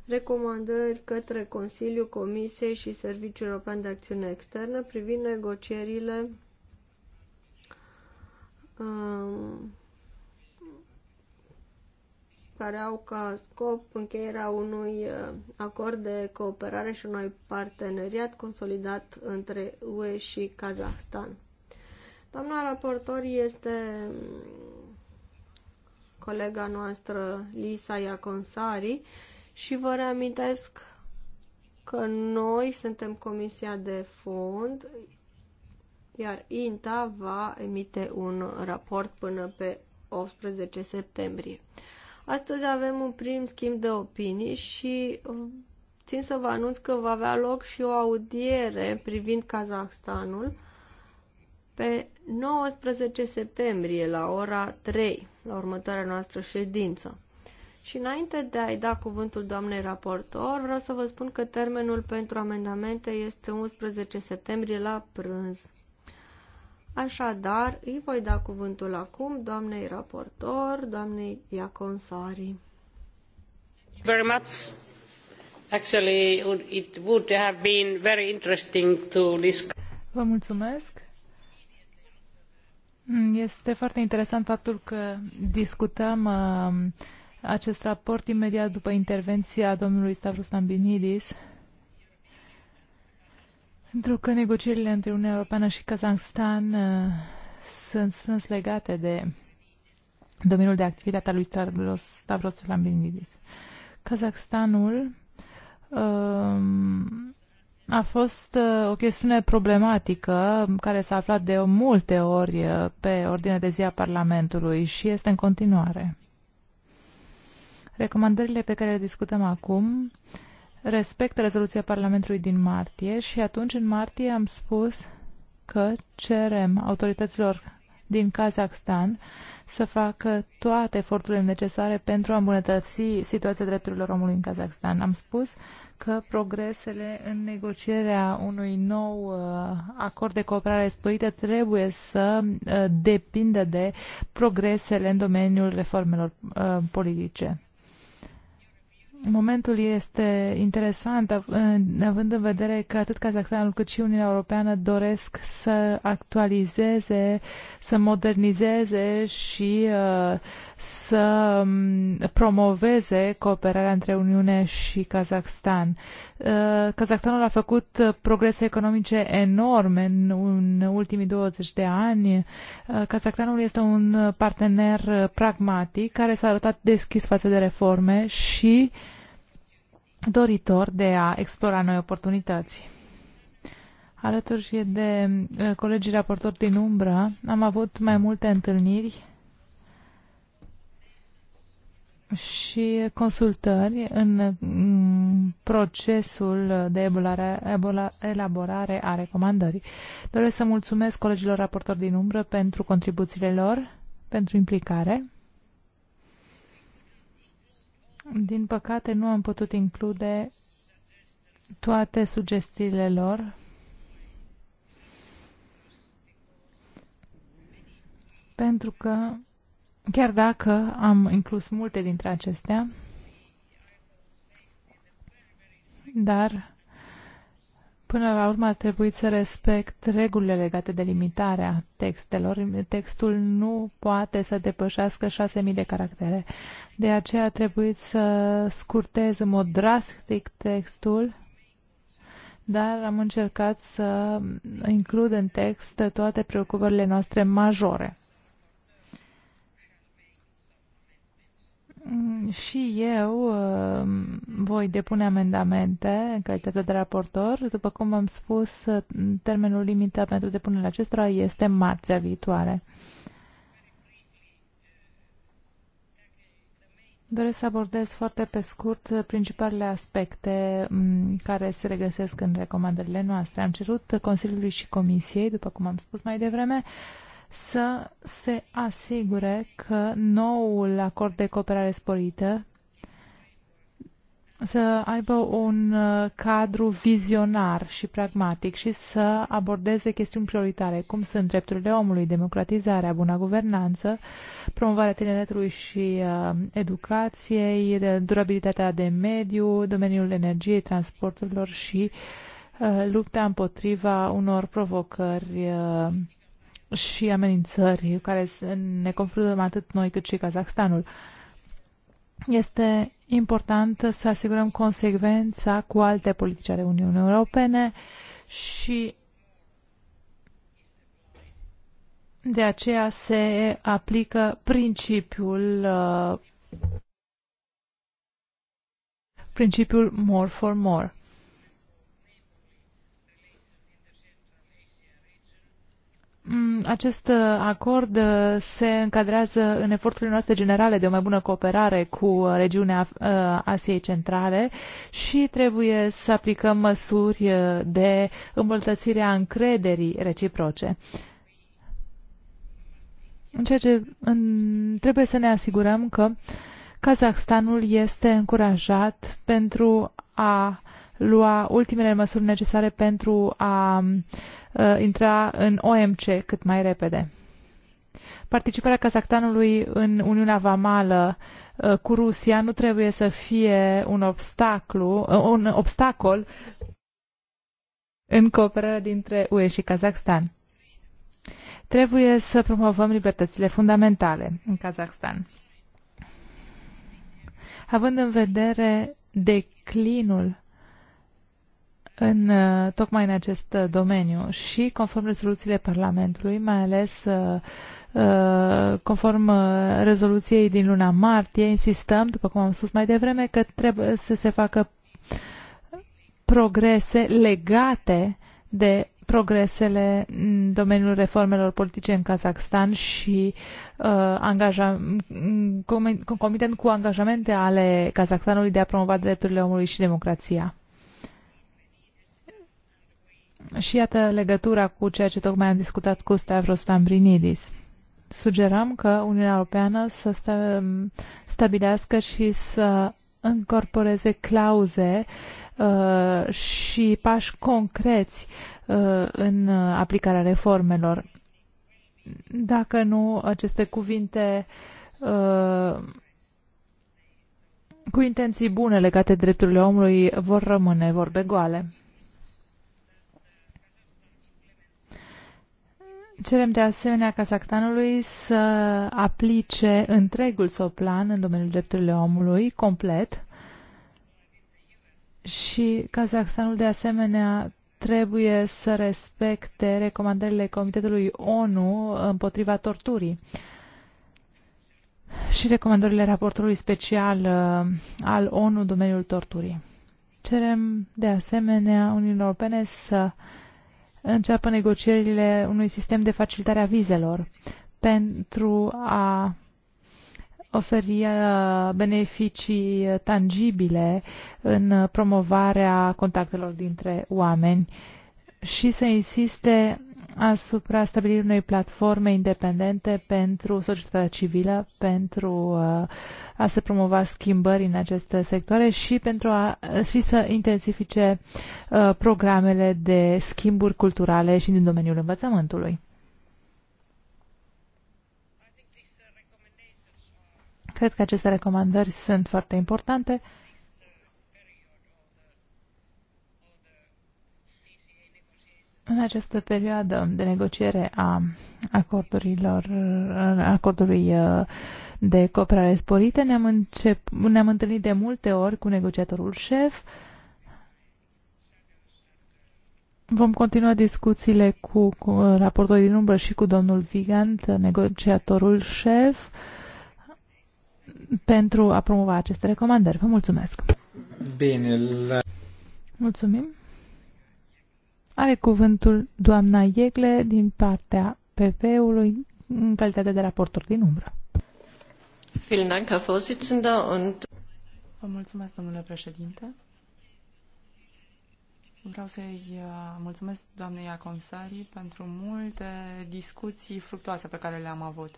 Recomandări către Consiliul Comisiei și Serviciul European de Acțiune Externă privind negocierile um, care au ca scop încheierea unui uh, acord de cooperare și unui parteneriat consolidat între UE și Kazahstan. Doamna raportor este mm, colega noastră Lisa Iaconsari și vă reamintesc că noi suntem comisia de fond, iar INTA va emite un raport până pe 18 septembrie. Astăzi avem un prim schimb de opinii și uh, țin să vă anunț că va avea loc și o audiere privind Kazahstanul pe 19 septembrie la ora 3, la următoarea noastră ședință. Și înainte de a-i da cuvântul doamnei raportor, vreau să vă spun că termenul pentru amendamente este 11 septembrie la prânz. Așadar, îi voi da cuvântul acum doamnei raportor, doamnei Iaconsari. Very much. Actually, it would have been very interesting to discuss. Vă mulțumesc. Este foarte interesant faptul că discutăm uh, acest raport imediat după intervenția domnului Stavros Stambinidis pentru că negocierile între Uniunea Europeană și Kazahstan uh, sunt strâns legate de domeniul de activitate al lui Stavros, Stavros Lambinidis. Kazakhstanul uh, a fost uh, o chestiune problematică care s-a aflat de multe ori uh, pe ordine de zi a Parlamentului și este în continuare. Recomandările pe care le discutăm acum uh, respect rezoluția Parlamentului din martie și atunci în martie am spus că cerem autorităților din Kazakhstan să facă toate eforturile necesare pentru a îmbunătăți situația drepturilor omului în Kazakhstan. Am spus că progresele în negocierea unui nou uh, acord de cooperare sporită trebuie să uh, depindă de progresele în domeniul reformelor uh, politice momentul este interesant, având în vedere că atât Kazakhstanul cât și Uniunea Europeană doresc să actualizeze, să modernizeze și uh, să um, promoveze cooperarea între Uniune și Kazakhstan. Uh, Kazakhstanul a făcut uh, progrese economice enorme în ultimii 20 de ani. Kazakhstanul este un partener pragmatic care s-a arătat deschis față de reforme și uh, doritor de a explora noi oportunități. Alături de eh, colegii raportori din umbră, am avut mai multe întâlniri și consultări în procesul de elaborare a recomandării. Doresc să mulțumesc colegilor raportori din umbră pentru contribuțiile lor, pentru implicare din păcate, nu am putut include toate sugestiile lor. Pentru că, chiar dacă am inclus multe dintre acestea, dar Până la urmă a trebuit să respect regulile legate de limitarea textelor. Textul nu poate să depășească 6.000 de caractere. De aceea a trebuit să scurtez în mod drastic textul, dar am încercat să includ în text toate preocupările noastre majore. Mm, și eu uh, voi depune amendamente în calitate de raportor. După cum am spus, uh, termenul limită pentru depunerea acestora este marțea viitoare. Doresc să abordez foarte pe scurt uh, principalele aspecte mm, care se regăsesc în recomandările noastre. Am cerut Consiliului și Comisiei, după cum am spus mai devreme, să se asigure că noul acord de cooperare sporită să aibă un uh, cadru vizionar și pragmatic și să abordeze chestiuni prioritare, cum sunt drepturile omului, democratizarea, buna guvernanță, promovarea tineretului și uh, educației, durabilitatea de mediu, domeniul energiei, transporturilor și uh, lupta împotriva unor provocări uh, și amenințări care ne confruntăm atât noi cât și Kazahstanul. Este important să asigurăm consecvența cu alte politici ale Uniunii Europene și de aceea se aplică principiul uh, principiul more for more. Mm, acest uh, acord uh, se încadrează în eforturile noastre generale de o mai bună cooperare cu uh, regiunea Asiei Centrale și trebuie să aplicăm măsuri de îmbunătățire a încrederii reciproce. În ceea ce în, trebuie să ne asigurăm că Kazahstanul este încurajat pentru a lua ultimele măsuri necesare pentru a uh, Uh, intra în OMC cât mai repede. Participarea Kazahstanului în Uniunea Vamală uh, cu Rusia nu trebuie să fie un, obstaclu, uh, un obstacol în cooperarea dintre UE și Kazahstan. Trebuie să promovăm libertățile fundamentale în Kazahstan. Având în vedere declinul în, uh, tocmai în acest uh, domeniu și conform rezoluțiile Parlamentului, mai ales uh, conform rezoluției din luna martie, insistăm, după cum am spus mai devreme, că trebuie să se facă progrese legate de progresele în domeniul reformelor politice în Kazakhstan și uh, angaja, comitent cu angajamente ale Kazakhstanului de a promova drepturile omului și democrația. Și iată legătura cu ceea ce tocmai am discutat cu Stavros Tambrinidis. Sugeram că Uniunea Europeană să sta, stabilească și să încorporeze clauze uh, și pași concreți uh, în aplicarea reformelor. Dacă nu, aceste cuvinte uh, cu intenții bune legate drepturile omului vor rămâne vorbe goale. Cerem de asemenea Kazakhstanului să aplice întregul său plan în domeniul drepturilor omului, complet, și Kazakhstanul de asemenea trebuie să respecte recomandările Comitetului ONU împotriva torturii și recomandările raportului special uh, al ONU domeniul torturii. Cerem de asemenea Uniunii Europene să înceapă negocierile unui sistem de facilitare a vizelor pentru a oferi uh, beneficii tangibile în promovarea contactelor dintre oameni și să insiste asupra stabilirii unei platforme independente pentru societatea civilă, pentru uh, a se promova schimbări în aceste sectoare și pentru a și să intensifice uh, programele de schimburi culturale și din domeniul învățământului. Cred că aceste recomandări sunt foarte importante în această perioadă de negociere a acordurilor, acordului uh, de cooperare sporită, ne-am, încep, ne-am întâlnit de multe ori cu negociatorul șef. Vom continua discuțiile cu, cu uh, raportul din umbră și cu domnul Vigant, negociatorul șef, pentru a promova aceste recomandări. Vă mulțumesc! Bine! La... Mulțumim! Are cuvântul doamna Iegle din partea PP-ului în calitate de raportor din umbră. Vă mulțumesc, domnule președinte. Vreau să-i uh, mulțumesc doamnei Aconsari pentru multe discuții fructoase pe care le-am avut.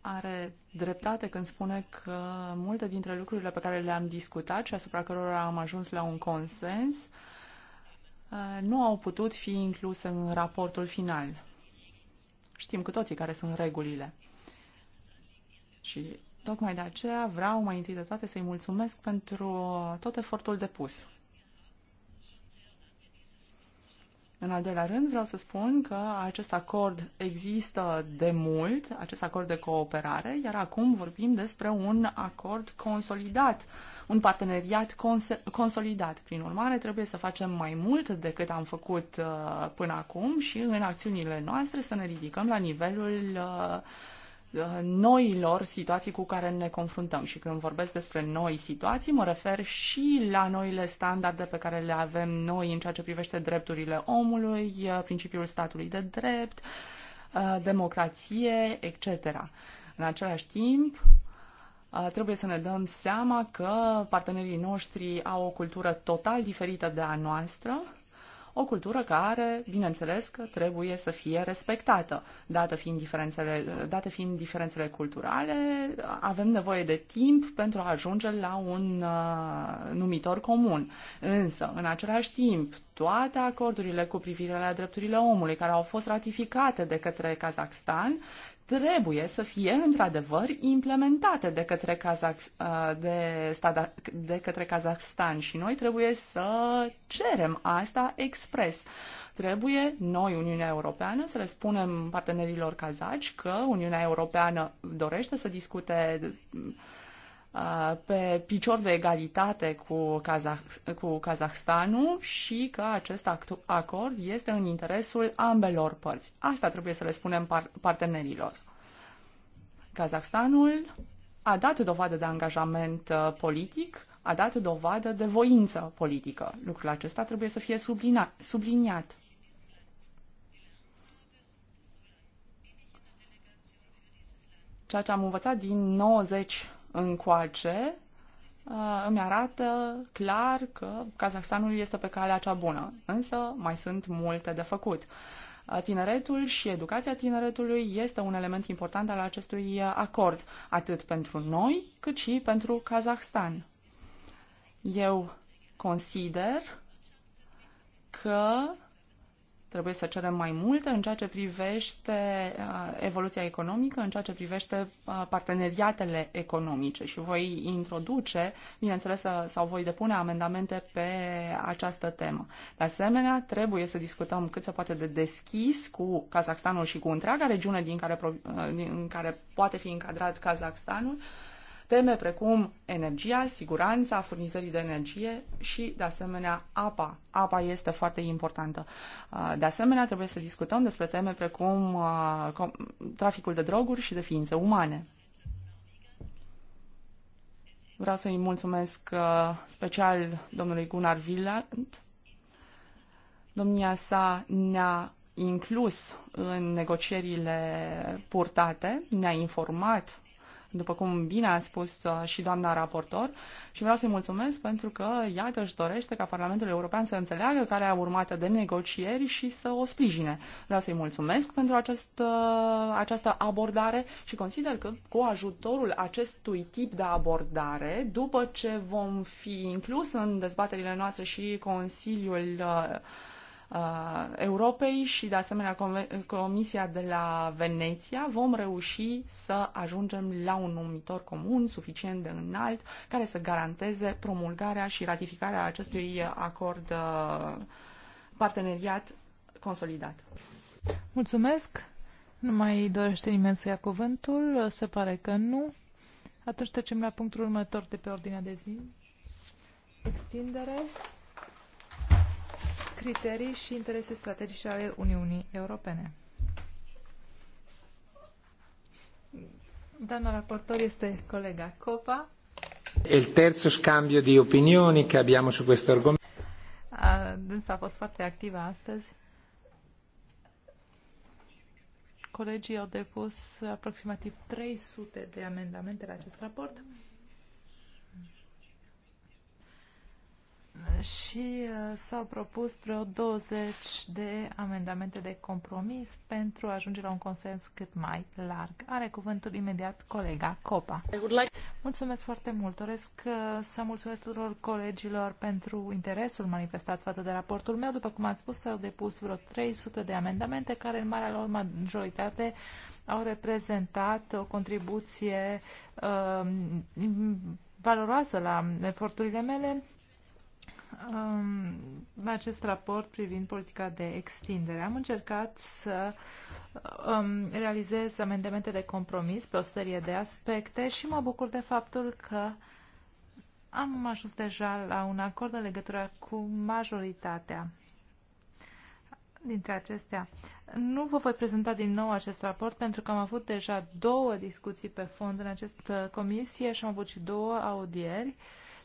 Are dreptate când spune că multe dintre lucrurile pe care le-am discutat și asupra cărora am ajuns la un consens uh, Uh, nu au putut fi incluse în raportul final. Știm cu toții care sunt regulile. Și tocmai de aceea vreau mai întâi de toate să-i mulțumesc pentru tot efortul depus. În al doilea rând, vreau să spun că acest acord există de mult, acest acord de cooperare, iar acum vorbim despre un acord consolidat uh, un parteneriat cons- consolidat. Prin urmare, trebuie să facem mai mult decât am făcut uh, până acum și în acțiunile noastre să ne ridicăm la nivelul uh, uh, noilor situații cu care ne confruntăm. Și când vorbesc despre noi situații, mă refer și la noile standarde pe care le avem noi în ceea ce privește drepturile omului, uh, principiul statului de drept, uh, democrație, etc. În același timp, trebuie să ne dăm seama că partenerii noștri au o cultură total diferită de a noastră, o cultură care, bineînțeles, că trebuie să fie respectată. Date fiind diferențele, date fiind diferențele culturale, avem nevoie de timp pentru a ajunge la un uh, numitor comun. Însă, în același timp, toate acordurile cu privire la drepturile omului care au fost ratificate de către Kazakhstan trebuie să fie într-adevăr implementate de către, Kazakh, uh, de, stada, de către Kazahstan și noi trebuie să cerem asta expres. Trebuie noi, Uniunea Europeană, să le spunem partenerilor kazaci că Uniunea Europeană dorește să discute Uh, pe picior de egalitate cu, Kazah- cu Kazahstanul și că acest acord este în interesul ambelor părți. Asta trebuie să le spunem par- partenerilor. Kazahstanul a dat dovadă de angajament uh, politic, a dat dovadă de voință politică. Lucrul acesta trebuie să fie sublina- subliniat. Ceea ce am învățat din 90 încoace uh, îmi arată clar că Kazahstanul este pe calea cea bună, însă mai sunt multe de făcut. Uh, tineretul și educația tineretului este un element important al acestui uh, acord, atât pentru noi, cât și pentru Kazahstan. Eu consider că Trebuie să cerem mai multe în ceea ce privește uh, evoluția economică, în ceea ce privește uh, parteneriatele economice și voi introduce, bineînțeles, sau voi depune amendamente pe această temă. De asemenea, trebuie să discutăm cât se poate de deschis cu Kazakhstanul și cu întreaga regiune din care, uh, din care poate fi încadrat Kazakhstanul, teme precum energia, siguranța furnizării de energie și, de asemenea, apa. Apa este foarte importantă. Uh, de asemenea, trebuie să discutăm despre teme precum uh, traficul de droguri și de ființe umane. Vreau să-i mulțumesc uh, special domnului Gunnar Villand. Domnia sa ne-a inclus în negocierile purtate, ne-a informat după cum bine a spus uh, și doamna raportor, și vreau să-i mulțumesc pentru că, iată, își dorește ca Parlamentul European să înțeleagă care a urmat de negocieri și să o sprijine. Vreau să-i mulțumesc pentru acest, uh, această abordare și consider că cu ajutorul acestui tip de abordare, după ce vom fi inclus în dezbaterile noastre și Consiliul uh, Uh, Europei și, de asemenea, Comisia de la Veneția, vom reuși să ajungem la un numitor comun suficient de înalt care să garanteze promulgarea și ratificarea acestui acord uh, parteneriat consolidat. Mulțumesc! Nu mai dorește nimeni să ia cuvântul? Se pare că nu. Atunci trecem la punctul următor de pe ordinea de zi. Extindere criterii și interese strategice ale Uniunii Europene. Doamna raportor este colega Copa. Il terzo scambio di opinioni che abbiamo su questo argomento. Dânsa a fost foarte activă astăzi. Colegii au depus aproximativ 300 de amendamente la acest raport. și uh, s-au propus vreo 20 de amendamente de compromis pentru a ajunge la un consens cât mai larg. Are cuvântul imediat colega Copa. Mulțumesc foarte mult. Doresc uh, să mulțumesc tuturor colegilor pentru interesul manifestat față de raportul meu. După cum am spus, s-au depus vreo 300 de amendamente care în marea lor majoritate au reprezentat o contribuție uh, valoroasă la eforturile mele um, acest raport privind politica de extindere. Am încercat să um, realizez amendamente de compromis pe o serie de aspecte și mă bucur de faptul că am ajuns deja la un acord în legătură cu majoritatea dintre acestea. Nu vă voi prezenta din nou acest raport pentru că am avut deja două discuții pe fond în această comisie și am avut și două audieri. Uh,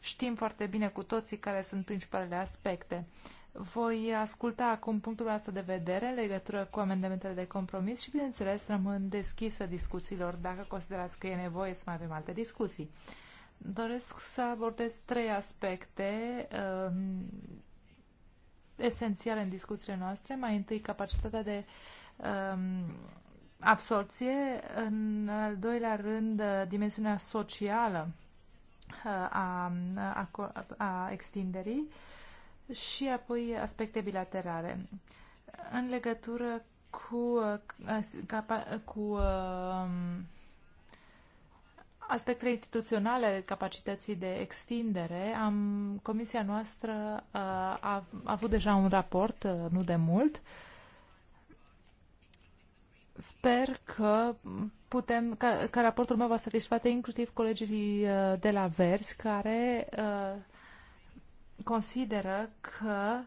Știm foarte bine cu toții care sunt principalele aspecte. Voi asculta acum punctul ăsta de vedere, legătură cu amendamentele de compromis și, bineînțeles, rămân deschisă discuțiilor dacă considerați că e nevoie să mai avem alte discuții. Doresc să abordez trei aspecte uh, esențiale în discuțiile noastre. Mai întâi, capacitatea de uh, absorție, în al doilea rând, dimensiunea socială a, a, a extinderii și apoi aspecte bilaterale. În legătură cu, cu um, aspectele instituționale ale capacității de extindere, am, comisia noastră uh, a, a avut deja un raport, uh, nu de mult, uh, sper că putem, că, că raportul meu va satisface inclusiv colegii uh, de la Vers, care uh, consideră că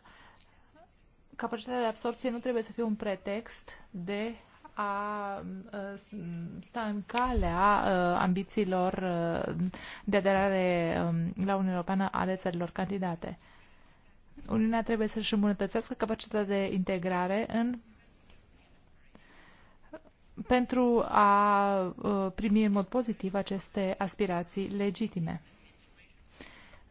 capacitatea de absorție nu trebuie să fie un pretext de a uh, sta în calea ambițiilor de aderare um, la Uniunea Europeană ale țărilor candidate. Uniunea trebuie să-și îmbunătățească capacitatea de integrare în pentru a uh, primi în mod pozitiv aceste aspirații legitime.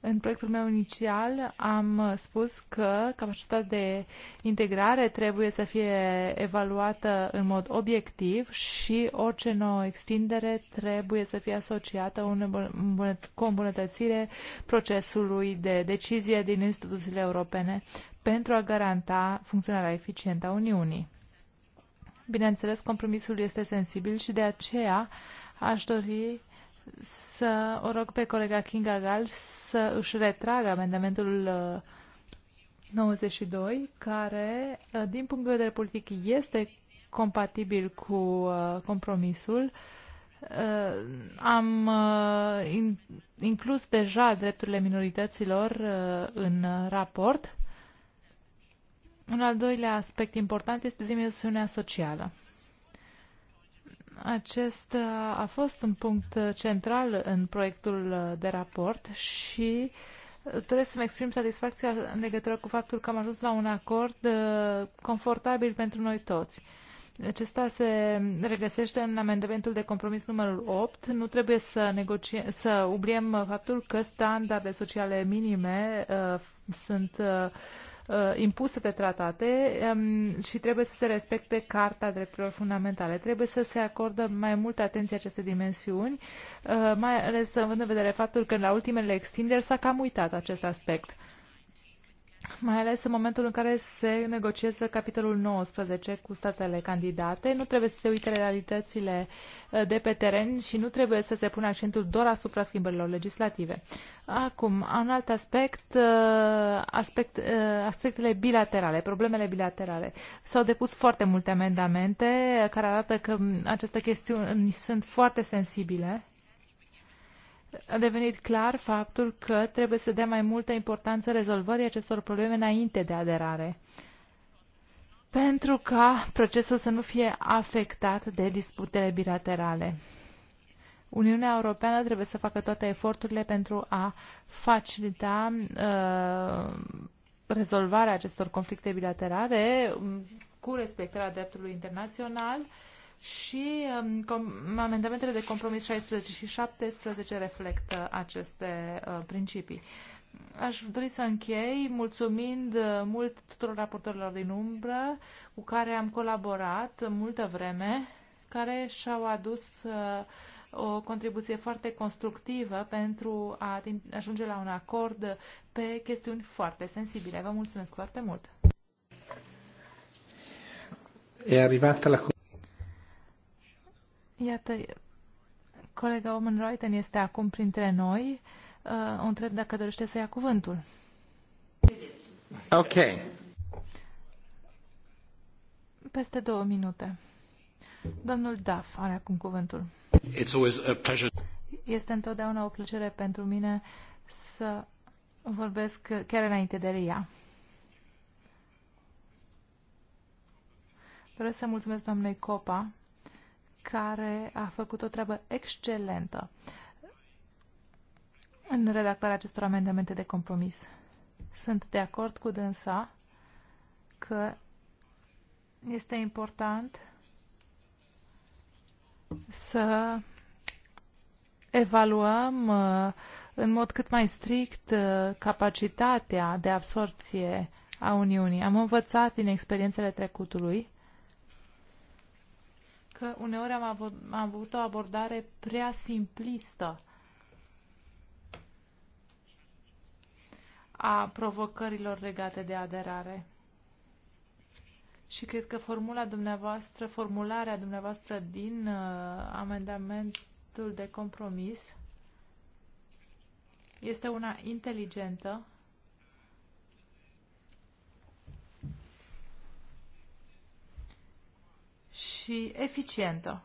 În proiectul meu inițial am spus că capacitatea de integrare trebuie să fie evaluată în mod obiectiv și orice nouă extindere trebuie să fie asociată cu o îmbunătățire procesului de decizie din instituțiile europene pentru a garanta funcționarea eficientă a Uniunii. Bineînțeles, compromisul este sensibil și de aceea aș dori să o rog pe colega Kinga Gal să își retragă amendamentul 92, uh, care, uh, din punct de vedere politic, este compatibil cu uh, compromisul. Am inclus deja drepturile minorităților în raport un al doilea aspect important este dimensiunea socială. Acesta a fost un punct central în proiectul de raport și trebuie să-mi exprim satisfacția în legătură cu faptul că am ajuns la un acord uh, confortabil pentru noi toți. Acesta se regăsește în amendamentul de compromis numărul 8. Nu trebuie să, negocie, să ubliem faptul că standarde sociale minime uh, sunt uh, Uh, impuse de tratate um, și trebuie să se respecte Carta Drepturilor Fundamentale. Trebuie să se acordă mai multă atenție aceste dimensiuni, uh, mai ales având în vedere faptul că la ultimele extinderi s-a cam uitat acest aspect mai ales în momentul în care se negociază capitolul 19 cu statele candidate. Nu trebuie să se uite realitățile uh, de pe teren și nu trebuie să se pună accentul doar asupra schimbărilor legislative. Acum, un alt aspect, uh, aspect uh, aspectele bilaterale, problemele bilaterale. S-au depus foarte multe amendamente care arată că mm, aceste chestiuni mm, sunt foarte sensibile a devenit clar faptul că trebuie să dea mai multă importanță rezolvării acestor probleme înainte de aderare, pentru ca procesul să nu fie afectat de disputele bilaterale. Uniunea Europeană trebuie să facă toate eforturile pentru a facilita uh, rezolvarea acestor conflicte bilaterale um, cu respectarea dreptului internațional uh, și um, amendamentele de compromis 16 și 17 reflectă aceste uh, principii. Aș dori să închei mulțumind uh, mult tuturor raportorilor din umbră cu care am colaborat multă vreme, care și-au adus uh, o contribuție foarte constructivă pentru a ajunge la un acord pe chestiuni foarte sensibile. Vă mulțumesc foarte mult! E arrivata la Iată, colega Omen Reuten este acum printre noi. Uh, o întreb dacă dorește să ia cuvântul. Ok. Peste două minute. Domnul Duff are acum cuvântul. It's always a pleasure. Este întotdeauna o plăcere pentru mine să vorbesc chiar înainte de ea. Vreau să mulțumesc doamnei Copa care a făcut o treabă excelentă în redactarea acestor amendamente de compromis. Sunt de acord cu dânsa că este important să evaluăm uh, în mod cât mai strict uh, capacitatea de absorpție a Uniunii. Am învățat din experiențele trecutului că uneori am avut, am avut o abordare prea simplistă a provocărilor legate de aderare. Și cred că formula dumneavoastră, formularea dumneavoastră din uh, amendamentul de compromis este una inteligentă și eficientă.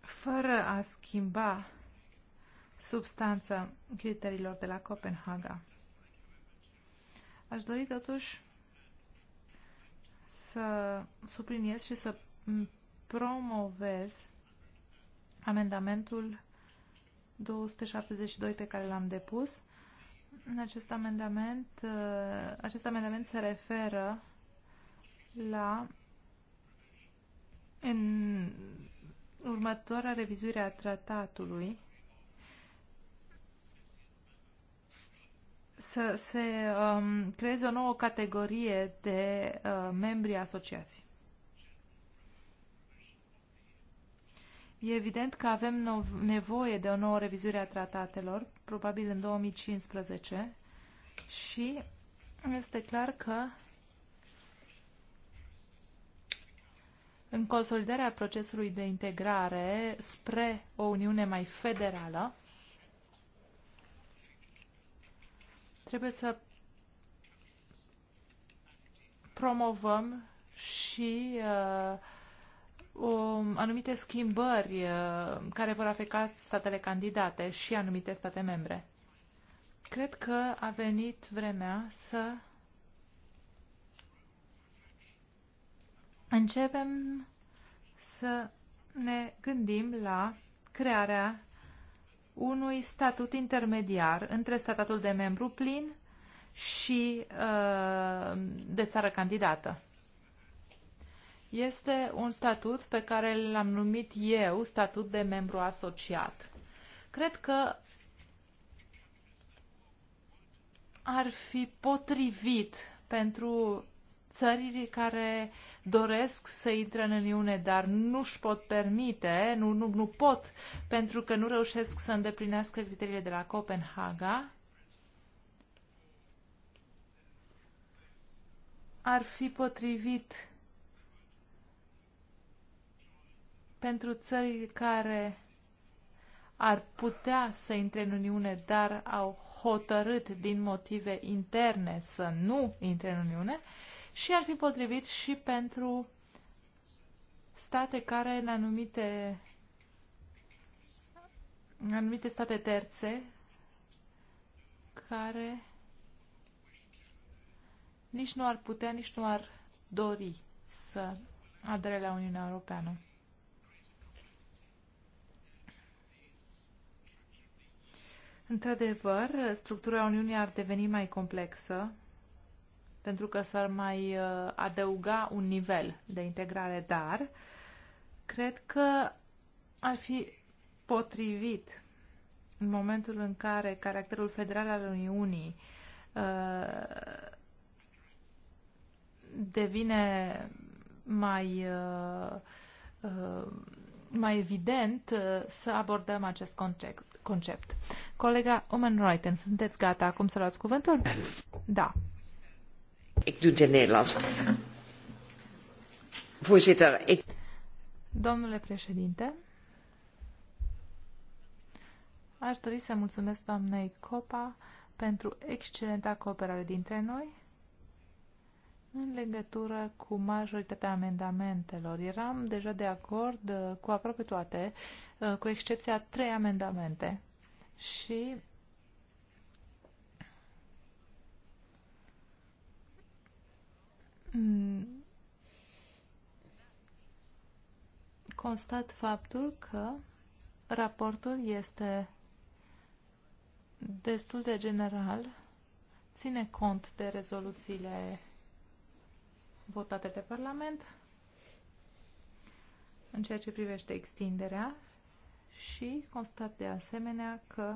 Fără a schimba substanța criteriilor de la Copenhaga. Aș dori totuși să subliniez și să promovez amendamentul 272 pe care l-am depus. Acest amendament, uh, acest amendament se referă la în următoarea revizuire a tratatului să se um, creeze o nouă categorie de uh, membri asociați. E evident că avem nevoie de o nouă revizuire a tratatelor, probabil în 2015, și este clar că în consolidarea procesului de integrare spre o Uniune mai federală, trebuie să promovăm și uh, o, um, anumite schimbări uh, care vor afecta statele candidate și anumite state membre. Cred că a venit vremea să începem să ne gândim la crearea unui statut intermediar între statutul de membru plin și uh, de țară candidată. Este un statut pe care l-am numit eu statut de membru asociat. Cred că ar fi potrivit pentru țările care doresc să intre în Uniune, dar nu își pot permite, nu, nu, nu pot, pentru că nu reușesc să îndeplinească criteriile de la Copenhaga, ar fi potrivit pentru țările care ar putea să intre în Uniune, dar au hotărât din motive interne să nu intre în Uniune și ar fi potrivit și pentru state care în anumite, în anumite state terțe care nici nu ar putea, nici nu ar dori să adere la Uniunea Europeană. Într-adevăr, structura Uniunii ar deveni mai complexă pentru că s-ar mai uh, adăuga un nivel de integrare, dar cred că ar fi potrivit în momentul în care caracterul federal al Uniunii uh, devine mai, uh, mai evident să abordăm acest concept. concept. Colega Omen sunteți gata acum să luați cuvântul? Da. Ik doe het in Nederlands. Voorzitter, ik... Domnule președinte, aș dori să mulțumesc doamnei Copa pentru excelenta cooperare dintre noi în legătură cu majoritatea amendamentelor. Eram deja de acord uh, cu aproape toate, uh, cu excepția trei amendamente. Și Mm. constat faptul că raportul este destul de general, ține cont de rezoluțiile votate de Parlament în ceea ce privește extinderea și constat de asemenea că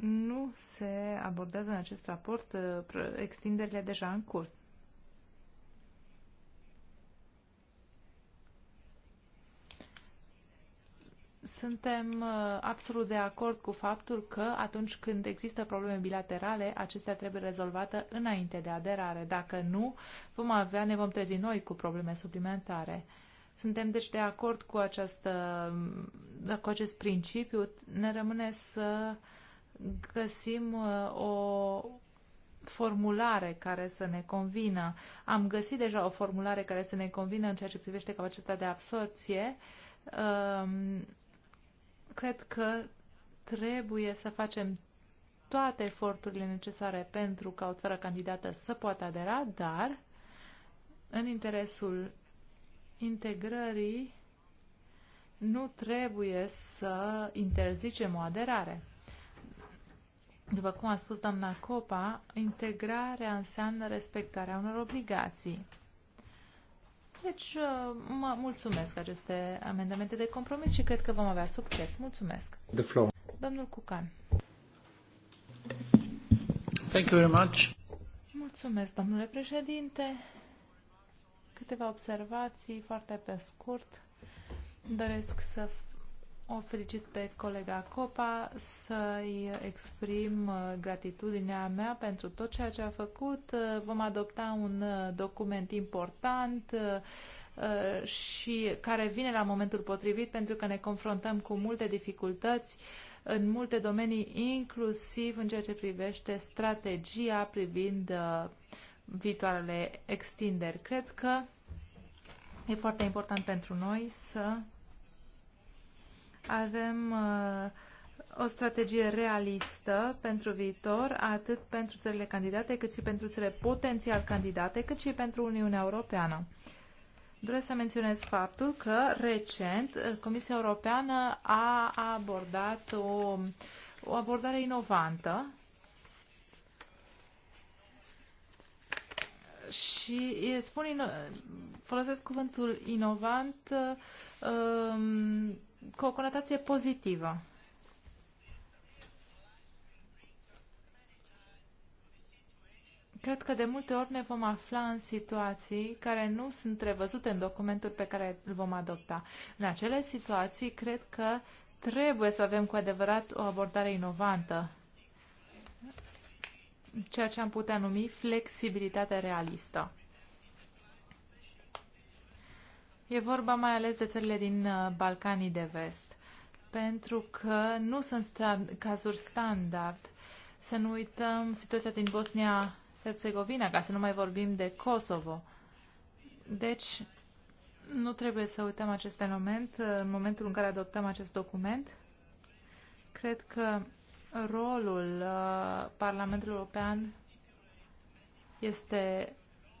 nu se abordează în acest raport uh, extinderile deja în curs. Suntem uh, absolut de acord cu faptul că atunci când există probleme bilaterale, acestea trebuie rezolvate înainte de aderare. Dacă nu, vom avea, ne vom trezi noi cu probleme suplimentare. Suntem deci de acord cu, această, cu acest principiu. Ne rămâne să uh, găsim uh, o formulare care să ne convină. Am găsit deja o formulare care să ne convină în ceea ce privește capacitatea de absorție. Um, cred că trebuie să facem toate eforturile necesare pentru ca o țară candidată să poată adera, dar în interesul integrării nu trebuie să interzicem o aderare. După cum a spus doamna Copa, integrarea înseamnă respectarea unor obligații. Deci, uh, mă mulțumesc aceste amendamente de compromis și cred că vom avea succes. Mulțumesc. The floor. Domnul Cucan. Thank you very much. Mulțumesc, domnule președinte. Câteva observații foarte pe scurt. Doresc să o felicit pe colega Copa, să-i exprim uh, gratitudinea mea pentru tot ceea ce a făcut. Uh, vom adopta un uh, document important și care vine la momentul potrivit pentru că ne confruntăm cu multe dificultăți în multe domenii, inclusiv în ceea ce privește strategia privind viitoarele extinderi. Cred că e foarte important pentru noi să avem uh, o strategie realistă pentru viitor, atât pentru țările candidate, cât și pentru țările potențial candidate, cât și pentru Uniunea Europeană. Doresc să menționez faptul că recent Comisia Europeană a abordat o, o abordare inovantă și spun, folosesc cuvântul inovant uh, um, cu o conotație pozitivă. Cred că de multe ori ne vom afla în situații care nu sunt prevăzute în documentul pe care îl vom adopta. În acele situații, cred că trebuie să avem cu adevărat o abordare inovantă, ceea ce am putea numi flexibilitate realistă. E vorba mai ales de țările din uh, Balcanii de Vest, pentru că nu sunt stand, cazuri standard. Să nu uităm situația din Bosnia-Herzegovina, ca să nu mai vorbim de Kosovo. Deci, nu trebuie să uităm acest element uh, în momentul în care adoptăm acest document. Cred că rolul uh, Parlamentului European este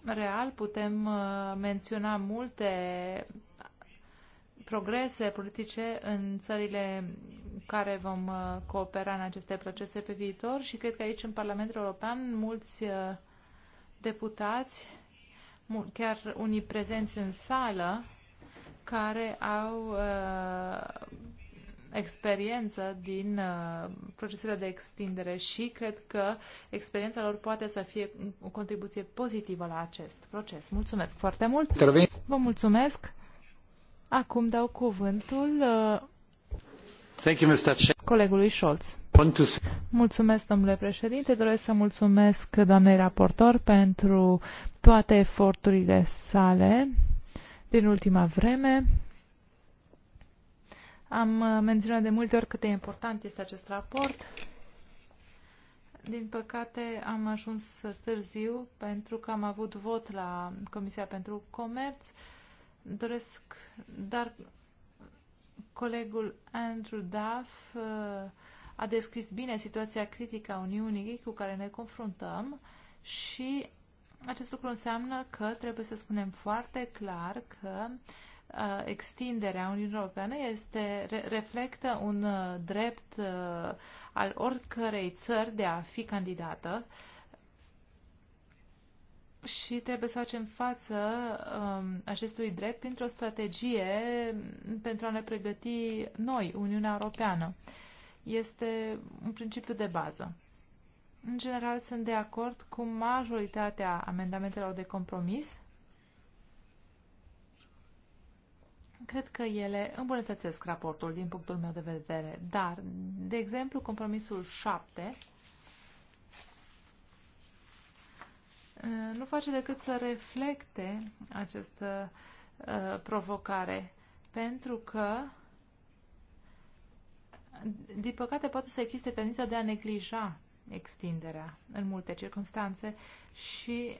real, putem uh, menționa multe progrese politice în țările care vom uh, coopera în aceste procese pe viitor și cred că aici în Parlamentul European mulți uh, deputați, chiar unii prezenți în sală, care au experiență din uh, procesele de extindere și cred că experiența lor poate să fie o contribuție pozitivă la acest proces. Mulțumesc foarte mult! Vă mulțumesc! Acum dau cuvântul uh, Thank you, Mr. colegului Scholz. Mulțumesc, domnule președinte. Doresc să mulțumesc doamnei raportor pentru toate eforturile sale din ultima vreme. Am uh, menționat de multe ori cât de important este acest raport. Din păcate am ajuns târziu pentru că am avut vot la Comisia pentru Comerț. Doresc, dar colegul Andrew Duff uh, a descris bine situația critică a Uniunii cu care ne confruntăm și acest lucru înseamnă că trebuie să spunem foarte clar că uh, extinderea Uniunii Europene este, reflectă un drept al oricărei țări de a fi candidată și trebuie să facem față um, acestui drept printr-o strategie pentru a ne pregăti noi, Uniunea Europeană. Este un principiu de bază. În general, sunt de acord cu majoritatea amendamentelor de compromis Cred că ele îmbunătățesc raportul din punctul meu de vedere, dar, de exemplu, compromisul 7 eh, nu face decât să reflecte această eh, provocare, pentru că, din păcate, poate să existe tendința de a neglija extinderea în multe circunstanțe și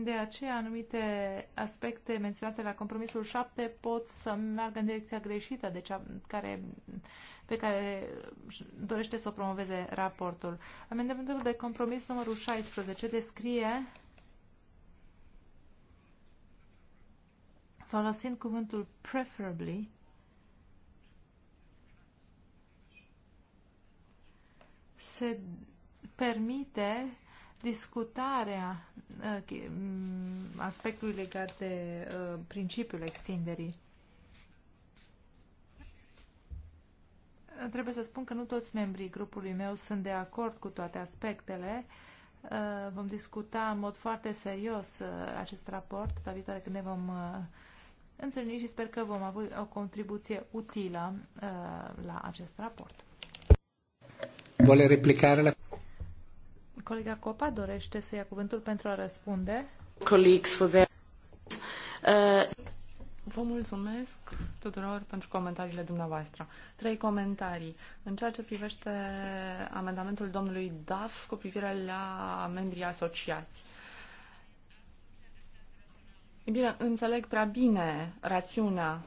De aceea, anumite aspecte menționate la compromisul 7 pot să meargă în direcția greșită de deci, cea care, pe care dorește să o promoveze raportul. Amendamentul de compromis numărul 16 descrie folosind cuvântul preferably se permite discutarea uh, mm, aspectului legat de uh, principiul extinderii. Trebuie să spun că nu toți membrii grupului meu sunt de acord cu toate aspectele. Uh, vom discuta în mod foarte serios acest raport la viitoare când ne vom întâlni și sper că vom avea o contribuție utilă la acest raport. Vole replicare la... Colega Copa dorește să ia cuvântul pentru a răspunde. Uh, Vă mulțumesc tuturor pentru comentariile dumneavoastră. Trei comentarii. În ceea ce privește amendamentul domnului DAF cu privire la membrii asociați. Bine, înțeleg prea bine rațiunea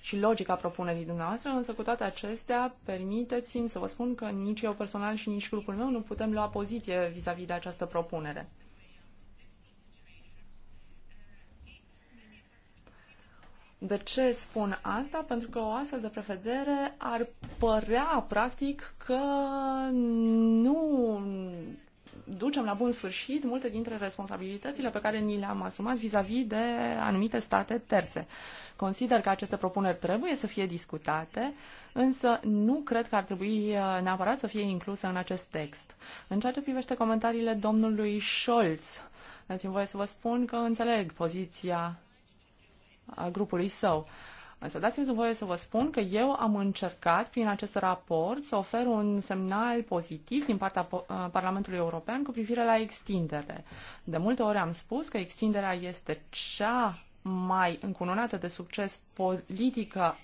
și logica propunerii dumneavoastră, însă cu toate acestea, permiteți-mi să vă spun că nici eu personal și nici grupul meu nu putem lua poziție vis-a-vis -vis de această propunere. De ce spun asta? Pentru că o astfel de prevedere ar părea, practic, că nu ducem la bun sfârșit multe dintre responsabilitățile pe care ni le-am asumat vis-a-vis -vis de anumite state terțe. Consider că aceste propuneri trebuie să fie discutate, însă nu cred că ar trebui uh, neapărat să fie incluse în acest text. În ceea ce privește comentariile domnului Scholz, dați-mi voie să vă spun că înțeleg poziția uh, grupului său. Uh, Însă dați-mi voie să vă spun că eu am încercat prin acest raport să ofer un semnal pozitiv din partea uh, Parlamentului European cu privire la extindere. De multe ori am spus că extinderea este cea mai încununată de succes politică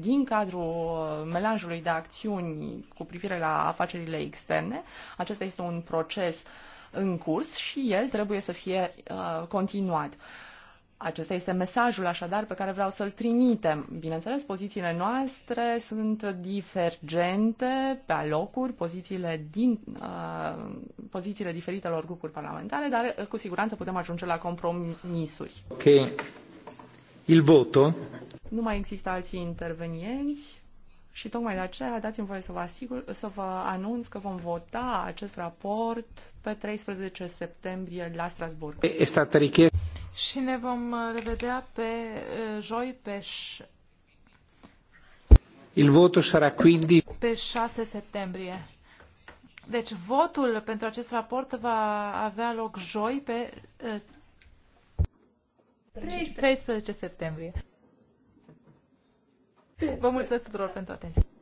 din cadrul melanjului de acțiuni cu privire la afacerile externe. Acesta este un proces în curs și el trebuie să fie uh, continuat. Uh, acesta este mesajul așadar pe care vreau să-l trimitem. Bineînțeles, pozițiile noastre sunt divergente pe alocuri, pozițiile, din, uh, pozițiile diferitelor grupuri parlamentare, dar uh, cu siguranță putem ajunge la compromisuri. Ok. Il voto. Nu mai există alții intervenienți și tocmai de aceea dați-mi voie să vă, asigur, să vă anunț că vom vota acest raport pe 13 septembrie la Strasburg. E, e și ne vom uh, revedea pe uh, joi pe Il voto sarà quindi pe 6 septembrie. Deci votul pentru acest raport va avea loc joi pe 13 uh, septembrie. Vă mulțumesc tuturor pentru atenție.